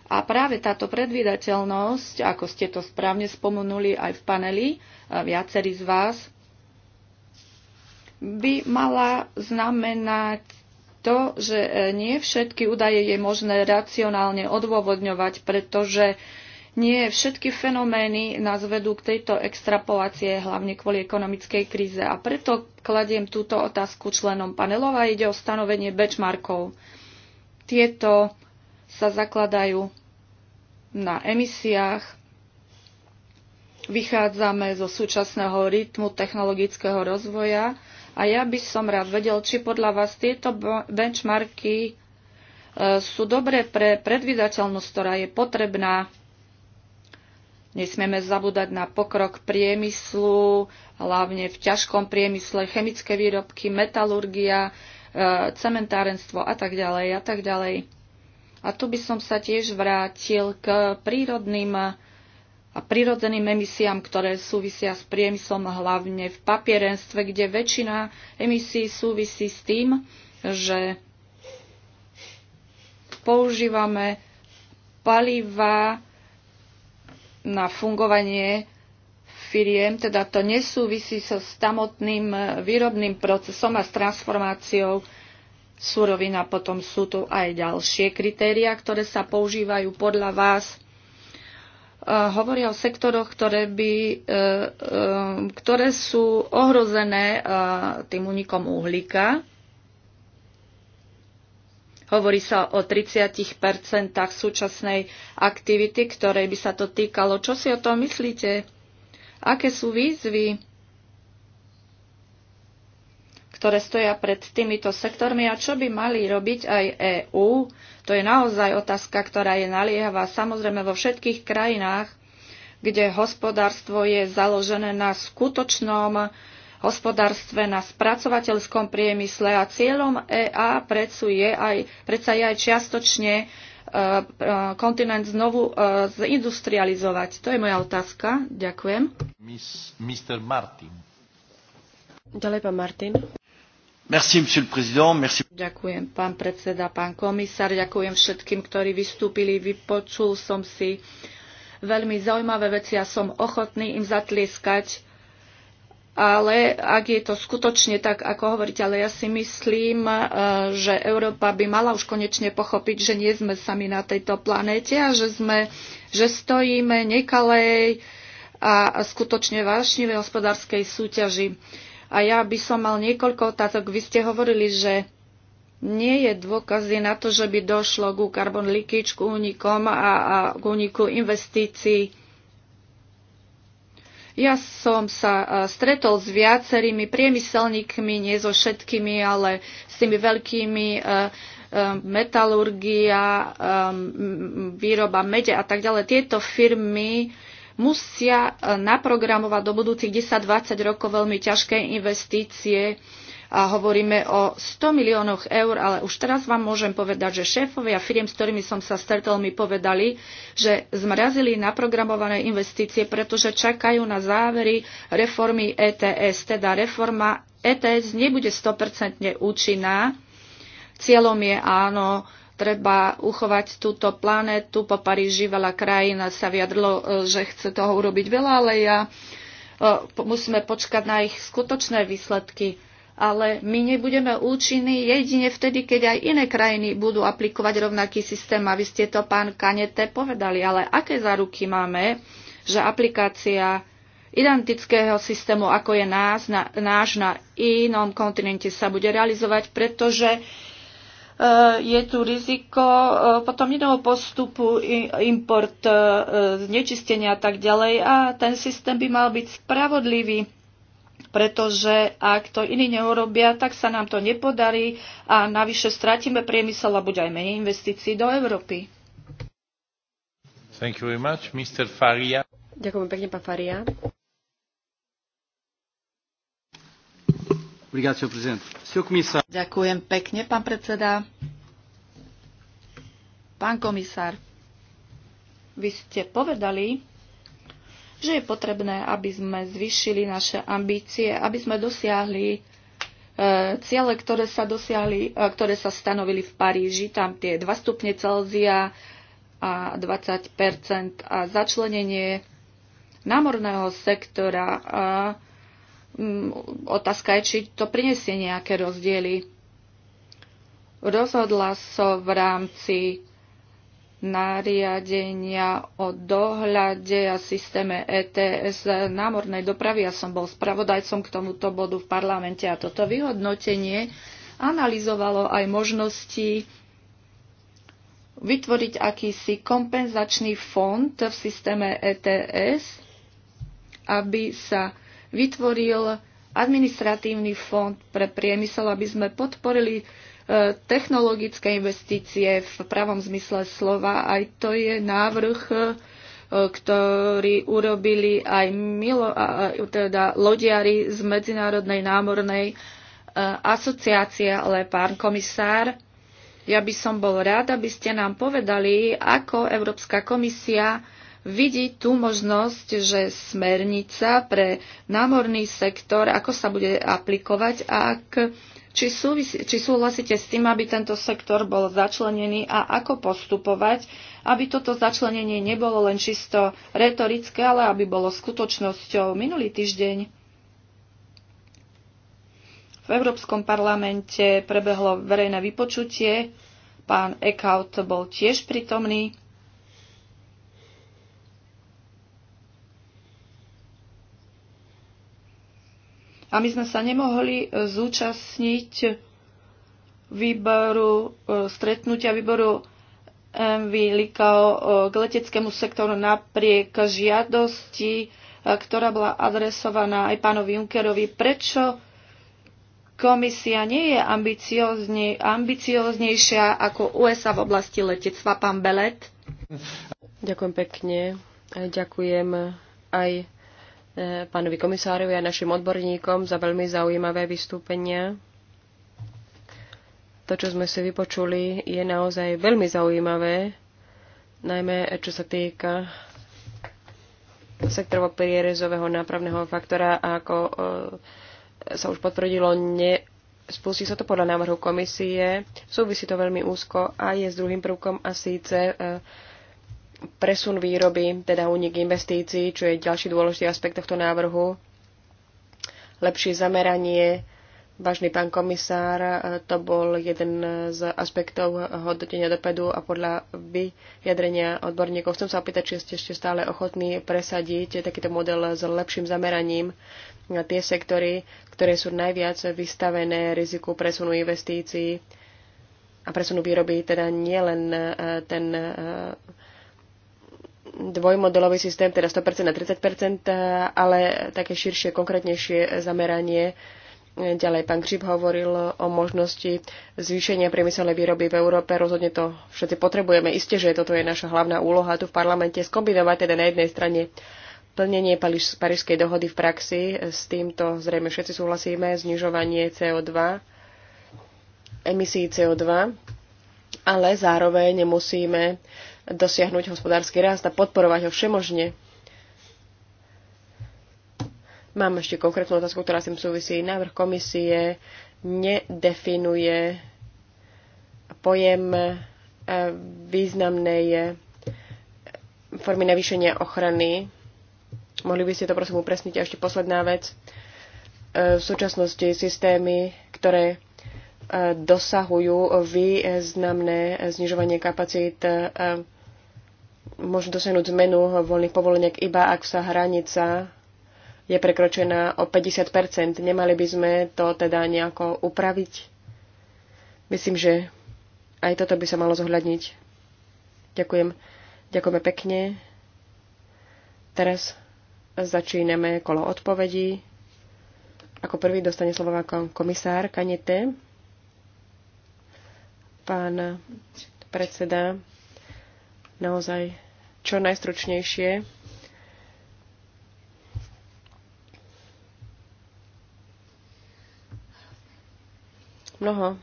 A práve táto predvydateľnosť, ako ste to správne spomenuli aj v paneli, viacerí z vás, by mala znamenať to, že e, nie všetky údaje je možné racionálne odôvodňovať, pretože nie všetky fenomény nás vedú k tejto extrapolácie, hlavne kvôli ekonomickej kríze. A preto kladiem túto otázku členom panelov a ide o stanovenie benchmarkov. Tieto sa zakladajú na emisiách. Vychádzame zo súčasného rytmu technologického rozvoja a ja by som rád vedel, či podľa vás tieto benchmarky e, sú dobré pre predvydateľnosť, ktorá je potrebná. Nesmieme zabúdať na pokrok priemyslu, hlavne v ťažkom priemysle, chemické výrobky, metalurgia, e, cementárenstvo a tak ďalej a tak ďalej. A tu by som sa tiež vrátil k prírodným a prirodzeným emisiám, ktoré súvisia s priemyslom hlavne v papierenstve, kde väčšina emisí súvisí s tým, že používame paliva na fungovanie firiem, teda to nesúvisí so samotným výrobným procesom a s transformáciou surovina. Potom sú tu aj ďalšie kritéria, ktoré sa používajú podľa vás hovoria o sektoroch, ktoré, by, e, e, ktoré sú ohrozené e, tým únikom uhlíka. Hovorí sa o 30 súčasnej aktivity, ktorej by sa to týkalo. Čo si o tom myslíte? Aké sú výzvy? ktoré stoja pred týmito sektormi a čo by mali robiť aj EÚ. To je naozaj otázka, ktorá je naliehavá samozrejme vo všetkých krajinách, kde hospodárstvo je založené na skutočnom hospodárstve, na spracovateľskom priemysle a cieľom EA predsa je aj, predsa je aj čiastočne e, e, kontinent znovu e, zindustrializovať? To je moja otázka. Ďakujem. Miss, Mr. Martin. Ďalej pán Martin. Ďakujem, pán predseda, pán komisár. Ďakujem všetkým, ktorí vystúpili. Vypočul som si veľmi zaujímavé veci a som ochotný im zatlieskať. Ale ak je to skutočne tak, ako hovoríte, ale ja si myslím, e, že Európa by mala už konečne pochopiť, že nie sme sami na tejto planéte a že, sme, že stojíme nekalej a skutočne vášnivej hospodárskej súťaži. A ja by som mal niekoľko otázok. Vy ste hovorili, že nie je dôkazy na to, že by došlo ku carbon leakage, k únikom a, a k úniku investícií. Ja som sa e, stretol s viacerými priemyselníkmi, nie so všetkými, ale s tými veľkými e, e, metalurgia, výroba mede a tak ďalej. Tieto firmy musia e, naprogramovať do budúcich 10-20 rokov veľmi ťažké investície a hovoríme o 100 miliónoch eur, ale už teraz vám môžem povedať, že šéfovia firiem, s ktorými som sa stretol, mi povedali, že zmrazili naprogramované investície, pretože čakajú na závery reformy ETS. Teda reforma ETS nebude 100% účinná. Cieľom je áno treba uchovať túto planetu. Po Paríži veľa krajín sa vyjadrilo, e, že chce toho urobiť veľa, ale ja e, musíme počkať na ich skutočné výsledky. Ale my nebudeme účinní jedine vtedy, keď aj iné krajiny budú aplikovať rovnaký systém. A vy ste to, pán Kanete, povedali. Ale aké záruky máme, že aplikácia identického systému, ako je nás, na, náš na inom kontinente sa bude realizovať, pretože Eh, je tu riziko eh, potom iného postupu, import eh, znečistenia a tak ďalej. A ten systém by mal byť spravodlivý, pretože ak to iní neurobia, tak sa nám to nepodarí a navyše stratíme priemysel a buď aj menej investícií do Európy. Thank you very much, Mr. Faria. Ďakujem pekne, pán Faria. Ďakujem pekne, pán predseda. Pán komisár, vy ste povedali, že je potrebné, aby sme zvýšili naše ambície, aby sme dosiahli e, ciele, ktoré sa, dosiahli, e, ktoré sa stanovili v Paríži, tam tie 2 stupne Celzia a 20 a začlenenie námorného sektora. E, Mm, otázka je, či to prinesie nejaké rozdiely. Rozhodla som v rámci nariadenia o dohľade a systéme ETS námornej dopravy. Ja som bol spravodajcom k tomuto bodu v parlamente a toto vyhodnotenie analyzovalo aj možnosti vytvoriť akýsi kompenzačný fond v systéme ETS, aby sa vytvoril administratívny fond pre priemysel, aby sme podporili e, technologické investície v pravom zmysle slova. Aj to je návrh, e, ktorý urobili aj milo, teda lodiari z Medzinárodnej námornej e, asociácie, ale pán komisár, ja by som bol rád, aby ste nám povedali, ako Európska komisia vidí tú možnosť, že smernica pre námorný sektor, ako sa bude aplikovať a ak, či, súvisí, či súhlasíte s tým, aby tento sektor bol začlenený a ako postupovať, aby toto začlenenie nebolo len čisto retorické, ale aby bolo skutočnosťou. Minulý týždeň v Európskom parlamente prebehlo verejné vypočutie. Pán Eckhout bol tiež pritomný. a my sme sa nemohli e, zúčastniť výboru, e, stretnutia výboru Likao e, k leteckému sektoru napriek žiadosti, ktorá bola adresovaná aj pánovi Junkerovi. Prečo komisia nie je ambiciozne, ambicioznejšia ako USA v oblasti letectva, pán Belet? Ďakujem pekne. Ďakujem aj pánovi komisárovi a našim odborníkom za veľmi zaujímavé vystúpenia. To, čo sme si vypočuli, je naozaj veľmi zaujímavé, najmä čo sa týka sektorovo prierezového nápravného faktora a ako e, sa už potvrdilo, ne, spustí sa to podľa návrhu komisie. Súvisí to veľmi úzko a je s druhým prvkom a síce e, presun výroby, teda únik investícií, čo je ďalší dôležitý aspekt tohto návrhu, lepšie zameranie, vážny pán komisár, e, to bol jeden z aspektov hodnotenia dopadu a podľa vyjadrenia odborníkov chcem sa opýtať, či ste ešte stále ochotní presadiť takýto model s lepším zameraním na tie sektory, ktoré sú najviac vystavené riziku presunu investícií a presunu výroby, teda nielen e, ten e, dvojmodelový systém, teda 100% na 30%, eh, ale také širšie, konkrétnejšie zameranie. Eh, Ďalej pán Křip hovoril o možnosti zvýšenia priemyselnej výroby v Európe. Rozhodne to všetci potrebujeme. Isté, že toto je naša hlavná úloha tu v parlamente skombinovať teda na jednej strane plnenie Parížskej dohody v praxi. Eh, s týmto zrejme všetci súhlasíme. Znižovanie CO2, emisí CO2, ale zároveň musíme dosiahnuť hospodársky rast a podporovať ho všemožne. Mám ešte konkrétnu otázku, ktorá s tým súvisí. Návrh komisie nedefinuje pojem e, významnej e, formy navýšenia ochrany. Mohli by ste to prosím upresniť. A ešte posledná vec. E, v súčasnosti systémy, ktoré dosahujú významné znižovanie kapacít môžu dosiahnuť zmenu voľných povoleniek iba ak sa hranica je prekročená o 50 Nemali by sme to teda nejako upraviť? Myslím, že aj toto by sa malo zohľadniť. Ďakujem. Ďakujeme pekne. Teraz začíname kolo odpovedí. Ako prvý dostane slovo komisár Kanete. Pán predseda naozaj čo najstručnejšie. Mnoho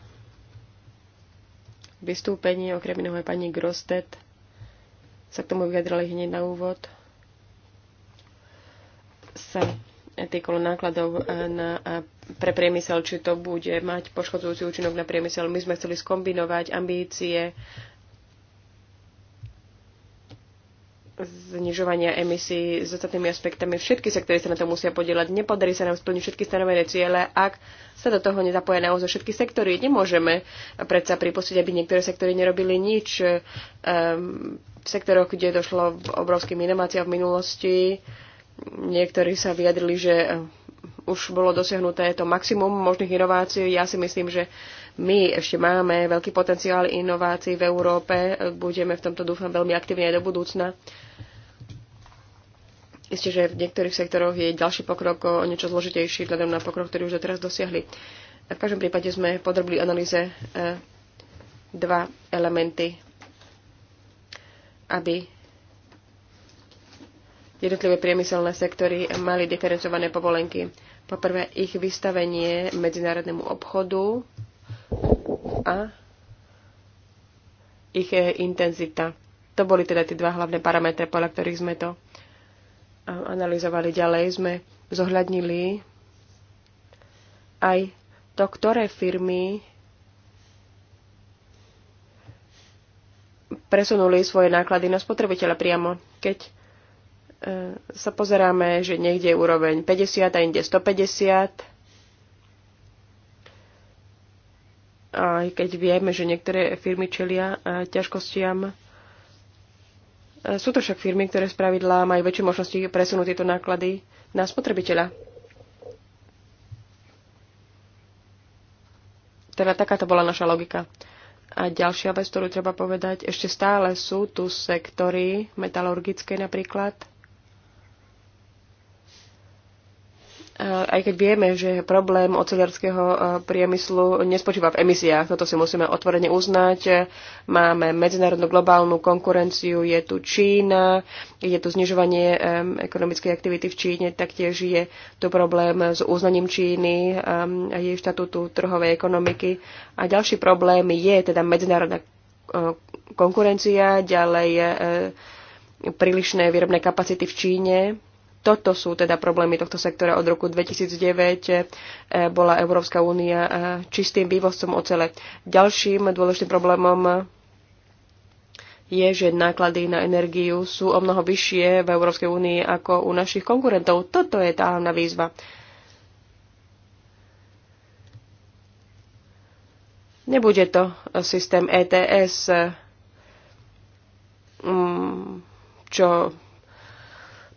vystúpení, okrem iného aj pani Grostet, sa k tomu vyjadrali hneď na úvod, sa týkalo nákladov eh, na, eh, pre priemysel, či to bude mať poškodzujúci účinok na priemysel. My sme chceli skombinovať ambície znižovania emisí s ostatnými aspektami. Všetky sektory sa na to musia podielať. Nepodarí sa nám splniť všetky stanovené ciele, ak sa do toho nezapoja naozaj všetky sektory. Nemôžeme predsa pripustiť, aby niektoré sektory nerobili nič. Um, v sektoroch, kde došlo k obrovským inováciám v minulosti, niektorí sa vyjadrili, že už bolo dosiahnuté to maximum možných inovácií. Ja si myslím, že my ešte máme veľký potenciál inovácií v Európe, budeme v tomto dúfam veľmi aktívne aj do budúcna. Isté, že v niektorých sektoroch je ďalší pokrok o niečo zložitejší, vzhľadom na pokrok, ktorý už doteraz dosiahli. A v každom prípade sme podrobili analýze eh, dva elementy, aby jednotlivé priemyselné sektory mali diferencované povolenky. Poprvé ich vystavenie medzinárodnému obchodu, a ich eh, intenzita. To boli teda tie dva hlavné parametre, podľa ktorých sme to eh, analyzovali ďalej. Sme zohľadnili aj to, ktoré firmy presunuli svoje náklady na spotrebiteľa priamo. Keď eh, sa pozeráme, že niekde je úroveň 50 a inde 150, aj keď vieme, že niektoré firmy čelia e, ťažkostiam. E, sú to však firmy, ktoré pravidla majú väčšie možnosti presunúť tieto náklady na spotrebiteľa. Teda takáto bola naša logika. A ďalšia vec, ktorú treba povedať, ešte stále sú tu sektory metalurgické napríklad, aj keď vieme, že problém oceliarského e, priemyslu nespočíva v emisiách, toto si musíme otvorene uznať. Máme medzinárodnú globálnu konkurenciu, je tu Čína, je tu znižovanie e, ekonomickej aktivity v Číne, taktiež je tu problém s uznaním Číny a e, jej štatútu trhovej ekonomiky. A ďalší problém je teda medzinárodná konkurencia, ďalej je prílišné výrobné kapacity v Číne, toto sú teda problémy tohto sektora. Od roku 2009 eh, bola Európska únia eh, čistým vývozcom ocele. Ďalším dôležitým problémom je, že náklady na energiu sú o mnoho vyššie v Európskej únii ako u našich konkurentov. Toto je tá hlavná výzva. Nebude to eh, systém ETS, mm, čo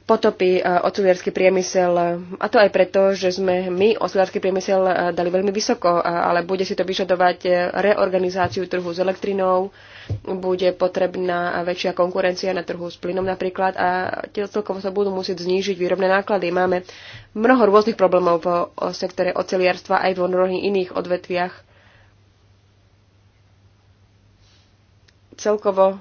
potopí e, oceliarský priemysel. E, a to aj preto, že sme my oceliarský priemysel e, dali veľmi vysoko, ale bude si to vyžadovať reorganizáciu trhu s elektrinou, bude potrebná väčšia konkurencia na trhu s plynom napríklad a celkovo sa budú musieť znížiť výrobné náklady. Máme mnoho rôznych problémov v sektore oceliarstva aj v mnohých iných odvetviach. Celkovo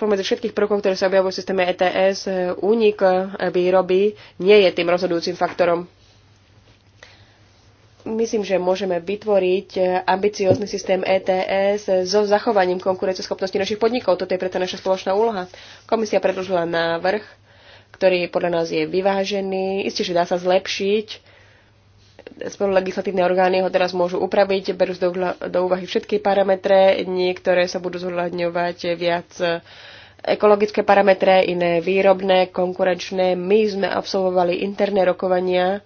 spomedzi všetkých prvkov, ktoré sa objavujú v systéme ETS, e, únik e, výroby nie je tým rozhodujúcim faktorom. Myslím, že môžeme vytvoriť e, ambiciózny systém ETS so zachovaním konkurenceschopnosti našich podnikov. Toto je preto naša spoločná úloha. Komisia predložila návrh, ktorý podľa nás je vyvážený. Isté, že dá sa zlepšiť spolu legislatívne orgány ho teraz môžu upraviť, berú do, do úvahy všetky parametre, niektoré sa budú zohľadňovať viac e, ekologické parametre, iné výrobné, konkurenčné. My sme absolvovali interné rokovania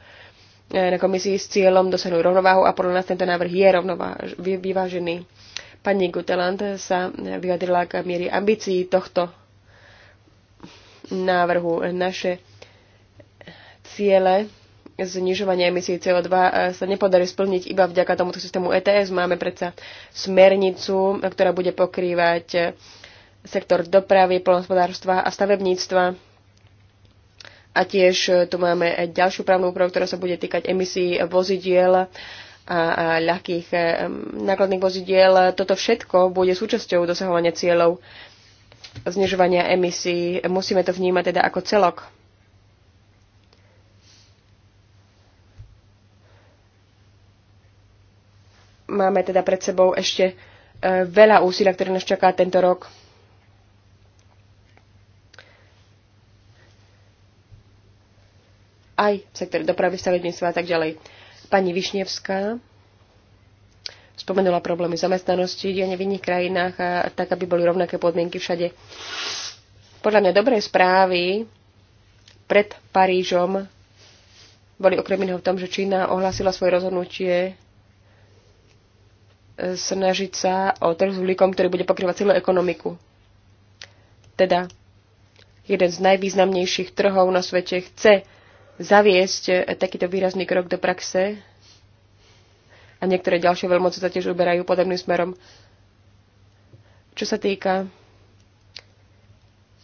e, na komisii s cieľom dosiahnuť rovnováhu a podľa nás tento návrh je vyvážený. Pani Guteland sa vyjadrila k miery ambícií tohto návrhu. Naše ciele znižovanie emisí CO2 e, sa nepodarí splniť iba vďaka tomuto systému ETS. Máme predsa smernicu, ktorá bude pokrývať e, sektor dopravy, polnospodárstva a stavebníctva. A tiež e, tu máme ďalšiu právnu úpravu, ktorá sa bude týkať emisí vozidiel a, a ľahkých nákladných vozidiel. Toto všetko bude súčasťou dosahovania cieľov znižovania emisí. Musíme to vnímať teda ako celok. Máme teda pred sebou ešte e, veľa úsilia, ktoré nás čaká tento rok. Aj v sektore dopravy, stavebníctva a tak ďalej. Pani Višnevská spomenula problémy zamestnanosti, v iných krajinách a tak, aby boli rovnaké podmienky všade. Podľa mňa dobré správy pred Parížom boli okrem iného v tom, že Čína ohlásila svoje rozhodnutie snažiť sa o trh s uhlíkom, ktorý bude pokrývať celú ekonomiku. Teda jeden z najvýznamnejších trhov na svete chce zaviesť eh, takýto výrazný krok do praxe a niektoré ďalšie veľmoci sa tiež uberajú podobným smerom. Čo sa týka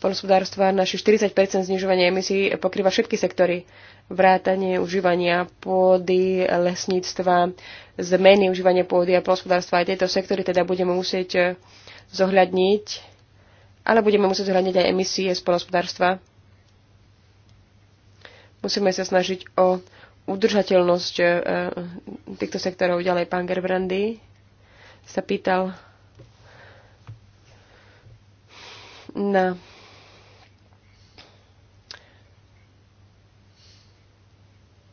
polnospodárstva naše 40 znižovania emisí pokrýva všetky sektory. Vrátanie užívania pôdy, lesníctva, zmeny užívania pôdy a polnospodárstva. Aj tieto sektory teda budeme musieť eh, zohľadniť, ale budeme musieť zohľadniť aj emisie z polnospodárstva. Musíme sa snažiť o udržateľnosť eh, eh, týchto sektorov. Ďalej pán Gerbrandy sa pýtal na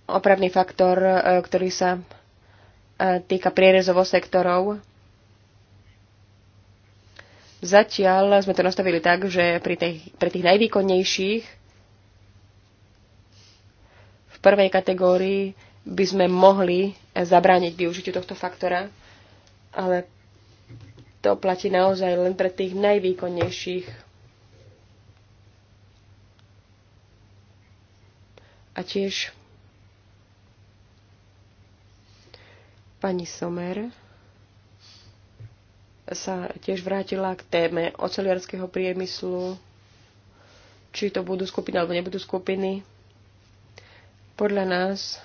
opravný faktor, e, ktorý sa e, týka prierezovo sektorov. Zatiaľ sme to nastavili tak, že pri tých, pre tých najvýkonnejších v prvej kategórii by sme mohli zabrániť využitiu tohto faktora, ale to platí naozaj len pre tých najvýkonnejších. A tiež Pani Somer sa tiež vrátila k téme oceliarského priemyslu, či to budú skupiny alebo nebudú skupiny. Podľa nás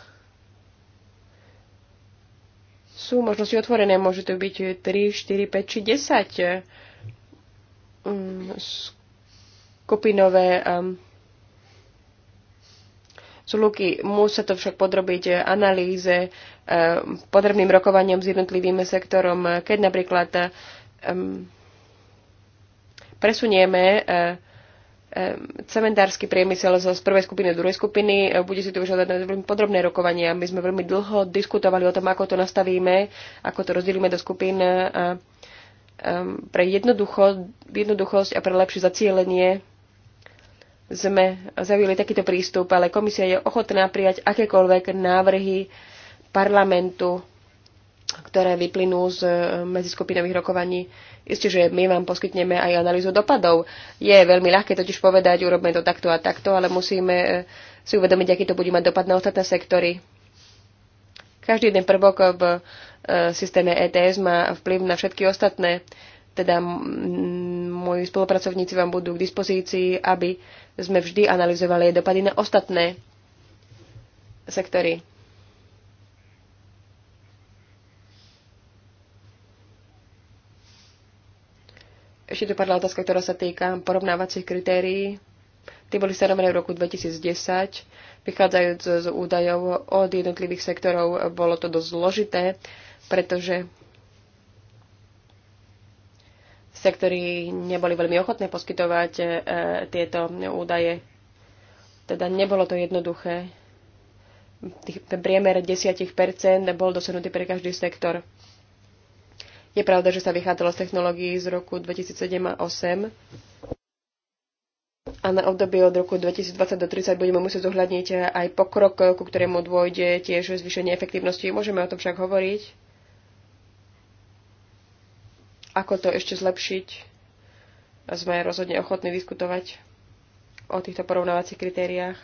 sú možnosti otvorené, môže to byť 3, 4, 5 či 10 mm, skupinové um, sú luky. Musia to však podrobiť eh, analýze, eh, podrobným rokovaniam s jednotlivým sektorom. Eh, keď napríklad presunieme cementársky priemysel z prvej skupiny do druhej skupiny. Bude si to vyžadať veľmi podrobné rokovania. My sme veľmi dlho diskutovali o tom, ako to nastavíme, ako to rozdelíme do skupín pre jednoducho, jednoduchosť a pre lepšie zacielenie sme zaujali takýto prístup, ale komisia je ochotná prijať akékoľvek návrhy parlamentu, ktoré vyplynú z e, medziskupinových rokovaní. Isté, že my vám poskytneme aj analýzu dopadov. Je veľmi ľahké totiž povedať, urobme to takto a takto, ale musíme e, si uvedomiť, aký to bude mať dopad na ostatné sektory. Každý jeden prvok v e, systéme ETS má vplyv na všetky ostatné. Teda moji spolupracovníci vám budú k dispozícii, aby sme vždy analyzovali jej dopady na ostatné sektory. Ešte tu padla otázka, ktorá sa týka porovnávacích kritérií. Tí boli stanovené v roku 2010. Vychádzajúc z údajov od jednotlivých sektorov, bolo to dosť zložité, pretože sektory neboli veľmi ochotné poskytovať e, tieto údaje. Teda nebolo to jednoduché. Ten priemer 10% bol dosadnutý pre každý sektor. Je pravda, že sa vychádzalo z technológií z roku 2007 a 2008 a na obdobie od roku 2020 do 30 budeme musieť zohľadniť aj pokrok, ku ktorému dôjde tiež zvýšenie efektívnosti. Môžeme o tom však hovoriť ako to ešte zlepšiť. Sme rozhodne ochotní diskutovať o týchto porovnávacích kritériách.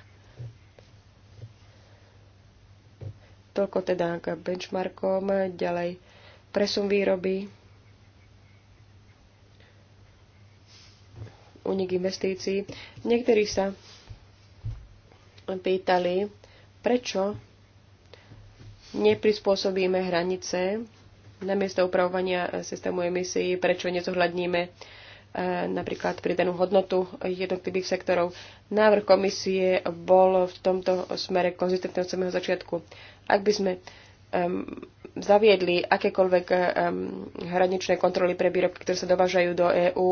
Toľko teda k benchmarkom, ďalej presun výroby, unik investícií. Niektorí sa pýtali, prečo neprispôsobíme hranice namiesto upravovania eh, systému emisí, prečo nezohľadníme eh, napríklad pridanú hodnotu jednotlivých sektorov. Návrh komisie bol v tomto smere konzistentný od samého začiatku. Ak by sme um, zaviedli akékoľvek um, hraničné kontroly pre výrobky, ktoré sa dovážajú do EÚ,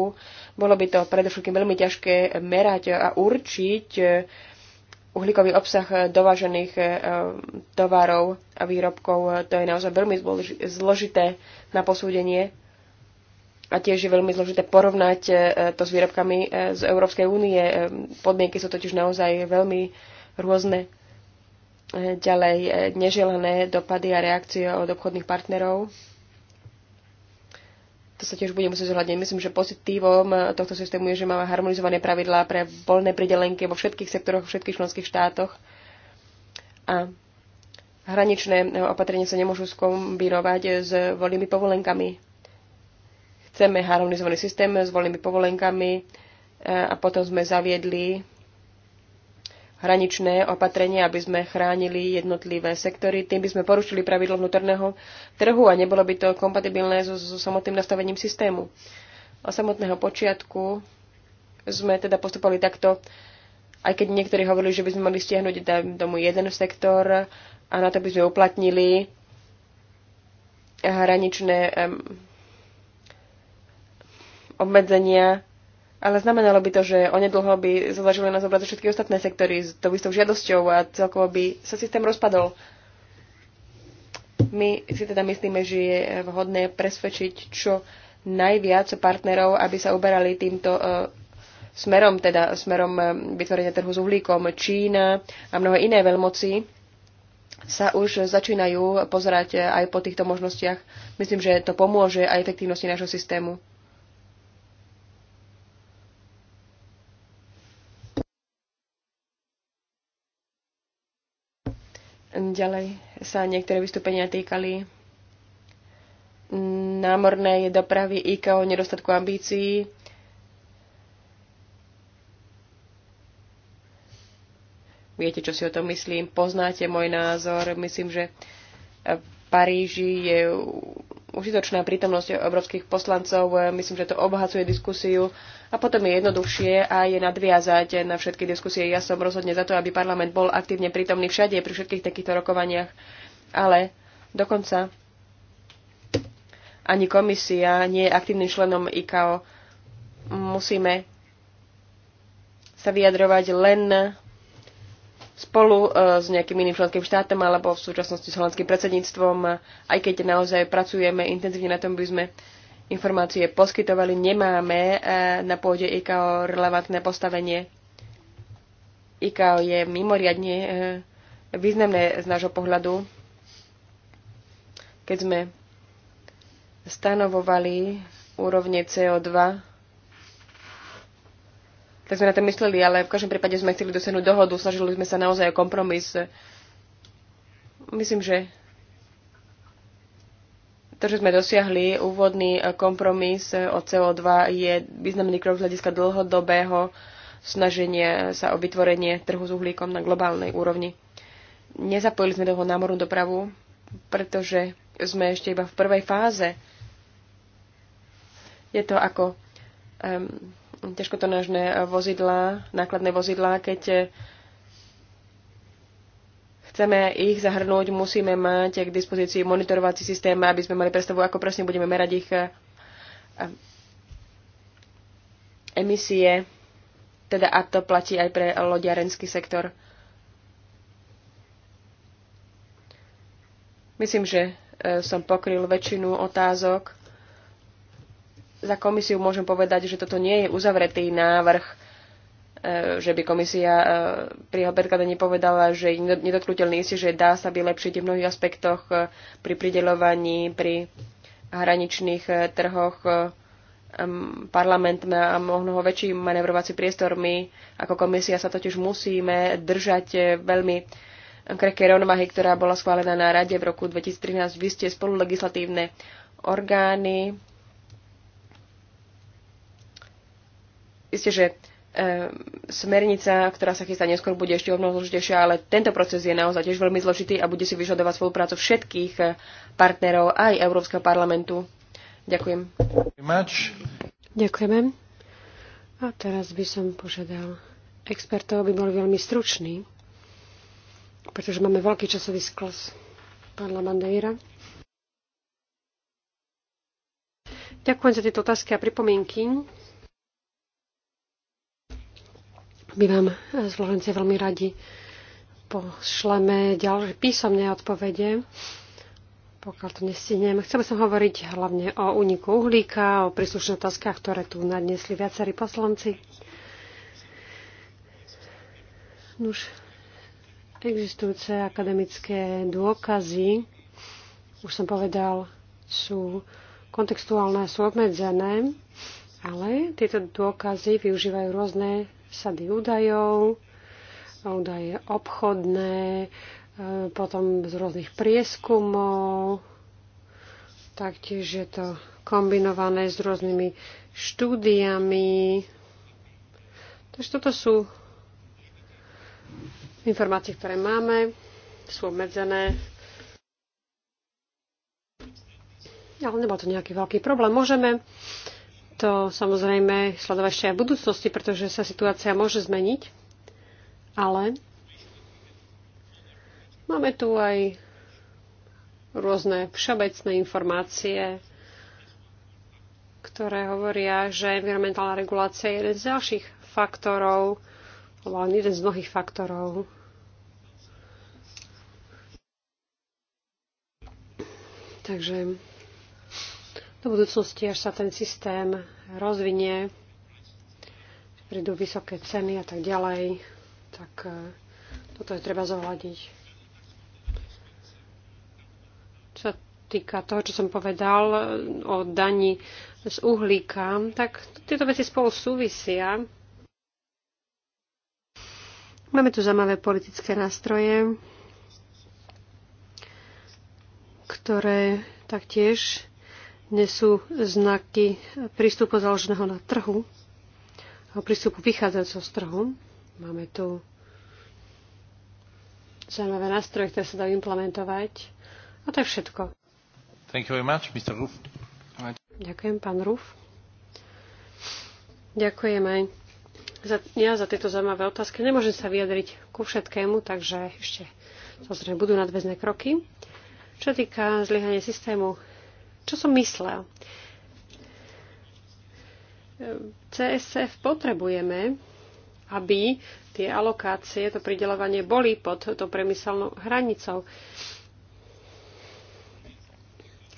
bolo by to predovšetkým veľmi ťažké merať a určiť, uhlíkový obsah dovážených e, tovarov a výrobkov, e, to je naozaj veľmi zložité na posúdenie a tiež je veľmi zložité porovnať e, to s výrobkami z Európskej únie. Podmienky sú totiž naozaj veľmi rôzne. Ďalej neželané dopady a reakcie od obchodných partnerov to sa tiež bude musieť zohľadniť. Myslím, že pozitívom tohto systému je, že máme harmonizované pravidlá pre voľné pridelenky vo všetkých sektoroch, vo všetkých členských štátoch. A hraničné opatrenia sa nemôžu skombinovať s voľnými povolenkami. Chceme harmonizovaný systém s voľnými povolenkami e, a potom sme zaviedli hraničné opatrenie, aby sme chránili jednotlivé sektory. Tým by sme porušili pravidlo vnútorného trhu a nebolo by to kompatibilné so, so samotným nastavením systému. Od samotného počiatku sme teda postupovali takto, aj keď niektorí hovorili, že by sme mali stiahnuť domu jeden sektor a na to by sme uplatnili hraničné um, obmedzenia ale znamenalo by to, že onedlho by zvažili na zobrazu všetky ostatné sektory s tou istou žiadosťou a celkovo by sa systém rozpadol. My si teda myslíme, že je vhodné presvedčiť čo najviac partnerov, aby sa uberali týmto e, smerom, teda smerom e, vytvorenia trhu s uhlíkom. Čína a mnohé iné veľmoci sa už začínajú pozerať e, aj po týchto možnostiach. Myslím, že to pomôže aj efektívnosti nášho systému. Ďalej sa niektoré vystúpenia týkali námornej dopravy IKO, nedostatku ambícií. Viete, čo si o tom myslím, poznáte môj názor. Myslím, že v Paríži je užitočná prítomnosť európskych poslancov. Myslím, že to obohacuje diskusiu a potom je jednoduchšie a je nadviazať na všetky diskusie. Ja som rozhodne za to, aby parlament bol aktívne prítomný všade pri všetkých takýchto rokovaniach, ale dokonca ani komisia nie je aktívnym členom IKO. Musíme sa vyjadrovať len spolu e, s nejakým iným členským štátom alebo v súčasnosti s holandským predsedníctvom, e, aj keď naozaj pracujeme intenzívne na tom, by sme informácie poskytovali, nemáme e, na pôde IKO relevantné postavenie. IKO je mimoriadne významné z nášho pohľadu, keď sme stanovovali úrovne CO2 tak sme na to mysleli, ale v každom prípade sme chceli dosiahnuť dohodu, snažili sme sa naozaj o kompromis. Myslím, že to, že sme dosiahli úvodný kompromis o CO2 je významný krok z hľadiska dlhodobého snaženie sa o vytvorenie trhu s uhlíkom na globálnej úrovni. Nezapojili sme toho námornú dopravu, pretože sme ešte iba v prvej fáze. Je to ako um, ťažkotonážne vozidlá, nákladné vozidlá, keď eh, chceme ich zahrnúť, musíme mať k dispozícii monitorovací systém, aby sme mali predstavu, ako presne budeme merať ich eh, eh, emisie. Teda a to platí aj pre loďarenský sektor. Myslím, že som pokryl väčšinu otázok za komisiu môžem povedať, že toto nie je uzavretý návrh, e, že by komisia e, pri jeho predkladaní povedala, že je nedotknutelný si, že dá sa vylepšiť v mnohých aspektoch e, pri prideľovaní, pri hraničných trhoch. Parlament má mnoho väčší manevrovací priestor. My ako komisia sa totiž musíme držať veľmi krehkej rovnováhy, ktorá bola schválená na Rade v roku 2013. Vy ste spolulegislatívne orgány, Isté, že e, smernica, ktorá sa chystá neskôr, bude ešte o mnoho zložitejšia, ale tento proces je naozaj tiež veľmi zložitý a bude si vyžadovať spoluprácu všetkých e, partnerov aj Európskeho parlamentu. Ďakujem. Ďakujeme. A teraz by som požiadal expertov, aby boli veľmi struční, pretože máme veľký časový sklos. Pána Mandeira. Ďakujem za tieto otázky a pripomienky. My vám z eh, Florencie veľmi radi pošleme ďalšie písomné odpovede, pokiaľ to nestihnem. Chceme som hovoriť hlavne o úniku uhlíka, o príslušných otázkach, ktoré tu nadnesli viacerí poslanci. Už existujúce akademické dôkazy, už som povedal, sú kontextuálne, sú obmedzené, ale tieto dôkazy využívajú rôzne sady údajov, údaje obchodné, e, potom z rôznych prieskumov, taktiež je to kombinované s rôznymi štúdiami. Takže toto sú informácie, ktoré máme, sú obmedzené. Ale nebol to nejaký veľký problém. Môžeme to samozrejme sledovať ešte aj v budúcnosti, pretože sa situácia môže zmeniť. Ale máme tu aj rôzne všeobecné informácie, ktoré hovoria, že environmentálna regulácia je jeden z ďalších faktorov, alebo jeden z mnohých faktorov. Takže do budúcnosti, až sa ten systém rozvinie, prídu vysoké ceny a tak ďalej, tak e, toto je treba zohľadiť. Čo týka toho, čo som povedal e, o daní z uhlíka, tak tieto veci spolu súvisia. Máme tu zaujímavé politické nástroje, ktoré taktiež nesú znaky prístupu založeného na trhu a prístupu vychádzajúceho z trhu. Máme tu zaujímavé nástroje, ktoré sa dajú implementovať. A to je všetko. Thank you very much, Mr. Ruf. Ďakujem, pán Ruf. Ďakujem aj za, ja za tieto zaujímavé otázky. Nemôžem sa vyjadriť ku všetkému, takže ešte samozrejme budú nadväzné kroky. Čo týka zlyhania systému čo som myslel? CSF potrebujeme, aby tie alokácie, to pridelovanie boli pod to premyselnou hranicou.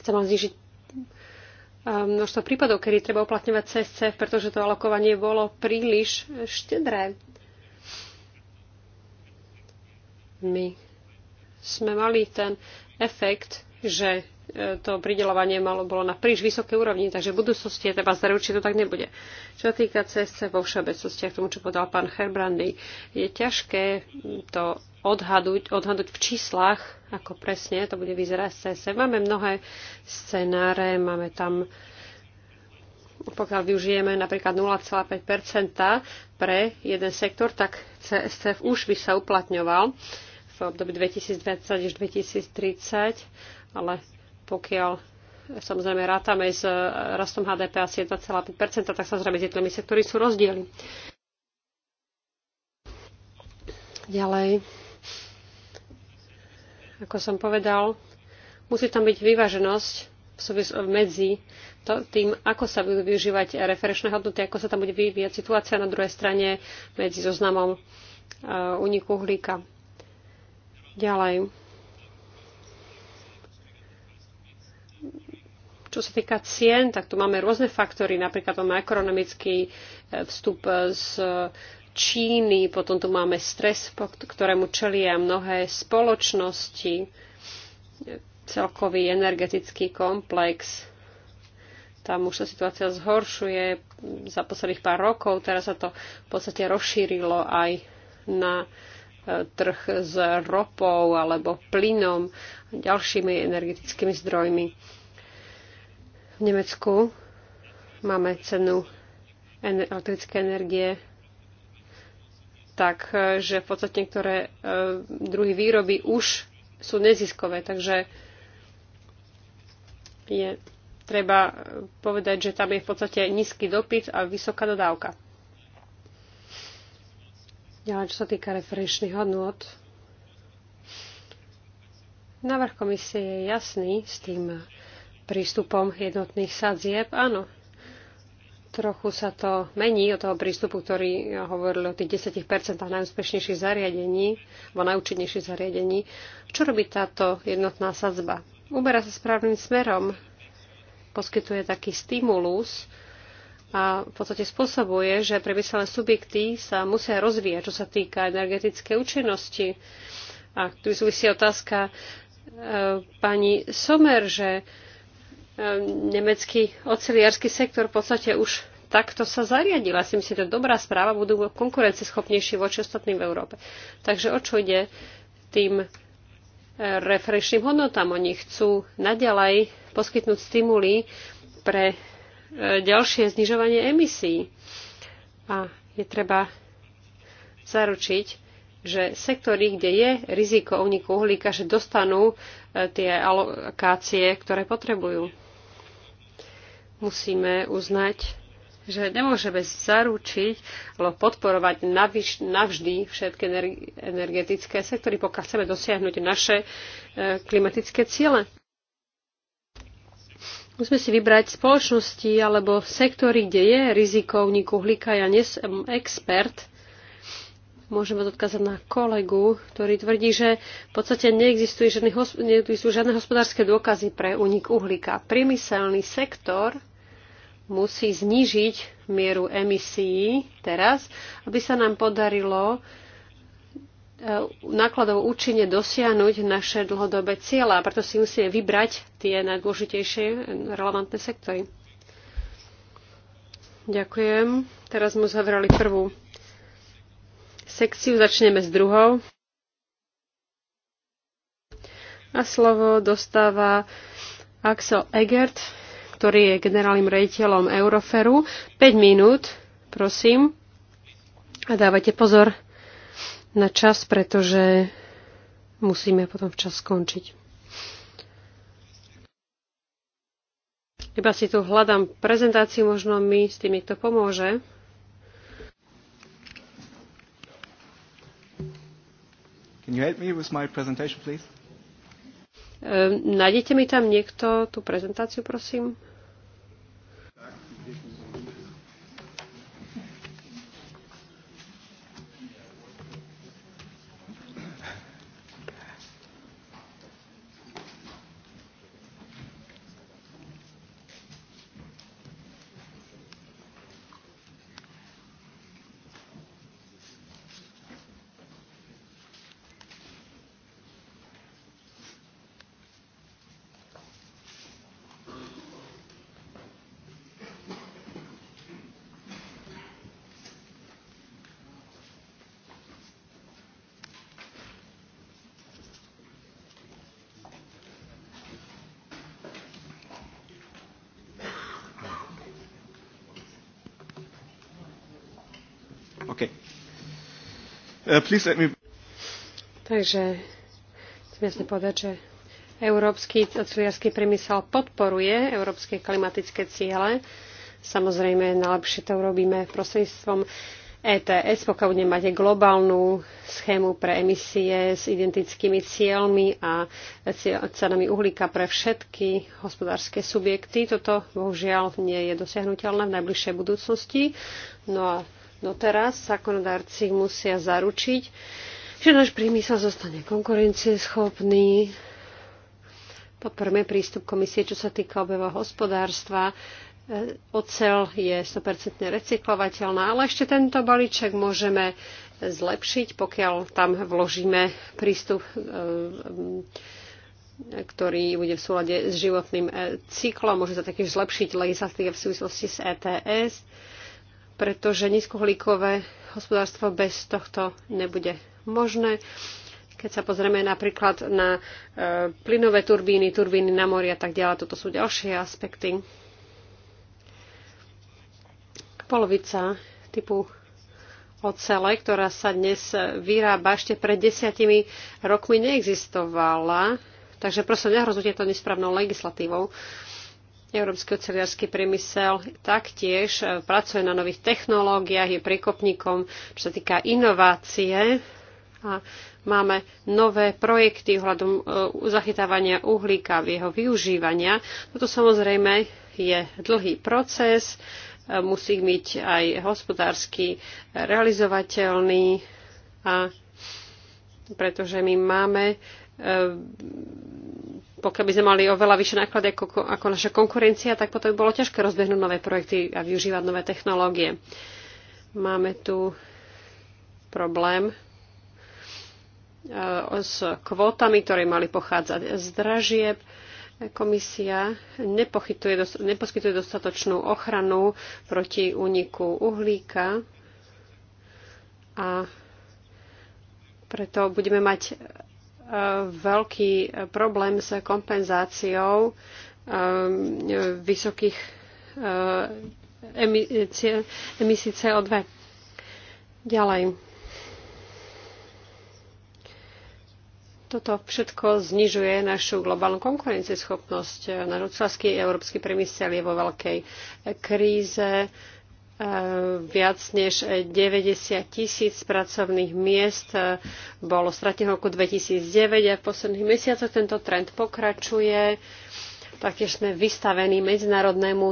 Chcem vám znižiť um, množstvo prípadov, kedy treba uplatňovať CSF, pretože to alokovanie bolo príliš štedré. My sme mali ten efekt, že E, to pridelovanie malo bolo na príliš vysoké úrovni, takže v budúcnosti je treba zaručiť, to tak nebude. Čo týka CSC vo všeobecnosti, k tomu, čo povedal pán Herbrandy, je ťažké to odhaduť, odhaduť v číslach, ako presne to bude vyzerať CSC. Máme mnohé scenáre, máme tam pokiaľ využijeme napríklad 0,5 pre jeden sektor, tak CSCF už by sa uplatňoval v období 2020 až 2030, ale pokiaľ samozrejme rátame s e, rastom HDP asi 1,5%, tak samozrejme s jednotlivými sektory sú rozdiely. Ďalej, ako som povedal, musí tam byť vyváženosť medzi to, tým, ako sa budú využívať referenčné hodnoty, ako sa tam bude vyvíjať situácia na druhej strane medzi zoznamom e, úniku uhlíka. Ďalej, Čo sa týka cien, tak tu máme rôzne faktory, napríklad máme ekonomický e, vstup z Číny, potom tu máme stres, ktorému čelia mnohé spoločnosti, celkový energetický komplex. Tam už sa situácia zhoršuje za posledných pár rokov, teraz sa to v podstate rozšírilo aj na e, trh s ropou alebo plynom a ďalšími energetickými zdrojmi. V Nemecku máme cenu elektrické energie tak, e, že v podstate niektoré e, druhy výroby už sú neziskové, takže je treba povedať, že tam je v podstate nízky dopyt a vysoká dodávka. Ďalej, čo sa týka referenčných hodnot. návrh komisie je jasný s tým, prístupom jednotných sadzieb. Áno, trochu sa to mení od toho prístupu, ktorý hovoril o tých 10% najúspešnejších zariadení, alebo najúčinnejších zariadení. Čo robí táto jednotná sadzba? Uberá sa správnym smerom, poskytuje taký stimulus a v podstate spôsobuje, že priemyselné subjekty sa musia rozvíjať, čo sa týka energetickej účinnosti. A tu súvisí otázka e, pani Somer, že e, nemecký oceliársky sektor v podstate už takto sa zariadil. Asi myslím, že to je dobrá správa, budú konkurenceschopnejší voči ostatným v Európe. Takže o čo ide tým eh, referenčným hodnotám? Oni chcú naďalej poskytnúť stimuly pre eh, ďalšie znižovanie emisí. A je treba zaručiť, že sektory, kde je riziko uniku uhlíka, že dostanú eh, tie alokácie, ktoré potrebujú musíme uznať, že nemôžeme zaručiť alebo podporovať navždy všetky energetické sektory, pokiaľ chceme dosiahnuť naše e, klimatické ciele. Musíme si vybrať spoločnosti alebo sektory, kde je riziko uniku uhlíka. Ja nie som expert môžeme odkázať na kolegu, ktorý tvrdí, že v podstate neexistujú žiadne, neexistujú žiadne hospodárske dôkazy pre únik uhlíka. Priemyselný sektor musí znížiť mieru emisií teraz, aby sa nám podarilo e, nákladov účinne dosiahnuť naše dlhodobé cieľa. Preto si musíme vybrať tie najdôležitejšie e, relevantné sektory. Ďakujem. Teraz sme zavrali prvú sekciu. Začneme s druhou. A slovo dostáva Axel Egert, ktorý je generálnym rejiteľom Euroferu. 5 minút, prosím. A dávajte pozor na čas, pretože musíme potom včas skončiť. Iba si tu hľadám prezentáciu, možno mi s tým niekto pomôže. Can you help me with my presentation, please? Ehm, nájdete mi tam niekto tú prezentáciu, prosím? Uh, please let me... Takže chcem jasne povedať, že európsky ocliarský priemysel podporuje európske klimatické ciele. Samozrejme, najlepšie to urobíme prostredníctvom ETS, pokiaľ budeme mať globálnu schému pre emisie s identickými cieľmi a cenami uhlíka pre všetky hospodárske subjekty. Toto bohužiaľ nie je dosiahnuteľné v najbližšej budúcnosti. No a No teraz zákonodárci musia zaručiť, že náš priemysel zostane konkurencieschopný. Podporme prístup komisie, čo sa týka obeva hospodárstva. E, ocel je 100% recyklovateľná, ale ešte tento balíček môžeme zlepšiť, pokiaľ tam vložíme prístup, e, e, ktorý bude v súlade s životným cyklom. Môže sa takéž zlepšiť legislatíva v súvislosti s ETS pretože nízkoholíkové hospodárstvo bez tohto nebude možné. Keď sa pozrieme napríklad na e, plynové turbíny, turbíny na mori a tak ďalej, toto sú ďalšie aspekty. Polovica typu ocele, ktorá sa dnes vyrába ešte pred desiatimi rokmi neexistovala. Takže prosím, nehrozujte to nesprávnou legislatívou. E, Európsky oceliarský priemysel taktiež e, pracuje na nových technológiách, je prekopníkom, čo sa týka inovácie a máme nové projekty ohľadom e, zachytávania uhlíka v jeho využívania. Toto samozrejme je dlhý proces, e, musí byť aj hospodársky realizovateľný, a pretože my máme pokiaľ by sme mali oveľa vyššie náklady ako, ako naša konkurencia, tak potom by bolo ťažké rozbehnúť nové projekty a využívať nové technológie. Máme tu problém e, s kvótami, ktoré mali pochádzať z dražieb. Komisia neposkytuje dostatočnú ochranu proti úniku uhlíka a preto budeme mať veľký problém s kompenzáciou ehm, vysokých eh, emisí CO2. Ďalej. Toto všetko znižuje našu globálnu konkurencieschopnosť. Náš európsky priemysel je vo veľkej kríze Eh, viac než 90 tisíc pracovných miest eh, bolo stratených roku 2009 a v posledných mesiacoch tento trend pokračuje. Taktiež sme vystavení medzinárodnému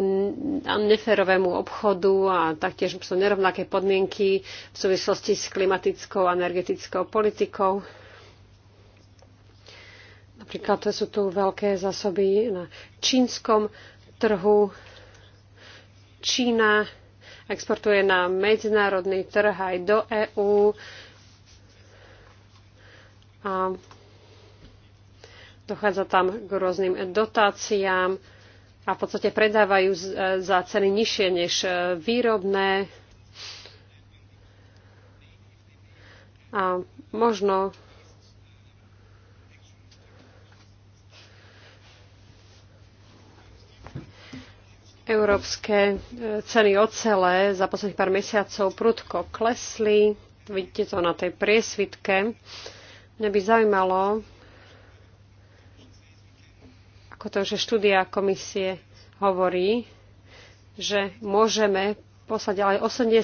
a neferovému obchodu a taktiež sú nerovnaké podmienky v súvislosti s klimatickou a energetickou politikou. Napríklad sú tu veľké zásoby na čínskom trhu. Čína exportuje na medzinárodný trh aj do EÚ. A dochádza tam k rôznym dotáciám a v podstate predávajú e, za ceny nižšie než e, výrobné. A možno Európske e, ceny ocele za posledných pár mesiacov prudko klesli. Vidíte to na tej priesvitke. Mňa by zaujímalo, ako to, že štúdia komisie hovorí, že môžeme poslať ale 80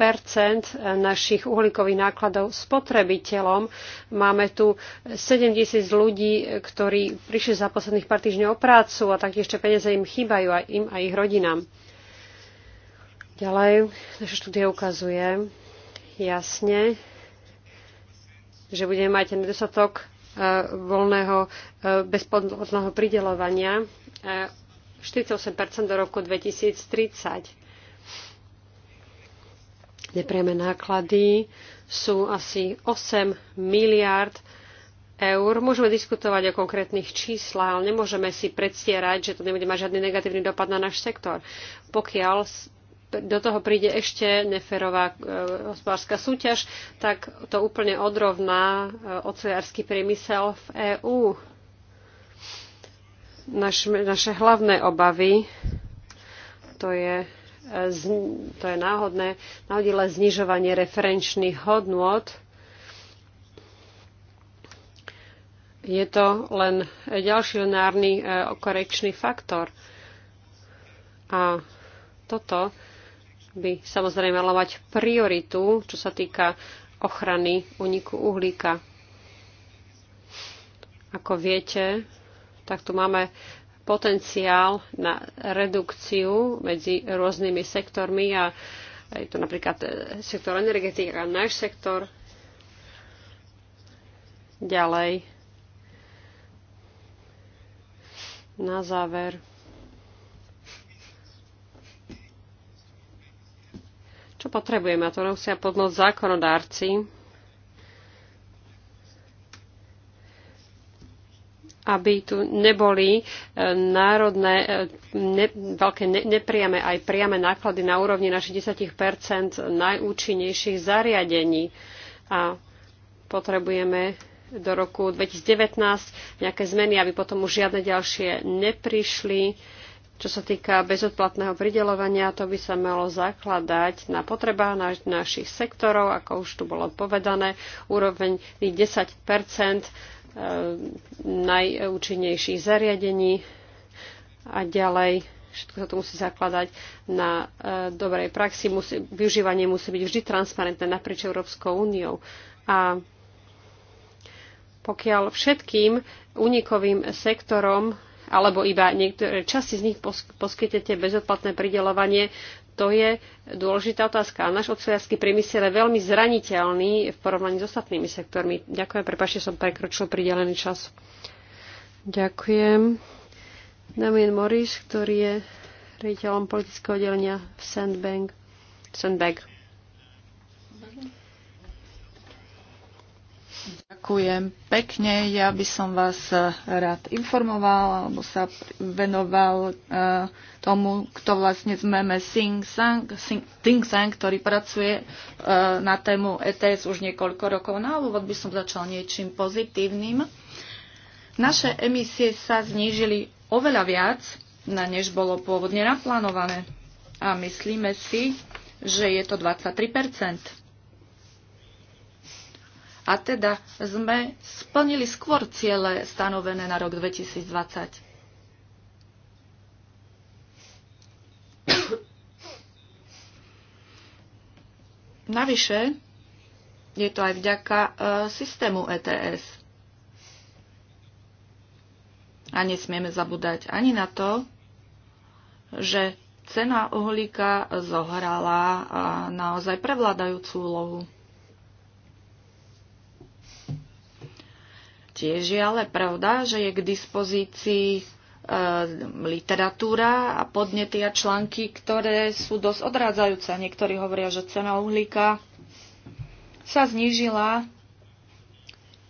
percent eh, našich uhlíkových nákladov spotrebiteľom. Máme tu 7 tisíc ľudí, ktorí prišli za posledných pár týždňov o prácu a taktiež ešte peniaze im chýbajú aj im a ich rodinám. Ďalej, naše štúdia ukazuje jasne, že budeme mať nedostatok eh, voľného eh, bezpodnotného pridelovania 48 do roku 2030 Nepriame náklady sú asi 8 miliard eur. Môžeme diskutovať o konkrétnych číslach, ale nemôžeme si predstierať, že to nebude mať žiadny negatívny dopad na náš sektor. Pokiaľ do toho príde ešte neferová e, hospodárska súťaž, tak to úplne odrovná e, ocelársky priemysel v EÚ. Naš, naše hlavné obavy to je to je náhodné, náhodilé znižovanie referenčných hodnôt. Je to len ďalší lineárny e, korekčný faktor. A toto by samozrejme malo mať prioritu, čo sa týka ochrany uniku uhlíka. Ako viete, tak tu máme potenciál na redukciu medzi rôznymi sektormi a je to napríklad e, sektor energetiky a náš sektor. Ďalej. Na záver. Čo potrebujeme? A to musia podnúť zákonodárci aby tu neboli e, národné e, ne, veľké ne, nepriame aj priame náklady na úrovni na 60 najúčinnejších zariadení. A potrebujeme do roku 2019 nejaké zmeny, aby potom už žiadne ďalšie neprišli. Čo sa týka bezodplatného pridelovania, to by sa malo zakladať na potrebách na, našich sektorov, ako už tu bolo povedané, úroveň 10 E, najúčinnejších zariadení a ďalej všetko sa to musí zakladať na e, dobrej praxi. Musí, využívanie musí byť vždy transparentné naprieč Európskou úniou. A pokiaľ všetkým unikovým sektorom alebo iba niektoré časti z nich poskytnete bezodplatné pridelovanie, to je dôležitá otázka. Náš ocelársky priemysel je veľmi zraniteľný v porovnaní s ostatnými sektormi. Ďakujem, prepáčte, som prekročil pridelený čas. Ďakujem. Damien Morris, ktorý je riaditeľom politického oddelenia v Sandbank. Sandbank. Ďakujem pekne. Ja by som vás eh, rád informoval alebo sa venoval eh, tomu, kto vlastne sme Sing Sang, Sing, Think Sang, ktorý pracuje eh, na tému ETS už niekoľko rokov. Na úvod by som začal niečím pozitívnym. Naše emisie sa znížili oveľa viac, na než bolo pôvodne naplánované. A myslíme si, že je to 23 a teda sme splnili skôr ciele stanovené na rok 2020. Navyše je to aj vďaka uh, systému ETS. A nesmieme zabúdať ani na to, že cena uhlíka zohrala e, naozaj prevládajúcu úlohu. Tiež je ale pravda, že je k dispozícii e, literatúra a podnety a články, ktoré sú dosť odrádzajúce. Niektorí hovoria, že cena uhlíka sa znížila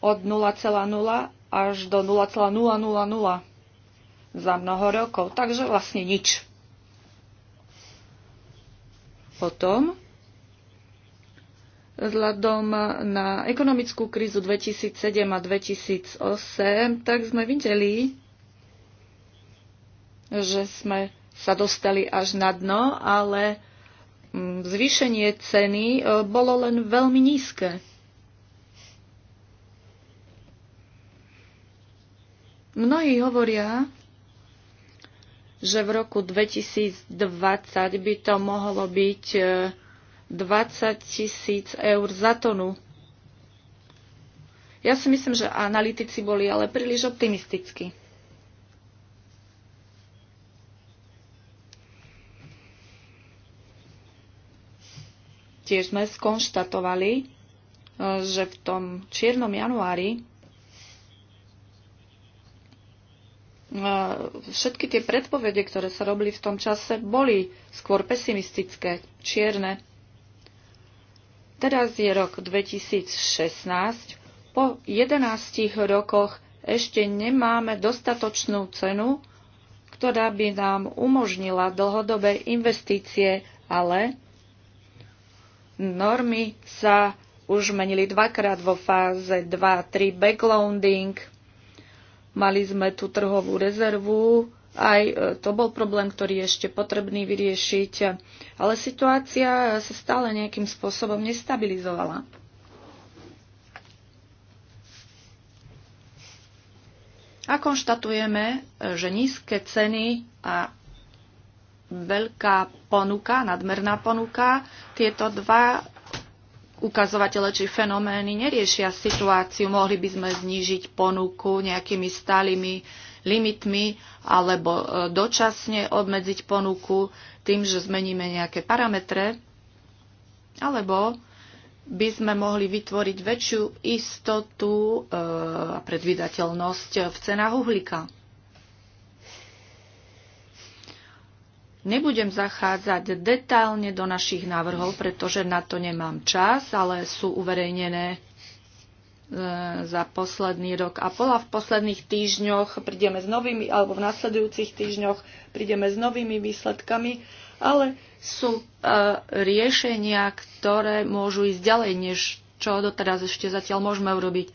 od 0,0 až do 0,000 za mnoho rokov. Takže vlastne nič. Potom vzhľadom na ekonomickú krízu 2007 a 2008, tak sme videli, že sme sa dostali až na dno, ale mm, zvýšenie ceny e, bolo len veľmi nízke. Mnohí hovoria, že v roku 2020 by to mohlo byť e, 20 tisíc eur za tonu. Ja si myslím, že analytici boli ale príliš optimistickí. Tiež sme skonštatovali, e, že v tom čiernom januári e, všetky tie predpovede, ktoré sa robili v tom čase, boli skôr pesimistické, čierne. Teraz je rok 2016. Po 11 rokoch ešte nemáme dostatočnú cenu, ktorá by nám umožnila dlhodobé investície, ale normy sa už menili dvakrát vo fáze 2-3 backloading. Mali sme tu trhovú rezervu, aj e, to bol problém, ktorý je ešte potrebný vyriešiť, ale situácia sa stále nejakým spôsobom nestabilizovala. A konštatujeme, e, že nízke ceny a veľká ponuka, nadmerná ponuka, tieto dva ukazovatele či fenomény neriešia situáciu. Mohli by sme znížiť ponuku nejakými stálymi limitmi alebo e, dočasne obmedziť ponuku tým, že zmeníme nejaké parametre, alebo by sme mohli vytvoriť väčšiu istotu e, a predvydateľnosť v cenách uhlíka. Nebudem zachádzať detailne do našich návrhov, pretože na to nemám čas, ale sú uverejnené E, za posledný rok a pol a v posledných týždňoch prídeme s novými, alebo v nasledujúcich týždňoch prídeme s novými výsledkami, ale sú e, riešenia, ktoré môžu ísť ďalej, než čo doteraz ešte zatiaľ môžeme urobiť.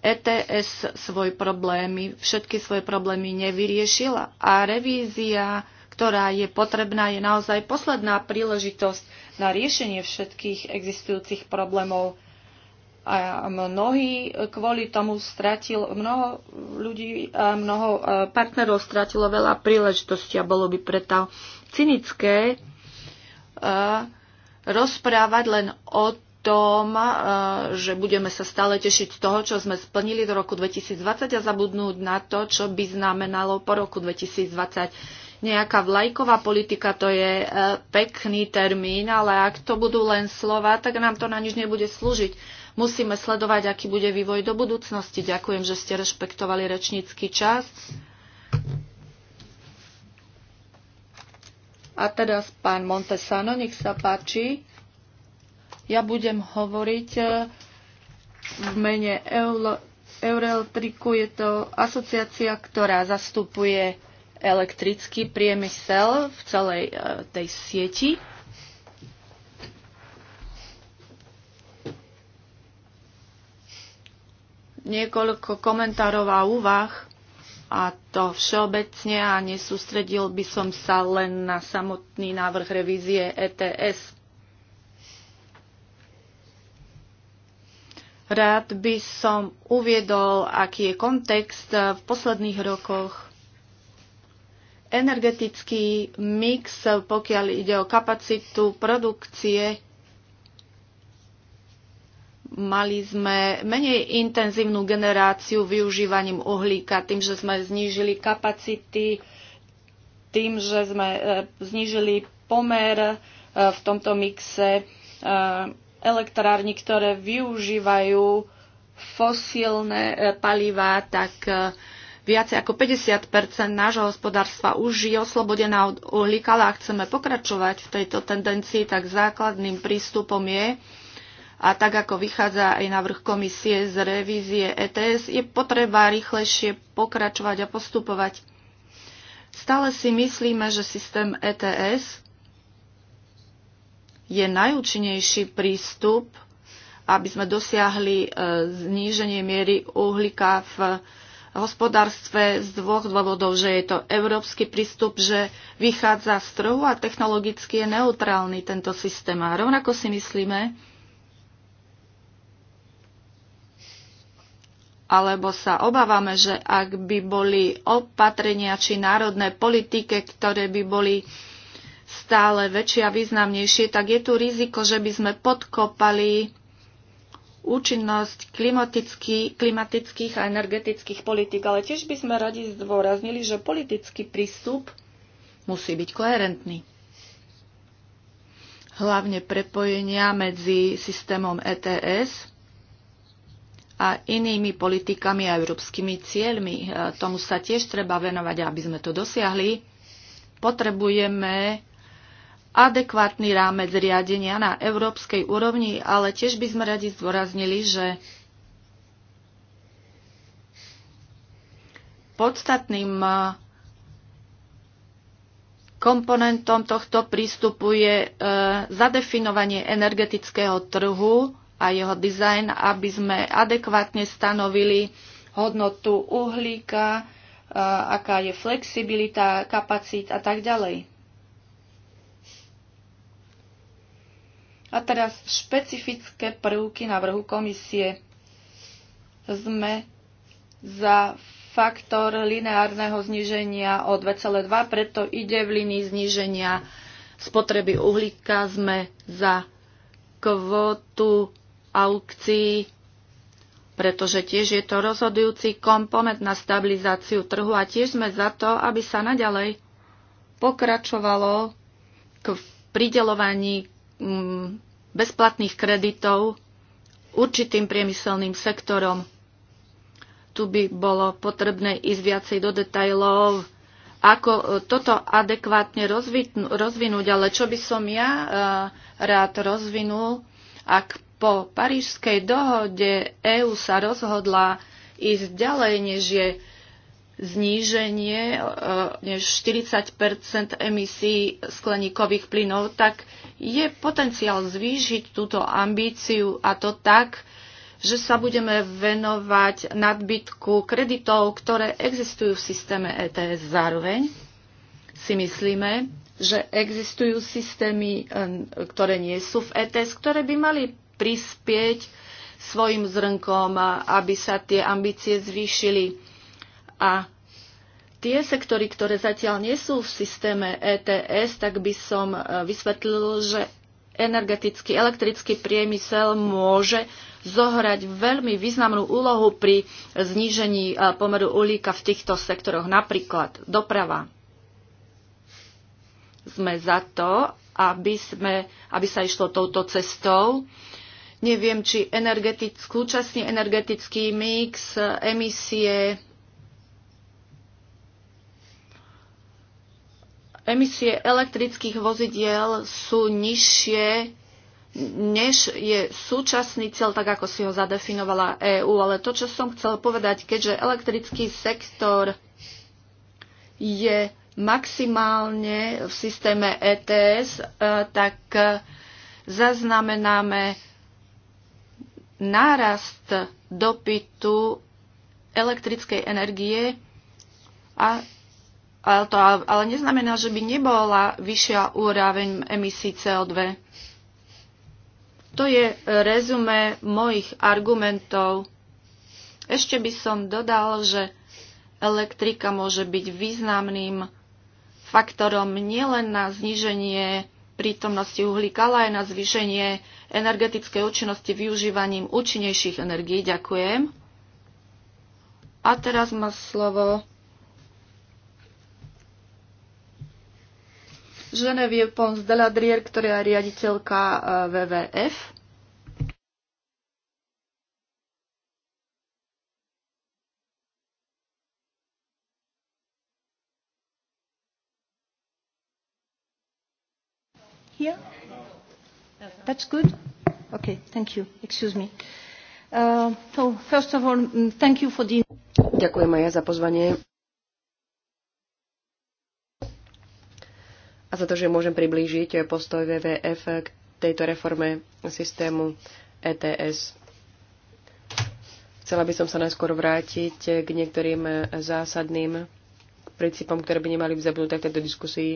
ETS svoje problémy, všetky svoje problémy nevyriešila a revízia, ktorá je potrebná, je naozaj posledná príležitosť na riešenie všetkých existujúcich problémov a mnohí kvôli tomu stratil, mnoho ľudí a mnoho e, partnerov stratilo veľa príležitosti a bolo by preto cynické e, rozprávať len o tom, e, že budeme sa stále tešiť z toho, čo sme splnili do roku 2020 a zabudnúť na to, čo by znamenalo po roku 2020 nejaká vlajková politika, to je pekný termín, ale ak to budú len slova, tak nám to na nič nebude slúžiť. Musíme sledovať, aký bude vývoj do budúcnosti. Ďakujem, že ste rešpektovali rečnícky čas. A teraz pán Montesano, nech sa páči. Ja budem hovoriť e, v mene Eureltriku. Je to asociácia, ktorá zastupuje elektrický priemysel v celej e, tej sieti. niekoľko komentárov a úvah a to všeobecne a nesústredil by som sa len na samotný návrh revízie ETS. Rád by som uviedol, aký je kontext v posledných rokoch. Energetický mix, pokiaľ ide o kapacitu produkcie, Mali sme menej intenzívnu generáciu využívaním uhlíka, tým, že sme znížili kapacity, tým, že sme e, znížili pomer e, v tomto mixe e, elektrárni, ktoré využívajú fosílne palivá, tak viac ako 50 nášho hospodárstva už je oslobodená od uhlíka, ale ak chceme pokračovať v tejto tendencii, tak základným prístupom je, a tak ako vychádza aj návrh komisie z revízie ETS, je potreba rýchlejšie pokračovať a postupovať. Stále si myslíme, že systém ETS je najúčinnejší prístup, aby sme dosiahli e, zníženie miery uhlíka v hospodárstve z dvoch dôvodov, že je to európsky prístup, že vychádza z trhu a technologicky je neutrálny tento systém. A rovnako si myslíme, alebo sa obávame, že ak by boli opatrenia či národné politike, ktoré by boli stále väčšie a významnejšie, tak je tu riziko, že by sme podkopali účinnosť klimatický, klimatických a energetických politik. Ale tiež by sme radi zdôraznili, že politický prístup musí byť koherentný. Hlavne prepojenia medzi systémom ETS – a inými politikami a európskymi cieľmi. E, tomu sa tiež treba venovať, aby sme to dosiahli. Potrebujeme adekvátny rámec riadenia na európskej úrovni, ale tiež by sme radi zdôraznili, že podstatným e, komponentom tohto prístupu je e, zadefinovanie energetického trhu a jeho dizajn, aby sme adekvátne stanovili hodnotu uhlíka, e, aká je flexibilita, kapacít a tak ďalej. A teraz špecifické prvky návrhu komisie. Sme za faktor lineárneho zníženia o 2,2, preto ide v línii zníženia spotreby uhlíka. Sme za kvótu aukcií, pretože tiež je to rozhodujúci komponent na stabilizáciu trhu a tiež sme za to, aby sa naďalej pokračovalo k pridelovaní mm, bezplatných kreditov určitým priemyselným sektorom. Tu by bolo potrebné ísť viacej do detajlov, ako e, toto adekvátne rozvinúť, ale čo by som ja e, rád rozvinul, ak po parížskej dohode EÚ sa rozhodla ísť ďalej, než je zníženie e, než 40 emisí skleníkových plynov, tak je potenciál zvýšiť túto ambíciu a to tak, že sa budeme venovať nadbytku kreditov, ktoré existujú v systéme ETS. Zároveň si myslíme, že existujú systémy, e, ktoré nie sú v ETS, ktoré by mali prispieť svojim zrnkom, aby sa tie ambície zvýšili. A tie sektory, ktoré zatiaľ nie sú v systéme ETS, tak by som e, vysvetlil, že energetický, elektrický priemysel môže zohrať veľmi významnú úlohu pri znížení e, pomeru uhlíka v týchto sektoroch, napríklad doprava. Sme za to, aby, sme, aby sa išlo touto cestou neviem, či energetick, súčasný energetický mix, emisie, emisie elektrických vozidiel sú nižšie než je súčasný cel, tak ako si ho zadefinovala EÚ. Ale to, čo som chcel povedať, keďže elektrický sektor je maximálne v systéme ETS, eh, tak eh, zaznamenáme nárast dopytu elektrickej energie, a, ale, to, ale neznamená, že by nebola vyššia úroveň emisí CO2. To je rezume mojich argumentov. Ešte by som dodal, že elektrika môže byť významným faktorom nielen na zníženie prítomnosti uhlíka, ale aj na zvýšenie energetickej účinnosti využívaním účinnejších energií. Ďakujem. A teraz má slovo Ženevie Pons de la Drier, ktorá je riaditeľka WWF. Eh, here? That's good? Okay, thank you. Excuse me. Uh, so first of all, mm, thank you for the... Ďakujem aj ja za pozvanie. A za to, že môžem priblížiť postoj WWF k tejto reforme systému ETS. Chcela by som sa najskôr vrátiť k niektorým zásadným princípom, ktoré by nemali byť zabudnuté v tejto diskusii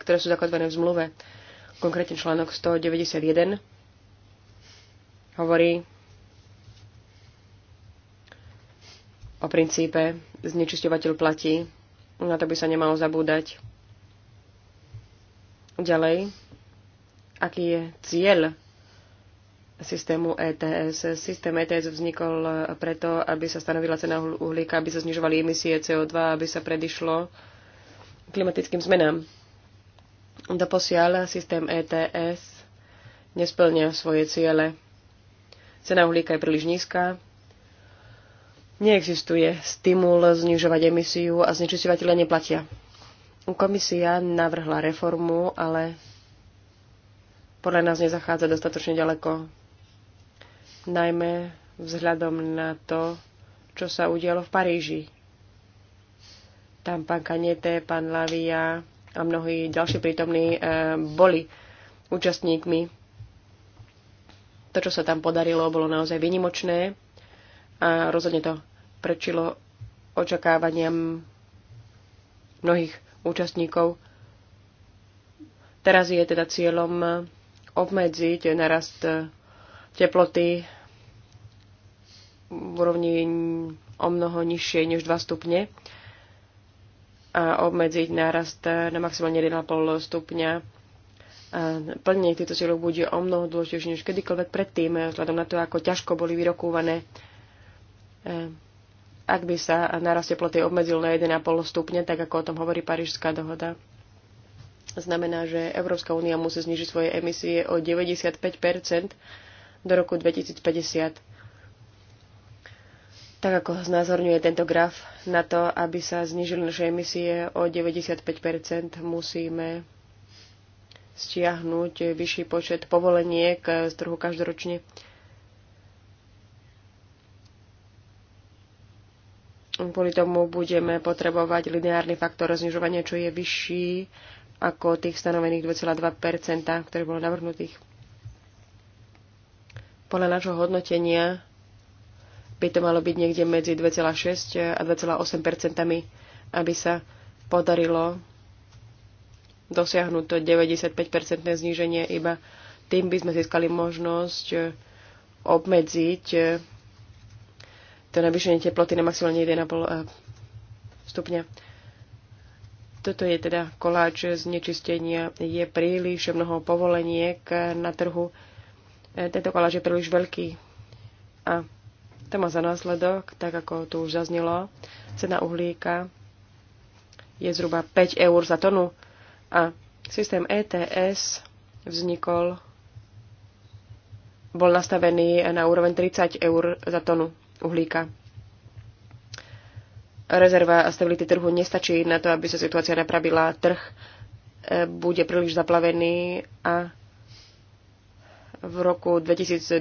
ktoré sú zakotvené v zmluve. Konkrétne článok 191 hovorí o princípe znečisťovateľ platí. Na to by sa nemalo zabúdať. Ďalej, aký je cieľ systému ETS. Systém ETS vznikol preto, aby sa stanovila cena uhlíka, aby sa znižovali emisie CO2, aby sa predišlo klimatickým zmenám. Doposiaľ systém ETS nesplňa svoje ciele. Cena uhlíka je príliš nízka, neexistuje stimul znižovať emisiu a znečistovateľe neplatia. Komisia navrhla reformu, ale podľa nás nezachádza dostatočne ďaleko. Najmä vzhľadom na to, čo sa udialo v Paríži. Tam pán Kanete, pán Lavia a mnohí ďalší prítomní eh, boli účastníkmi. To, čo sa tam podarilo, bolo naozaj vynimočné a rozhodne to prečilo očakávaniam mnohých účastníkov. Teraz je teda cieľom obmedziť narast eh, teploty v úrovni o mnoho nižšie než 2 stupne a obmedziť nárast na maximálne 1,5 stupňa. A Plnenie týchto cieľov bude o mnoho dôležitejšie než kedykoľvek predtým, vzhľadom na to, ako ťažko boli vyrokúvané. Ak by sa nárast teploty obmedzil na 1,5 stupňa, tak ako o tom hovorí Parížská dohoda, znamená, že Európska únia musí znižiť svoje emisie o 95 do roku 2050 tak ako znázorňuje tento graf, na to, aby sa znižili naše emisie o 95 musíme stiahnuť vyšší počet povoleniek z trhu každoročne. Kvôli tomu budeme potrebovať lineárny faktor znižovania, čo je vyšší ako tých stanovených 2,2 ktoré bolo navrhnutých. Podľa nášho hodnotenia by to malo byť niekde medzi 2,6 a 2,8 percentami, aby sa podarilo dosiahnuť to 95-percentné zníženie, iba tým by sme získali možnosť obmedziť to navýšenie teploty na maximálne 1,5 eh, stupňa. Toto je teda koláč znečistenia. Je príliš mnoho povoleniek na trhu. Eh, tento koláč je príliš veľký a to má za následok, tak ako tu už zaznelo, cena uhlíka je zhruba 5 eur za tonu a systém ETS vznikol, bol nastavený na úroveň 30 eur za tonu uhlíka. Rezerva a stability trhu nestačí na to, aby sa situácia napravila. Trh eh, bude príliš zaplavený a v roku 2025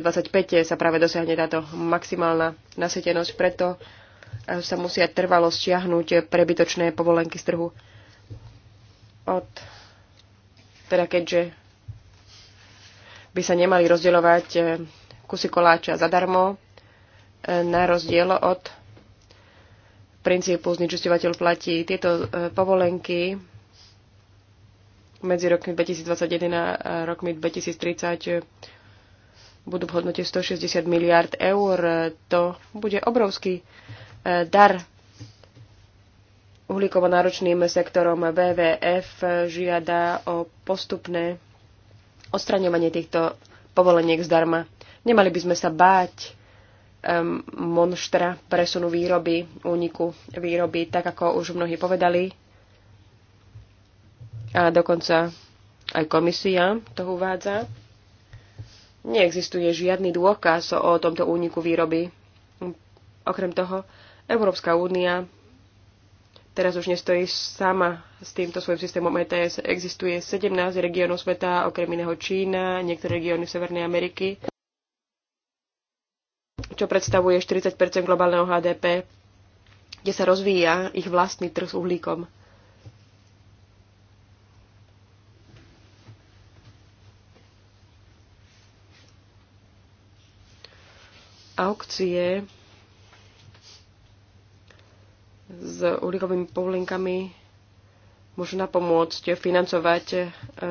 sa práve dosiahne táto maximálna nasetenosť, preto eh, sa musia trvalo stiahnuť prebytočné povolenky z trhu. Od, teda keďže by sa nemali rozdeľovať eh, kusy koláča zadarmo, eh, na rozdiel od princípu znečisťovateľ platí. Tieto povolenky medzi rokmi 2021 a rokmi 2030 budú v hodnote 160 miliard eur. To bude obrovský e, dar uhlíkovo náročným sektorom WWF žiada o postupné odstraňovanie týchto povoleniek zdarma. Nemali by sme sa báť monštra presunu výroby, úniku výroby, tak ako už mnohí povedali a dokonca aj komisia to uvádza. Neexistuje žiadny dôkaz o tomto úniku výroby. Okrem toho, Európska únia teraz už nestojí sama s týmto svojim systémom ETS. Existuje 17 regiónov sveta, okrem iného Čína, niektoré regióny Severnej Ameriky, čo predstavuje 40 globálneho HDP, kde sa rozvíja ich vlastný trh s uhlíkom. aukcie s uhlíkovými povolenkami môžu napomôcť financovať e,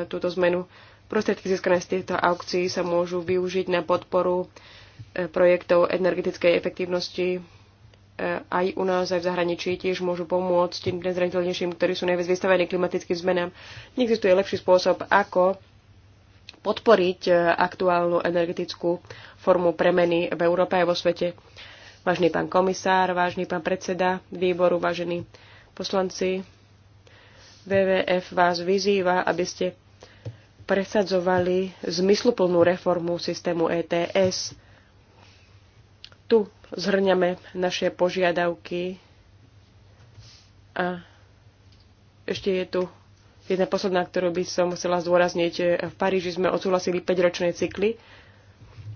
túto zmenu. Prostriedky získané z týchto aukcií sa môžu využiť na podporu e, projektov energetickej efektívnosti e, aj u nás, aj v zahraničí tiež môžu pomôcť tým nezraniteľnejším, ktorí sú najviac vystavení klimatickým zmenám. Neexistuje lepší spôsob, ako podporiť e, aktuálnu energetickú formu premeny v Európe aj vo svete. Vážny pán komisár, vážny pán predseda výboru, vážení poslanci, WWF vás vyzýva, aby ste presadzovali zmysluplnú reformu systému ETS. Tu zhrňame naše požiadavky a ešte je tu Jedna posledná, ktorú by som musela zdôrazniť, e, v Paríži sme odsúhlasili 5-ročné cykly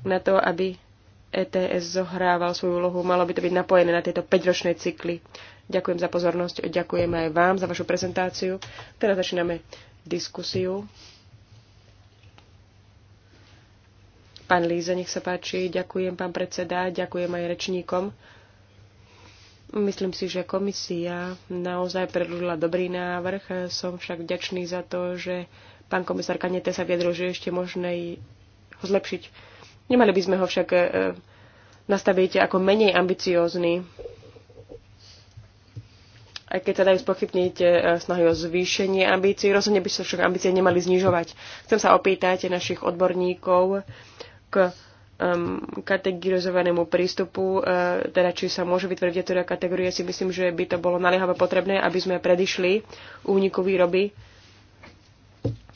na to, aby ETS zohrával svoju úlohu. Malo by to byť napojené na tieto 5-ročné cykly. Ďakujem za pozornosť, ďakujem aj vám za vašu prezentáciu. Teraz začíname diskusiu. Pán Líze, nech sa páči. Ďakujem, pán predseda. Ďakujem aj rečníkom Myslím si, že komisia naozaj predložila dobrý návrh. Som však vďačný za to, že pán komisár Kanete sa vyjadril, že ešte možné ho zlepšiť. Nemali by sme ho však eh, nastaviť ako menej ambiciózny. Aj keď sa dajú spochybniť eh, snahy o zvýšenie ambícií, rozhodne by sa však ambície nemali znižovať. Chcem sa opýtať našich odborníkov k um, kategorizovanému prístupu, uh, teda či sa môže vytvoriť tieto kategórie, si myslím, že by to bolo naliehavé potrebné, aby sme predišli úniku výroby.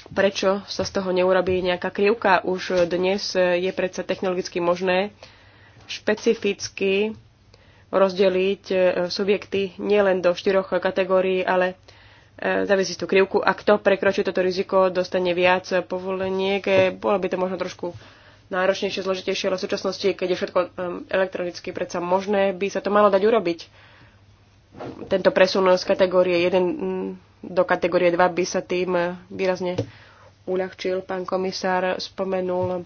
Prečo sa z toho neurobí nejaká krivka? Už dnes je predsa technologicky možné špecificky rozdeliť uh, subjekty nielen do štyroch kategórií, ale uh, zaviesť tú krivku a kto prekročí toto riziko, dostane viac povoleniek. Bolo by to možno trošku náročnejšie, zložitejšie, ale v súčasnosti, keď je všetko um, elektronicky predsa možné, by sa to malo dať urobiť. Tento presun z kategórie 1 mm, do kategórie 2 by sa tým eh, výrazne uľahčil. Pán komisár spomenul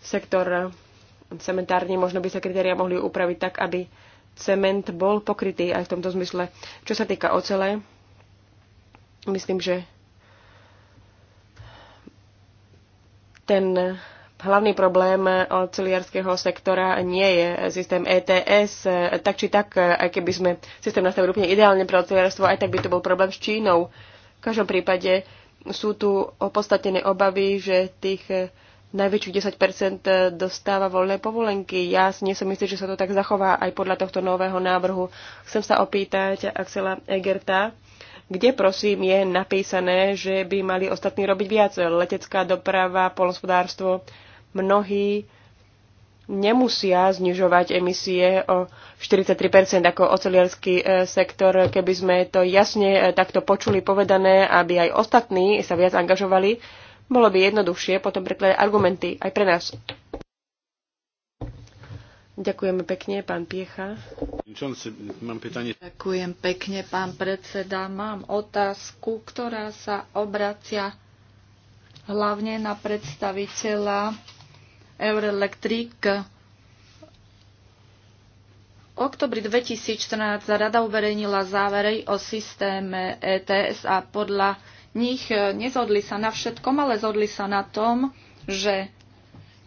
sektor eh, cementárne, možno by sa kritéria mohli upraviť tak, aby cement bol pokrytý aj v tomto zmysle. Čo sa týka ocele, myslím, že ten eh, Hlavný problém oceliarského sektora nie je systém ETS. Tak či tak, aj keby sme systém nastavili úplne ideálne pre oceliarstvo, aj tak by to bol problém s Čínou. V každom prípade sú tu opodstatnené obavy, že tých najväčších 10 dostáva voľné povolenky. Ja nie som istý, že sa to tak zachová aj podľa tohto nového návrhu. Chcem sa opýtať Axela Egerta, kde prosím je napísané, že by mali ostatní robiť viac. Letecká doprava, polospodárstvo, mnohí nemusia znižovať emisie o 43% ako oceliarský e, sektor, keby sme to jasne e, takto počuli povedané, aby aj ostatní sa viac angažovali, bolo by jednoduchšie potom prekladať argumenty aj pre nás. Ďakujeme pekne, pán Piecha. Ďakujem pekne, pán predseda. Mám otázku, ktorá sa obracia hlavne na predstaviteľa Eurelectric. V oktobri 2014 rada uverejnila závery o systéme ETS a podľa nich nezhodli sa na všetkom, ale zhodli sa na tom, že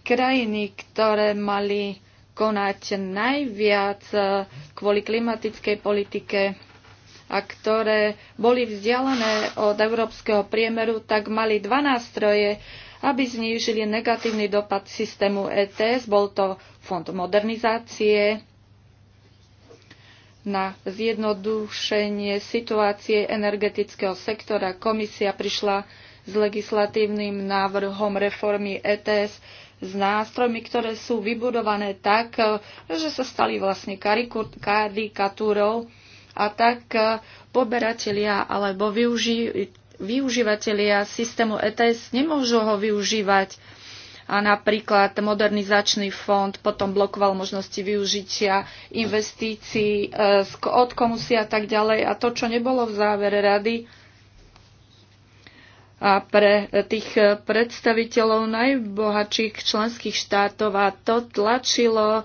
krajiny, ktoré mali konať najviac kvôli klimatickej politike a ktoré boli vzdialené od európskeho priemeru, tak mali dva nástroje aby znížili negatívny dopad systému ETS. Bol to fond modernizácie na zjednodušenie situácie energetického sektora. Komisia prišla s legislatívnym návrhom reformy ETS s nástrojmi, ktoré sú vybudované tak, že sa stali vlastne karikatúrou a tak poberatelia alebo využívajú využívateľia systému ETS nemôžu ho využívať a napríklad modernizačný fond potom blokoval možnosti využitia investícií e, od komusy a tak ďalej. A to, čo nebolo v závere rady a pre e, tých e, predstaviteľov najbohatších členských štátov a to tlačilo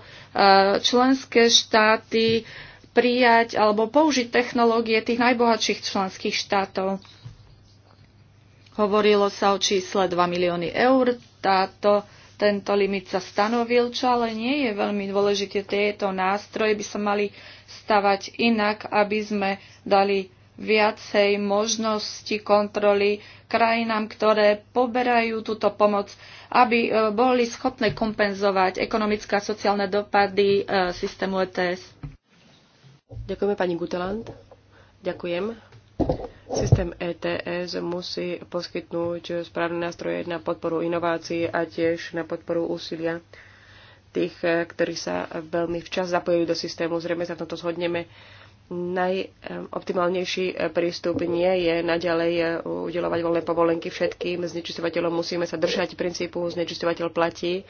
členské štáty prijať alebo použiť technológie tých najbohatších členských štátov. Hovorilo sa o čísle 2 milióny eur. Táto, tento limit sa stanovil, čo ale nie je veľmi dôležité. Tieto nástroje by sa mali stavať inak, aby sme dali viacej možnosti kontroly krajinám, ktoré poberajú túto pomoc, aby e, boli schopné kompenzovať ekonomické a sociálne dopady e, systému ETS. Ďakujeme pani Guteland. Ďakujem. Systém ETS musí poskytnúť správne nástroje na podporu inovácií a tiež na podporu úsilia tých, ktorí sa veľmi včas zapojujú do systému. Zrejme sa na tomto zhodneme. Najoptimálnejší prístup nie je naďalej udelovať voľné povolenky všetkým znečistovateľom. Musíme sa držať princípu znečistovateľ platí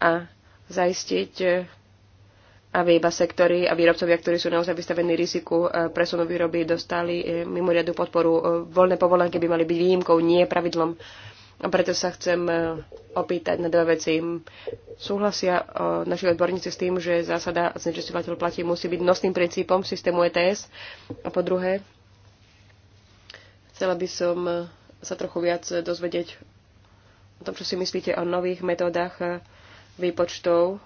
a zaistiť aby iba sektory a výrobcovia, ktorí sú naozaj vystavení riziku e, presunu výroby, dostali e, mimoriadnu podporu. E, voľné povolenky by mali byť výjimkou, nie pravidlom. A preto sa chcem opýtať na dve veci. Súhlasia naši odborníci s tým, že zásada znečistovateľ platí musí byť nosným princípom systému ETS. A po druhé, chcela by som sa trochu viac dozvedieť o tom, čo si myslíte o nových metódach výpočtov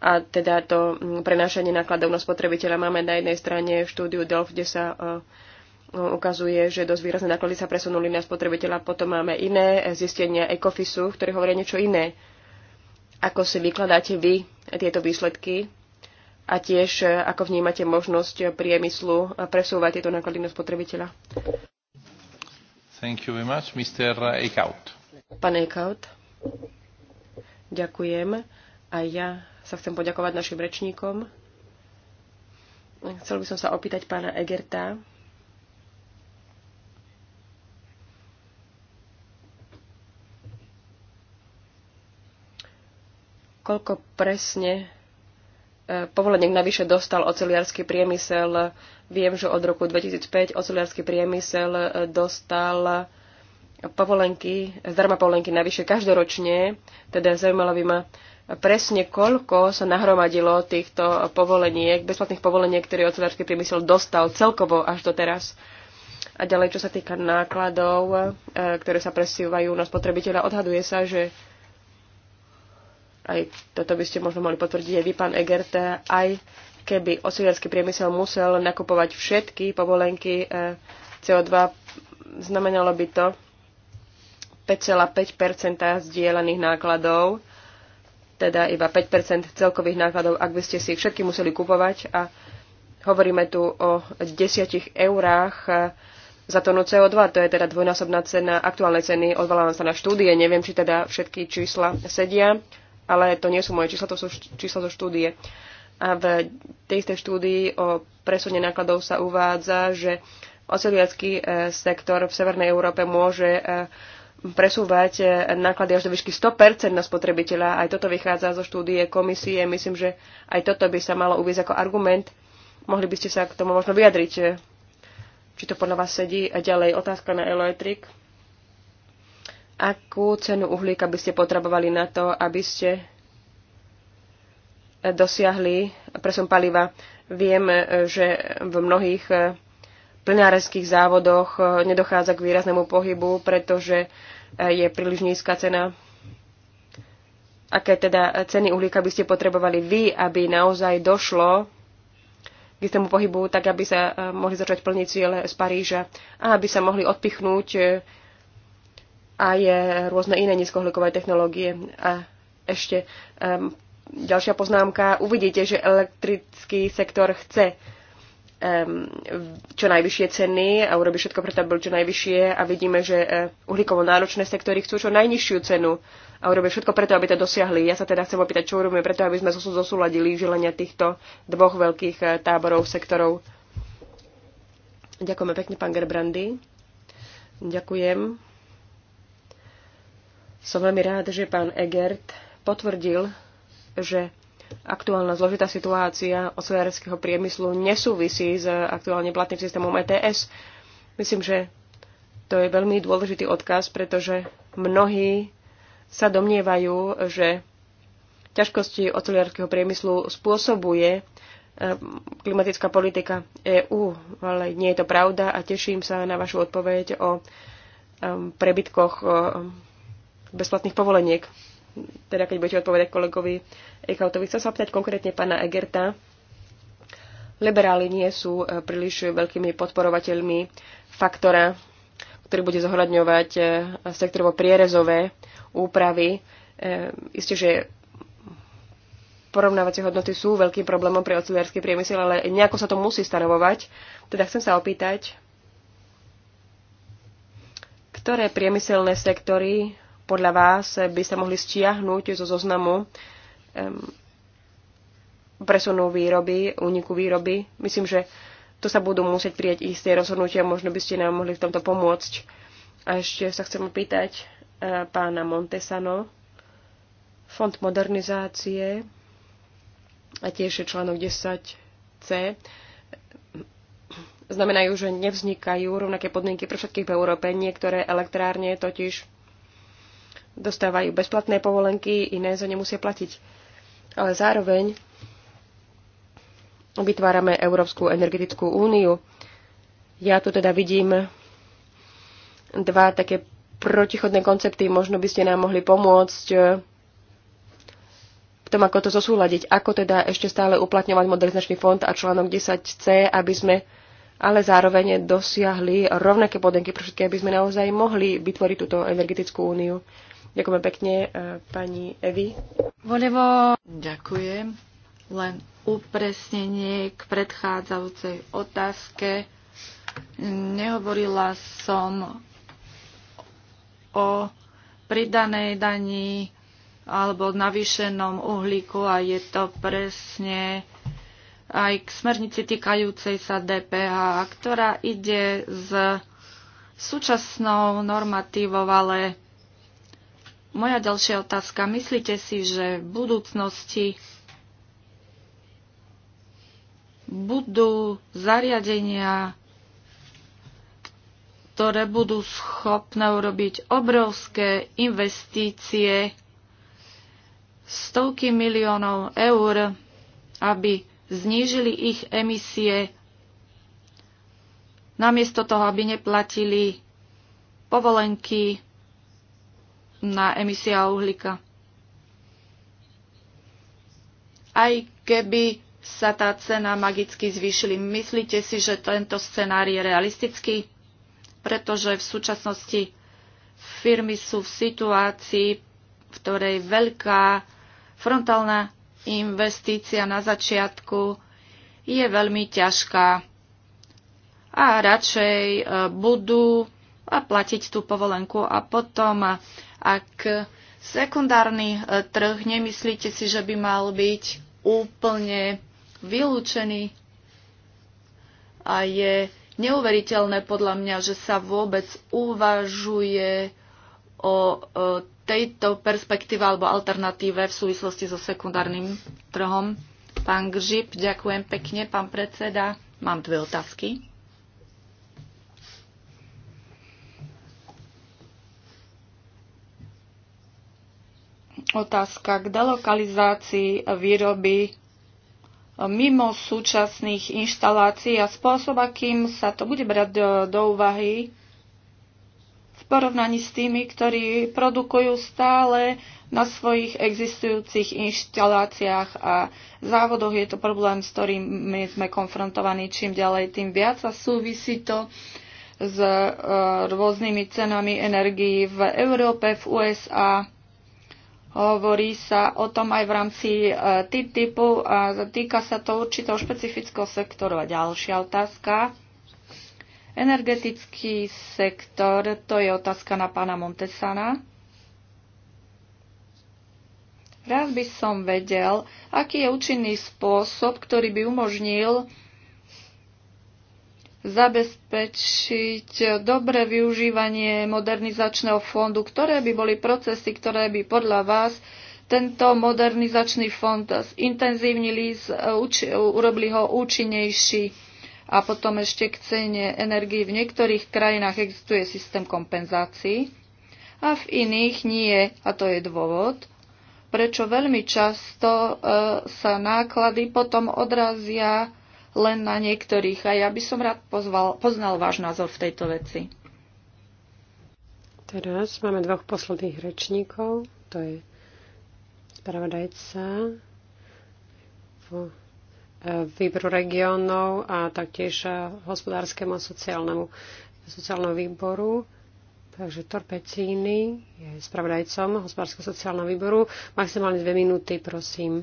a teda to mm, prenášanie nákladov na spotrebiteľa máme na jednej strane štúdiu DELF, kde sa e, e, ukazuje, že dosť výrazné náklady sa presunuli na spotrebiteľa. Potom máme iné e, zistenia Ecofisu, ktoré hovoria niečo iné. Ako si vykladáte vy tieto výsledky a tiež ako vnímate možnosť priemyslu presúvať tieto náklady na spotrebiteľa? Thank you very much, Mr. Eichaut. Pane Eichaut, ďakujem. A ja sa chcem poďakovať našim rečníkom. Chcel by som sa opýtať pána Egerta. Koľko presne e, povoleniek navyše dostal oceliarský priemysel. Viem, že od roku 2005 oceliarský priemysel e, dostal povolenky, zdarma povolenky navyše každoročne, teda zaujímalo by ma, presne koľko sa nahromadilo týchto povoleniek, bezplatných povoleniek, ktoré ocelársky priemysel dostal celkovo až do teraz. A ďalej, čo sa týka nákladov, e, ktoré sa presúvajú na spotrebiteľa, odhaduje sa, že aj toto by ste možno mohli potvrdiť aj vy, pán Egert, aj keby ocelársky priemysel musel nakupovať všetky povolenky e, CO2, znamenalo by to 5,5 zdieľaných nákladov teda iba 5 celkových nákladov, ak by ste si ich všetky museli kupovať a hovoríme tu o 10 eurách e, za tonu CO2, to je teda dvojnásobná cena aktuálnej ceny, odvolávam sa na štúdie, neviem, či teda všetky čísla sedia, ale to nie sú moje čísla, to sú čísla zo štúdie. A v tej istej štúdii o presune nákladov sa uvádza, že oceliacký e, sektor v Severnej Európe môže e, presúvať e, náklady až do výšky 100% na spotrebiteľa. Aj toto vychádza zo štúdie komisie. Myslím, že aj toto by sa malo uvieť ako argument. Mohli by ste sa k tomu možno vyjadriť, e, či to podľa vás sedí. A ďalej otázka na Eloetrik. Akú cenu uhlíka by ste potrebovali na to, aby ste e, dosiahli presun paliva? Viem, že v mnohých plňárenských závodoch e, nedochádza k výraznému pohybu, pretože e, je príliš nízka cena. Aké teda ceny uhlíka by ste potrebovali vy, aby naozaj došlo k istému pohybu, tak aby sa e, mohli začať plniť cieľe z Paríža a aby sa mohli odpichnúť aj rôzne iné nízkohlikové technológie. A ešte um, ďalšia poznámka. Uvidíte, že elektrický sektor chce čo najvyššie ceny a urobí všetko preto, aby boli čo najvyššie a vidíme, že e, uhlíkovo náročné sektory chcú čo najnižšiu cenu a urobí všetko preto, aby to dosiahli. Ja sa teda chcem opýtať, čo urobíme preto, aby sme zosúladili želenia týchto dvoch veľkých e, táborov, sektorov. Ďakujeme pekne, pán Gerbrandy. Ďakujem. Som veľmi rád, že pán Egert potvrdil, že aktuálna zložitá situácia ocelárskeho priemyslu nesúvisí s aktuálne platným systémom ETS. Myslím, že to je veľmi dôležitý odkaz, pretože mnohí sa domnievajú, že ťažkosti oceliarského priemyslu spôsobuje eh, klimatická politika EÚ, ale nie je to pravda a teším sa na vašu odpoveď o eh, prebytkoch eh, bezplatných povoleniek teda keď budete odpovedať kolegovi Eichautovi. Chcem sa opýtať konkrétne pána Egerta. Liberáli nie sú e, príliš veľkými podporovateľmi faktora, ktorý bude zohľadňovať e, sektorovo prierezové úpravy. E, isté, že porovnávacie hodnoty sú veľkým problémom pre ocelársky priemysel, ale nejako sa to musí stanovovať. Teda chcem sa opýtať, ktoré priemyselné sektory podľa vás by sa mohli stiahnuť zo zoznamu presunú výroby, úniku výroby. Myslím, že tu sa budú musieť prijať isté rozhodnutia, možno by ste nám mohli v tomto pomôcť. A ešte sa chcem opýtať e, pána Montesano, Fond modernizácie a tiež je článok 10c znamenajú, že nevznikajú rovnaké podmienky pre všetkých v Európe. Niektoré elektrárne totiž dostávajú bezplatné povolenky, iné za ne musia platiť. Ale zároveň vytvárame Európsku energetickú úniu. Ja tu teda vidím dva také protichodné koncepty. Možno by ste nám mohli pomôcť v tom, ako to zosúľadiť. Ako teda ešte stále uplatňovať modernizačný fond a článok 10c, aby sme ale zároveň dosiahli rovnaké podmienky pre všetky, aby sme naozaj mohli vytvoriť túto energetickú úniu. Ďakujem pekne, e, pani Evi. Volevo. Ďakujem. Len upresnenie k predchádzajúcej otázke. Nehovorila som o pridanej daní alebo navýšenom uhlíku a je to presne aj k smernici týkajúcej sa DPH, ktorá ide s súčasnou normatívou, ale moja ďalšia otázka. Myslíte si, že v budúcnosti budú zariadenia, ktoré budú schopné urobiť obrovské investície, stovky miliónov eur, aby znížili ich emisie, namiesto toho, aby neplatili povolenky na emisia uhlíka. Aj keby sa tá cena magicky zvýšili. Myslíte si, že tento scenár je realistický? Pretože v súčasnosti firmy sú v situácii, v ktorej veľká frontálna investícia na začiatku je veľmi ťažká a radšej e, budú platiť tú povolenku a potom ak sekundárny e, trh nemyslíte si, že by mal byť úplne vylúčený a je neuveriteľné podľa mňa, že sa vôbec uvažuje o e, tejto perspektíve alebo alternatíve v súvislosti so sekundárnym trhom. Pán Gžip, ďakujem pekne, pán predseda. Mám dve otázky. otázka k delokalizácii výroby e, mimo súčasných inštalácií a spôsob, akým sa to bude brať do, do úvahy v porovnaní s tými, ktorí produkujú stále na svojich existujúcich inštaláciách a závodoch. Je to problém, s ktorým my sme konfrontovaní čím ďalej, tým viac a súvisí to s e, rôznymi cenami energií v Európe, v USA Hovorí sa o tom aj v rámci e, TTIPu a týka sa to určitého špecifického sektoru. A ďalšia otázka. Energetický sektor, to je otázka na pána Montesana. Rád by som vedel, aký je účinný spôsob, ktorý by umožnil zabezpečiť dobré využívanie modernizačného fondu, ktoré by boli procesy, ktoré by podľa vás tento modernizačný fond zintenzívnili, urobili ho účinnejší a potom ešte k cene energii. V niektorých krajinách existuje systém kompenzácií a v iných nie. A to je dôvod, prečo veľmi často e, sa náklady potom odrazia len na niektorých a ja by som rád pozval, poznal váš názor v tejto veci. Teraz máme dvoch posledných rečníkov. To je spravodajca v e, výboru regionov a taktiež e, hospodárskému a sociálnemu, sociálnemu výboru. Takže Torpecíny je spravodajcom hospodárskeho sociálneho výboru. Maximálne dve minúty, prosím.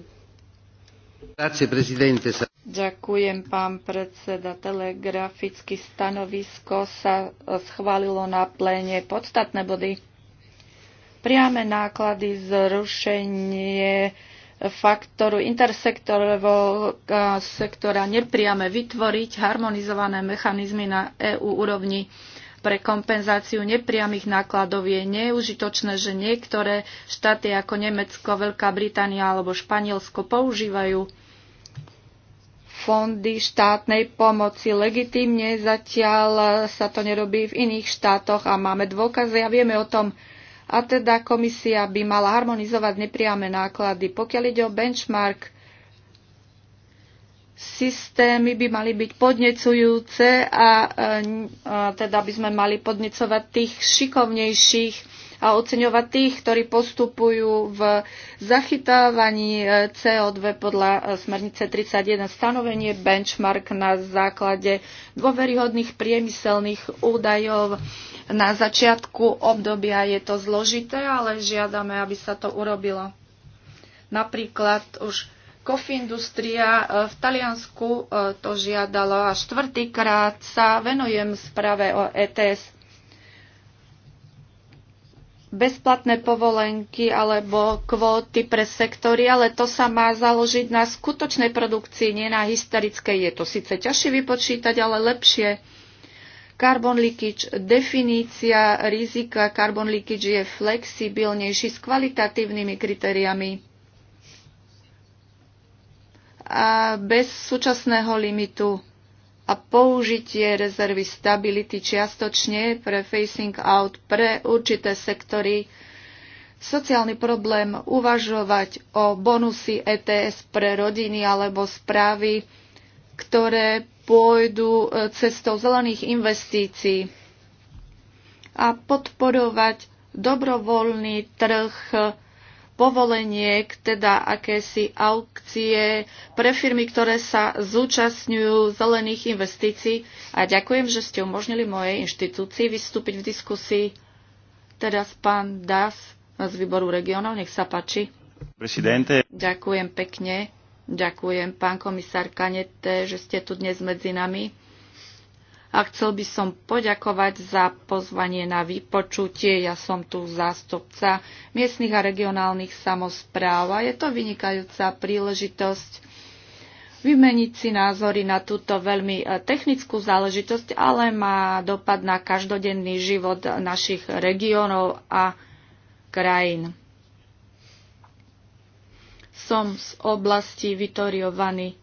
Grazie, prezidente. Ďakujem, pán predseda. Telegraficky stanovisko sa e, schválilo na pléne podstatné body. Priame náklady zrušenie faktoru intersektorového e, sektora nepriame vytvoriť harmonizované mechanizmy na EÚ úrovni pre kompenzáciu nepriamých nákladov je neužitočné, že niektoré štáty ako Nemecko, Veľká Británia alebo Španielsko používajú fondy štátnej pomoci legitímne, zatiaľ sa to nerobí v iných štátoch a máme dôkazy a vieme o tom. A teda komisia by mala harmonizovať nepriame náklady. Pokiaľ ide o benchmark, systémy by mali byť podnecujúce a, e, a teda by sme mali podnecovať tých šikovnejších a oceňovať tých, ktorí postupujú v zachytávaní e, CO2 podľa e, smernice 31 stanovenie benchmark na základe dôveryhodných priemyselných údajov. Na začiatku obdobia je to zložité, ale žiadame, aby sa to urobilo. Napríklad už Kofindustria e, v Taliansku to žiadalo a štvrtýkrát sa venujem správe o ETS bezplatné povolenky alebo kvóty pre sektory, ale to sa má založiť na skutočnej produkcii, nie na hysterickej. Je to síce ťažšie vypočítať, ale lepšie. Carbon leakage, definícia rizika carbon leakage je flexibilnejší s kvalitatívnymi kritériami a bez súčasného limitu a použitie rezervy stability čiastočne pre facing out pre určité sektory, sociálny problém uvažovať o bonusy ETS pre rodiny alebo správy, ktoré pôjdu e, cestou zelených investícií a podporovať dobrovoľný trh povoleniek, teda akési aukcie pre firmy, ktoré sa zúčastňujú zelených investícií. A ďakujem, že ste umožnili mojej inštitúcii vystúpiť v diskusii. Teraz pán Das z výboru regionov, nech sa páči. Presidente. Ďakujem pekne. Ďakujem, pán komisár Kanete, že ste tu dnes medzi nami a chcel by som poďakovať za pozvanie na vypočutie. Ja som tu zástupca miestnych a regionálnych samozpráv a je to vynikajúca príležitosť vymeniť si názory na túto veľmi e, technickú záležitosť, ale má dopad na každodenný život našich regiónov a krajín. Som z oblasti Vitorio Vany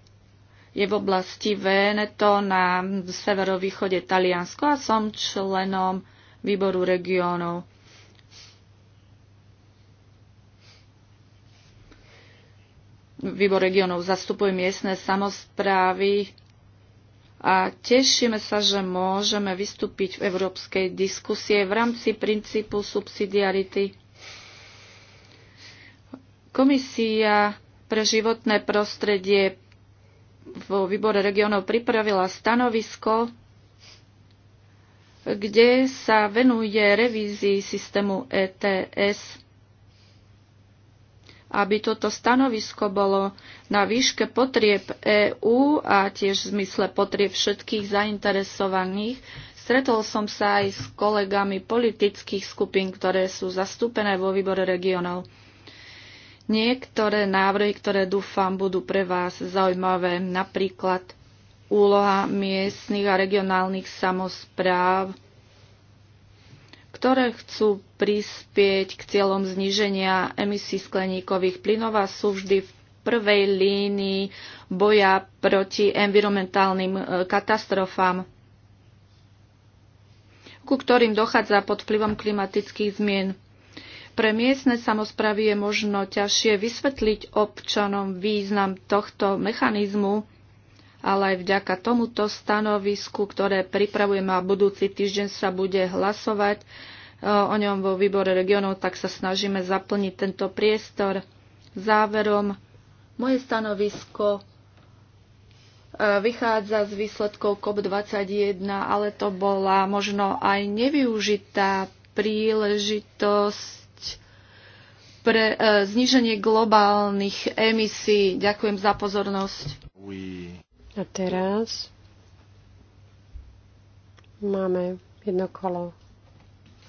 je v oblasti Veneto na severovýchode Taliansko a som členom výboru regiónov. Výbor regiónov zastupuje miestne samozprávy a tešíme sa, že môžeme vystúpiť v európskej diskusie v rámci princípu subsidiarity. Komisia pre životné prostredie vo výbore regionov pripravila stanovisko, kde sa venuje revízii systému ETS. Aby toto stanovisko bolo na výške potrieb EÚ a tiež v zmysle potrieb všetkých zainteresovaných, stretol som sa aj s kolegami politických skupín, ktoré sú zastúpené vo výbore regionov niektoré návrhy, ktoré dúfam budú pre vás zaujímavé, napríklad úloha miestnych a regionálnych samozpráv, ktoré chcú prispieť k cieľom zníženia emisí skleníkových plynov a sú vždy v prvej línii boja proti environmentálnym e, katastrofám, ku ktorým dochádza pod vplyvom klimatických zmien. Pre miestne samozpravy je možno ťažšie vysvetliť občanom význam tohto mechanizmu, ale aj vďaka tomuto stanovisku, ktoré pripravujeme a budúci týždeň sa bude hlasovať e, o ňom vo výbore regionov, tak sa snažíme zaplniť tento priestor. Záverom, moje stanovisko e, vychádza z výsledkov COP21, ale to bola možno aj nevyužitá príležitosť pre e, zníženie globálnych emisí. Ďakujem za pozornosť. A teraz máme jedno kolo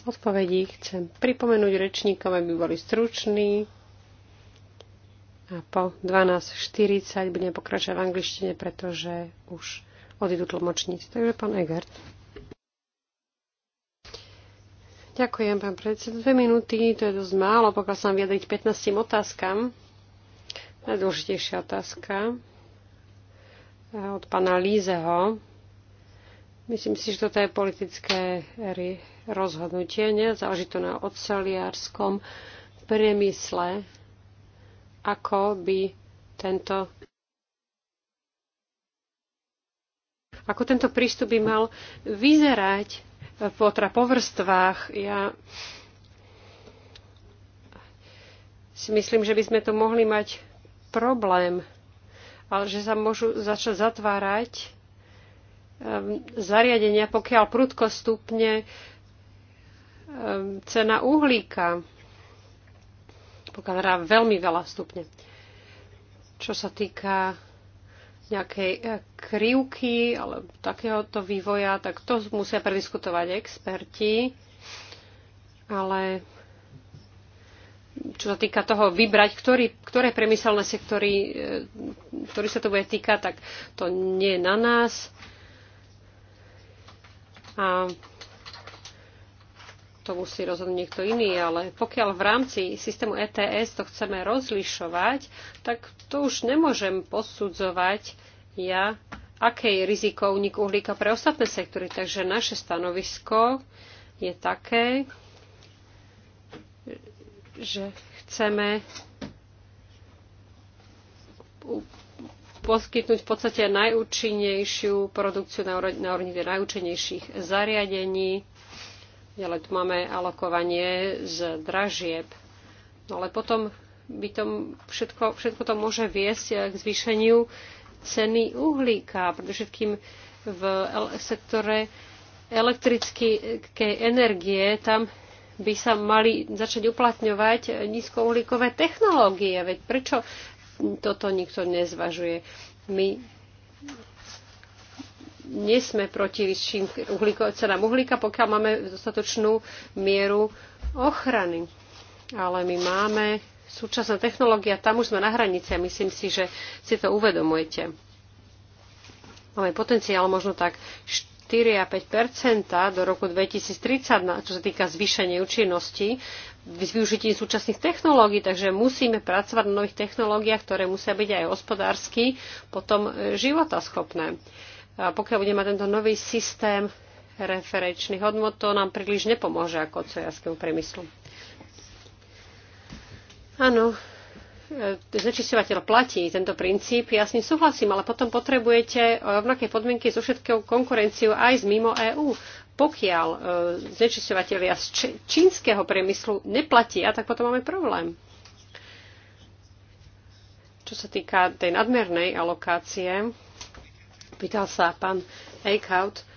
odpovedí. Chcem pripomenúť rečníkom, aby boli struční. A po 12.40 budem pokračovať v angličtine, pretože už odídu tlmočníci. Takže pán Egert. Ďakujem, pán predseda. Dve minúty, to je dosť málo, pokiaľ sa vyjadriť 15 otázkam. Najdôležitejšia otázka eh, od pána Lízeho. Myslím si, že toto je politické rozhodnutie, nie? Záleží to na oceliárskom priemysle, ako by tento ako tento prístup by mal vyzerať potra teda po vrstvách. Ja si myslím, že by sme to mohli mať problém, ale že sa môžu začať zatvárať ehm, zariadenia, pokiaľ prudko stupne ehm, cena uhlíka, pokiaľ teda veľmi veľa stupne. Čo sa týka nejakej e, krivky alebo takéhoto vývoja, tak to musia prediskutovať experti. Ale čo sa týka toho vybrať, ktorý, ktoré priemyselné sektory, e, ktorý sa to bude týkať, tak to nie je na nás. A to musí rozhodnúť niekto iný, ale pokiaľ v rámci systému ETS to chceme rozlišovať, tak to už nemôžem posudzovať ja, aké je riziko uniku uhlíka pre ostatné sektory. Takže naše stanovisko je také, že chceme poskytnúť v podstate najúčinnejšiu produkciu na úrovni najúčinnejších zariadení ale tu máme alokovanie z dražieb. No ale potom by to všetko, všetko to môže viesť eh, k zvýšeniu ceny uhlíka, predovšetkým v sektore elektrickej energie, tam by sa mali začať uplatňovať nízkouhlíkové technológie. Veď prečo toto nikto nezvažuje? My nie sme proti vyšším uhlíko, cenám uhlíka, pokiaľ máme dostatočnú mieru ochrany. Ale my máme súčasná technológia, tam už sme na hranici a myslím si, že si to uvedomujete. Máme potenciál možno tak 4 a 5 do roku 2030, čo sa týka zvýšenia účinnosti s využitím súčasných technológií, takže musíme pracovať na nových technológiách, ktoré musia byť aj hospodársky potom životaschopné. schopné pokiaľ budeme mať tento nový systém referenčných hodnot, to nám príliš nepomôže ako ocelárskému priemyslu. Áno, e, znečisťovateľ platí tento princíp, ja s ním súhlasím, ale potom potrebujete rovnaké podmienky so všetkou konkurenciou aj z mimo EÚ. Pokiaľ e, znečisťovateľia z čínskeho priemyslu neplatia, tak potom máme problém. Čo sa týka tej nadmernej alokácie, Pýtal sa pán Eichhout.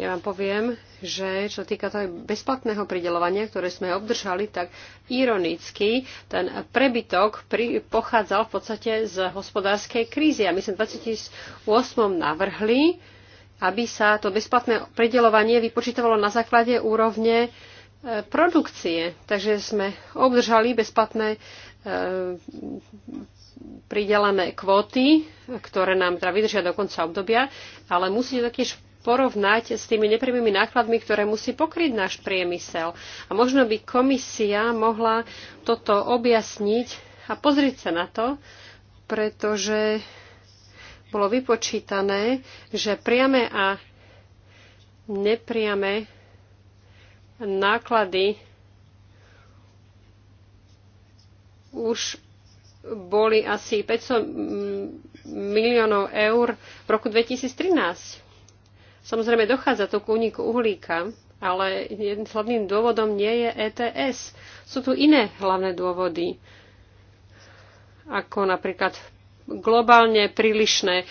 Ja vám poviem, že čo týka toho bezplatného pridelovania, ktoré sme obdržali, tak ironicky ten prebytok pri, pochádzal v podstate z hospodárskej krízy. A my sme 2008 navrhli, aby sa to bezplatné predelovanie vypočítavalo na základe úrovne e, produkcie. Takže sme obdržali bezplatné e, pridelené kvóty, ktoré nám teda vydržia do konca obdobia, ale musíte taktiež porovnať s tými nepriamými nákladmi, ktoré musí pokryť náš priemysel. A možno by komisia mohla toto objasniť a pozrieť sa na to, pretože bolo vypočítané, že priame a nepriame náklady už boli asi 500 mm, miliónov eur v roku 2013. Samozrejme, dochádza to k úniku uhlíka, ale jedným hlavným dôvodom nie je ETS. Sú tu iné hlavné dôvody, ako napríklad globálne prílišné, e,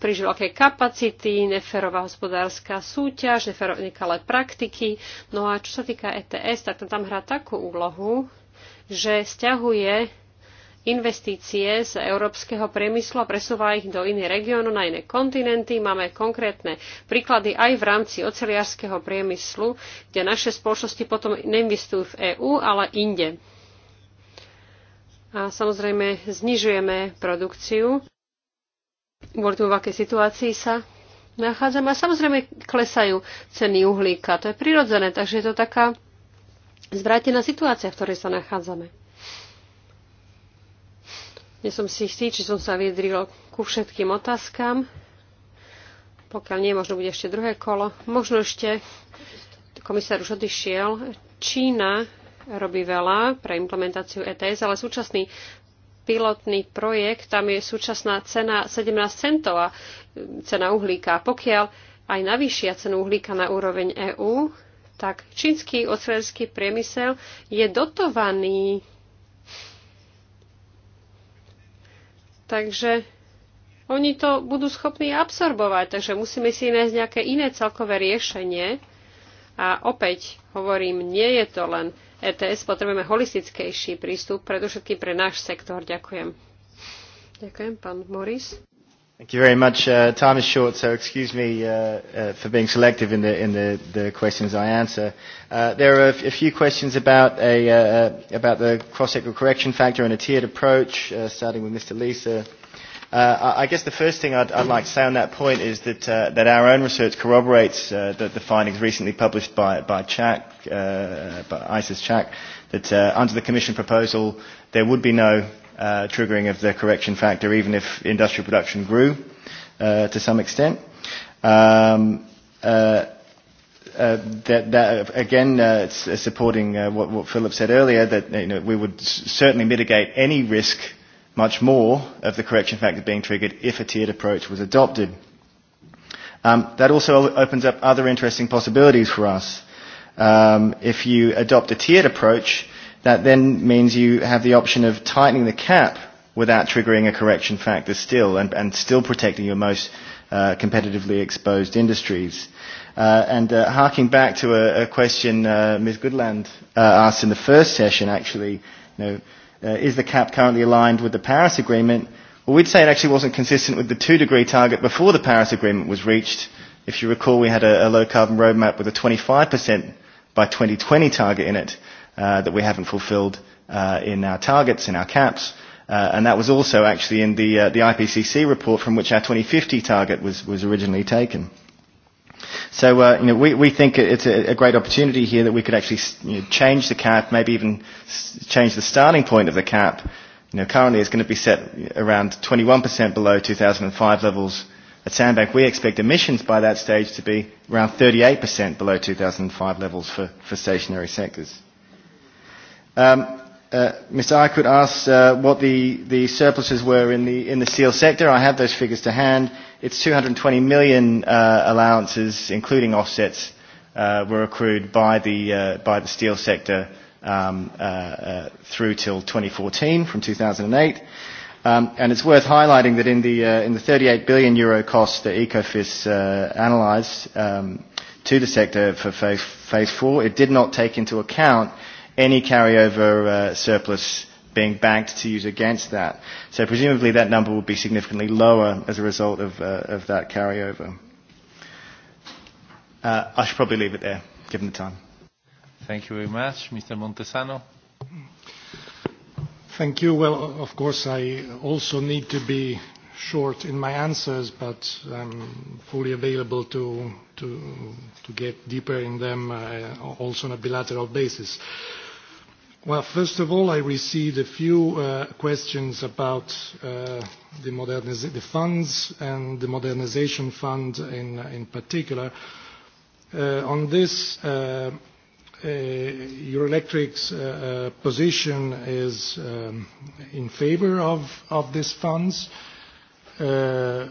prižilaké kapacity, neferová hospodárska súťaž, neferovnikalé praktiky. No a čo sa týka ETS, tak to tam hrá takú úlohu, že stiahuje investície z európskeho priemyslu a presúva ich do iných regiónov, na iné kontinenty. Máme konkrétne príklady aj v rámci oceliarského priemyslu, kde naše spoločnosti potom neinvestujú v EÚ, ale inde. A samozrejme znižujeme produkciu. Kvôli tomu, v akej situácii sa nachádzame. A samozrejme klesajú ceny uhlíka. To je prirodzené, takže je to taká zvrátená situácia, v ktorej sa nachádzame. Nie som si istý, či som sa vyjadril ku všetkým otázkam. Pokiaľ nie, možno bude ešte druhé kolo. Možno ešte, komisár už odišiel, Čína robí veľa pre implementáciu ETS, ale súčasný pilotný projekt, tam je súčasná cena 17 centov a e, cena uhlíka. Pokiaľ aj navýšia cenu uhlíka na úroveň EÚ, tak čínsky ocelerský priemysel je dotovaný Takže oni to budú schopní absorbovať, takže musíme si nájsť nejaké iné celkové riešenie. A opäť hovorím, nie je to len ETS, potrebujeme holistickejší prístup, predovšetkým pre náš sektor. Ďakujem. Ďakujem, pán Moris. Thank you very much. Uh, time is short, so excuse me uh, uh, for being selective in the, in the, the questions I answer. Uh, there are a, a few questions about, a, uh, about the cross-sector correction factor and a tiered approach, uh, starting with Mr. Lisa. Uh, I guess the first thing I'd, I'd like to say on that point is that, uh, that our own research corroborates uh, the, the findings recently published by, by CHAC, uh, by ISIS CHAC, that uh, under the Commission proposal there would be no uh, triggering of the correction factor, even if industrial production grew uh, to some extent. Um, uh, uh, that, that again, uh, it's, uh, supporting uh, what, what Philip said earlier, that you know, we would s- certainly mitigate any risk much more of the correction factor being triggered if a tiered approach was adopted. Um, that also opens up other interesting possibilities for us. Um, if you adopt a tiered approach, That then means you have the option of tightening the cap without triggering a correction factor still and, and still protecting your most uh, competitively exposed industries. Uh, and uh, harking back to a, a question uh, Ms. Goodland uh, asked in the first session, actually, you know, uh, is the cap currently aligned with the Paris Agreement? Well, we'd say it actually wasn't consistent with the two-degree target before the Paris Agreement was reached. If you recall, we had a, a low-carbon roadmap with a 25% by 2020 target in it. Uh, that we haven't fulfilled uh, in our targets, in our caps. Uh, and that was also actually in the, uh, the IPCC report from which our 2050 target was, was originally taken. So uh, you know, we, we think it's a, a great opportunity here that we could actually you know, change the cap, maybe even change the starting point of the cap. You know, currently it's going to be set around 21% below 2005 levels. At Sandbank, we expect emissions by that stage to be around 38% below 2005 levels for, for stationary sectors. Um, uh, Mr. Eichert asked uh, what the, the surpluses were in the, in the steel sector. I have those figures to hand. It's 220 million uh, allowances, including offsets, uh, were accrued by the, uh, by the steel sector um, uh, uh, through till 2014 from 2008. Um, and it's worth highlighting that in the, uh, in the 38 billion euro cost that ECOFIS uh, analysed um, to the sector for phase, phase four, it did not take into account any carryover uh, surplus being banked to use against that. So presumably that number will be significantly lower as a result of, uh, of that carryover. Uh, I should probably leave it there, given the time. Thank you very much. Mr. Montesano. Thank you. Well, of course, I also need to be short in my answers, but I'm fully available to, to, to get deeper in them uh, also on a bilateral basis. Uh, Well, first of all, I received a few uh, questions about uh, the, moderniz- the funds and the modernization fund in, in particular. Uh, on this, uh, uh, Eurelectric's uh, uh, position is um, in favor of, of these funds uh,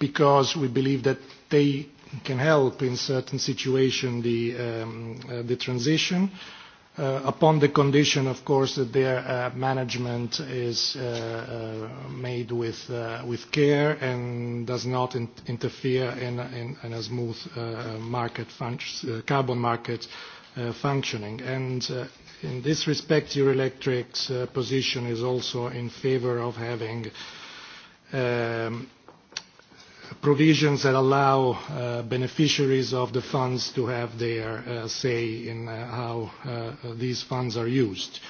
because we believe that they can help in certain situations the, um, uh, the transition. Uh, Uh, upon the condition, of course, that their uh, management is uh, uh made with, uh, with care and does not interfere in, in, in a smooth uh, market uh, carbon market uh, functioning. And uh, in this respect, Eurelectric's uh, position is also in favor of having um, provisions that allow uh, beneficiaries of the funds to have their uh, say in uh, how uh, these funds are used.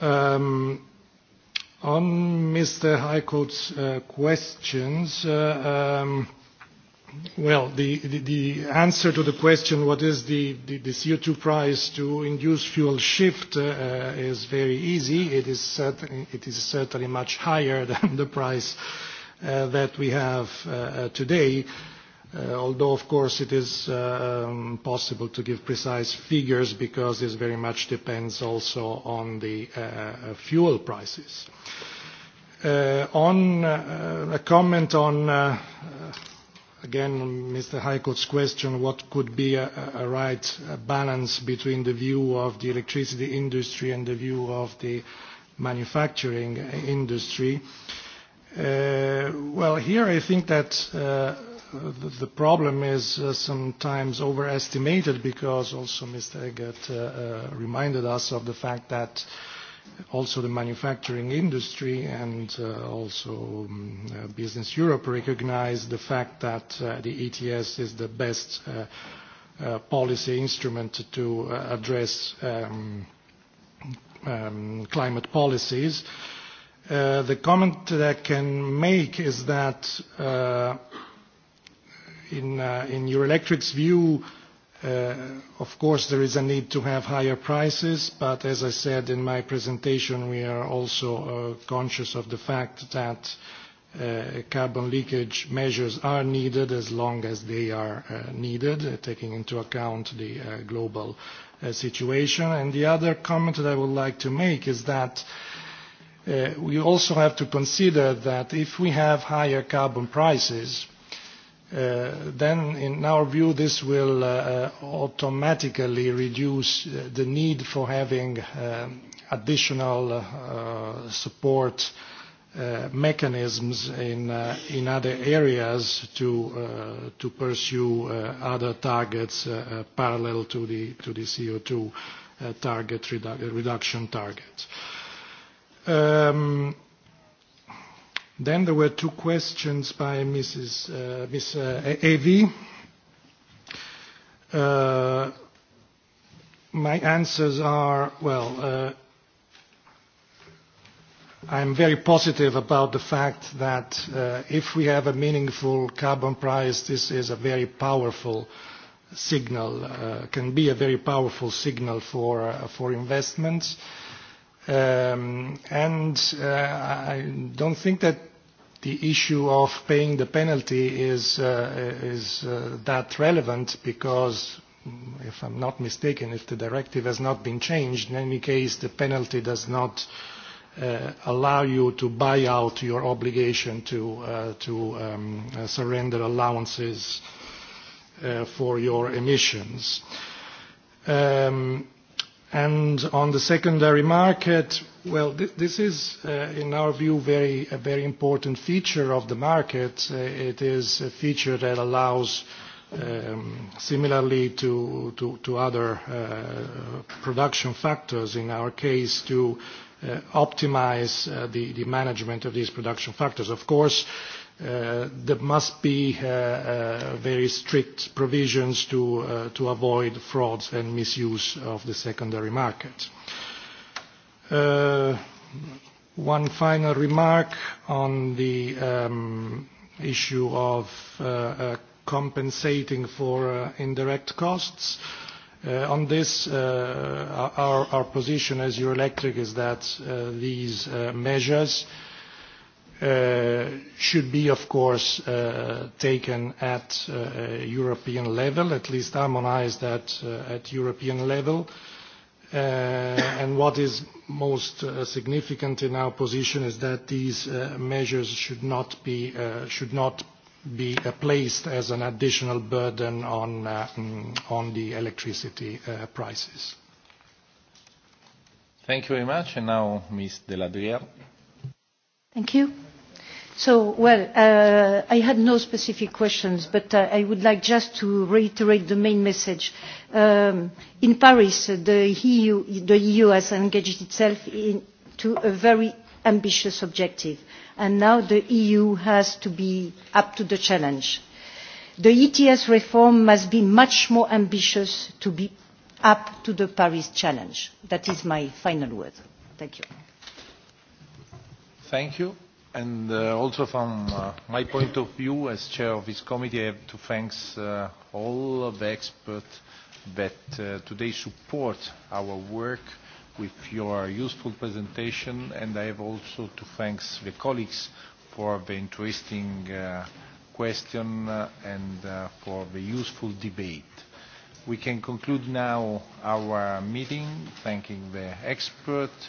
Um, on Mr. Highcourt's uh, questions, uh, um, Well, the, the, the answer to the question, what is the, the, the CO2 price to induce fuel shift, uh, is very easy. It is, certain, it is certainly much higher than the price uh, Uh, that we have uh, uh, today. Uh, although, of course, it is uh, um, possible to give precise figures because this very much depends also on the uh, fuel prices. Uh, on uh, a comment on, uh, again, Mr. Heiko's question, what could be a, a right balance between the view of the electricity industry and the view of the manufacturing industry. Uh, Uh, well, here I think that uh, the, the problem is uh, sometimes overestimated because also Mr. Eggert uh, uh, reminded us of the fact that also the manufacturing industry and uh, also um, uh, Business Europe recognize the fact that uh, the ETS is the best uh, uh, policy instrument to uh, address um, um, climate policies. Uh, Uh, the comment that I can make is that uh, in, uh, in Eurelectric's view, uh, of course, there is a need to have higher prices, but as I said in my presentation, we are also uh, conscious of the fact that uh, carbon leakage measures are needed as long as they are uh, needed, uh, taking into account the uh, global uh, situation. And the other comment that I would like to make is that uh, uh, we also have to consider that if we have higher carbon prices, uh, then in our view this will uh, uh automatically reduce uh, the need for having um, additional uh, support uh, mechanisms in, uh, in other areas to, uh, to pursue uh, other targets uh, uh, parallel to the, to the CO2 uh, target redu- reduction target. Uh, Um, then there were two questions by Mrs. Uh, Ms. Uh, AV. Uh, my answers are, well, uh, I'm very positive about the fact that uh, if we have a meaningful carbon price, this is a very powerful signal, uh, can be a very powerful signal for, uh, for investments. Uh, Um, and uh, I don't think that the issue of paying the penalty is, uh, is uh, that relevant because, if I'm not mistaken, if the directive has not been changed, in any case, the penalty does not uh, allow you to buy out your obligation to, uh, to um, uh, surrender allowances uh, for your emissions. Um, And on the secondary market, well, this is, uh, in our view, very, a very important feature of the market. Uh, it is a feature that allows, um, similarly to, other uh, production factors, in our case, to optimise optimize the, management of these production factors. Of course, Uh, there must be uh, uh, very strict provisions to, uh, to avoid frauds and misuse of the secondary market. Uh, one final remark on the um, issue of uh, compensating for indirect costs. On this, our, our position as Eurelectric is that these measures Uh, should be, of course, uh, taken at uh, uh European level, at least harmonized at, uh, at European level. And What is most significant in our position is that these measures should not be should not be placed as an additional burden on mm, on the electricity prices. Thank you very much. And Now Ms. Deladrière. Thank you. So, well, uh, I had no specific questions, but uh, I would like just to reiterate the main message. Um, in Paris, the EU, the EU has engaged itself to a very ambitious objective, and now the EU has to be up to the challenge. The ETS reform must be much more ambitious to be up to the Paris challenge. That is my final word. Thank you. Thank you. And uh, also from uh, my point of view as chair of this committee, I have to thank uh, all of the experts that uh, today support our work with your useful presentation, and I have also to thank the colleagues for the interesting uh, question uh, and uh, for the useful debate. We can conclude now our meeting, thanking the experts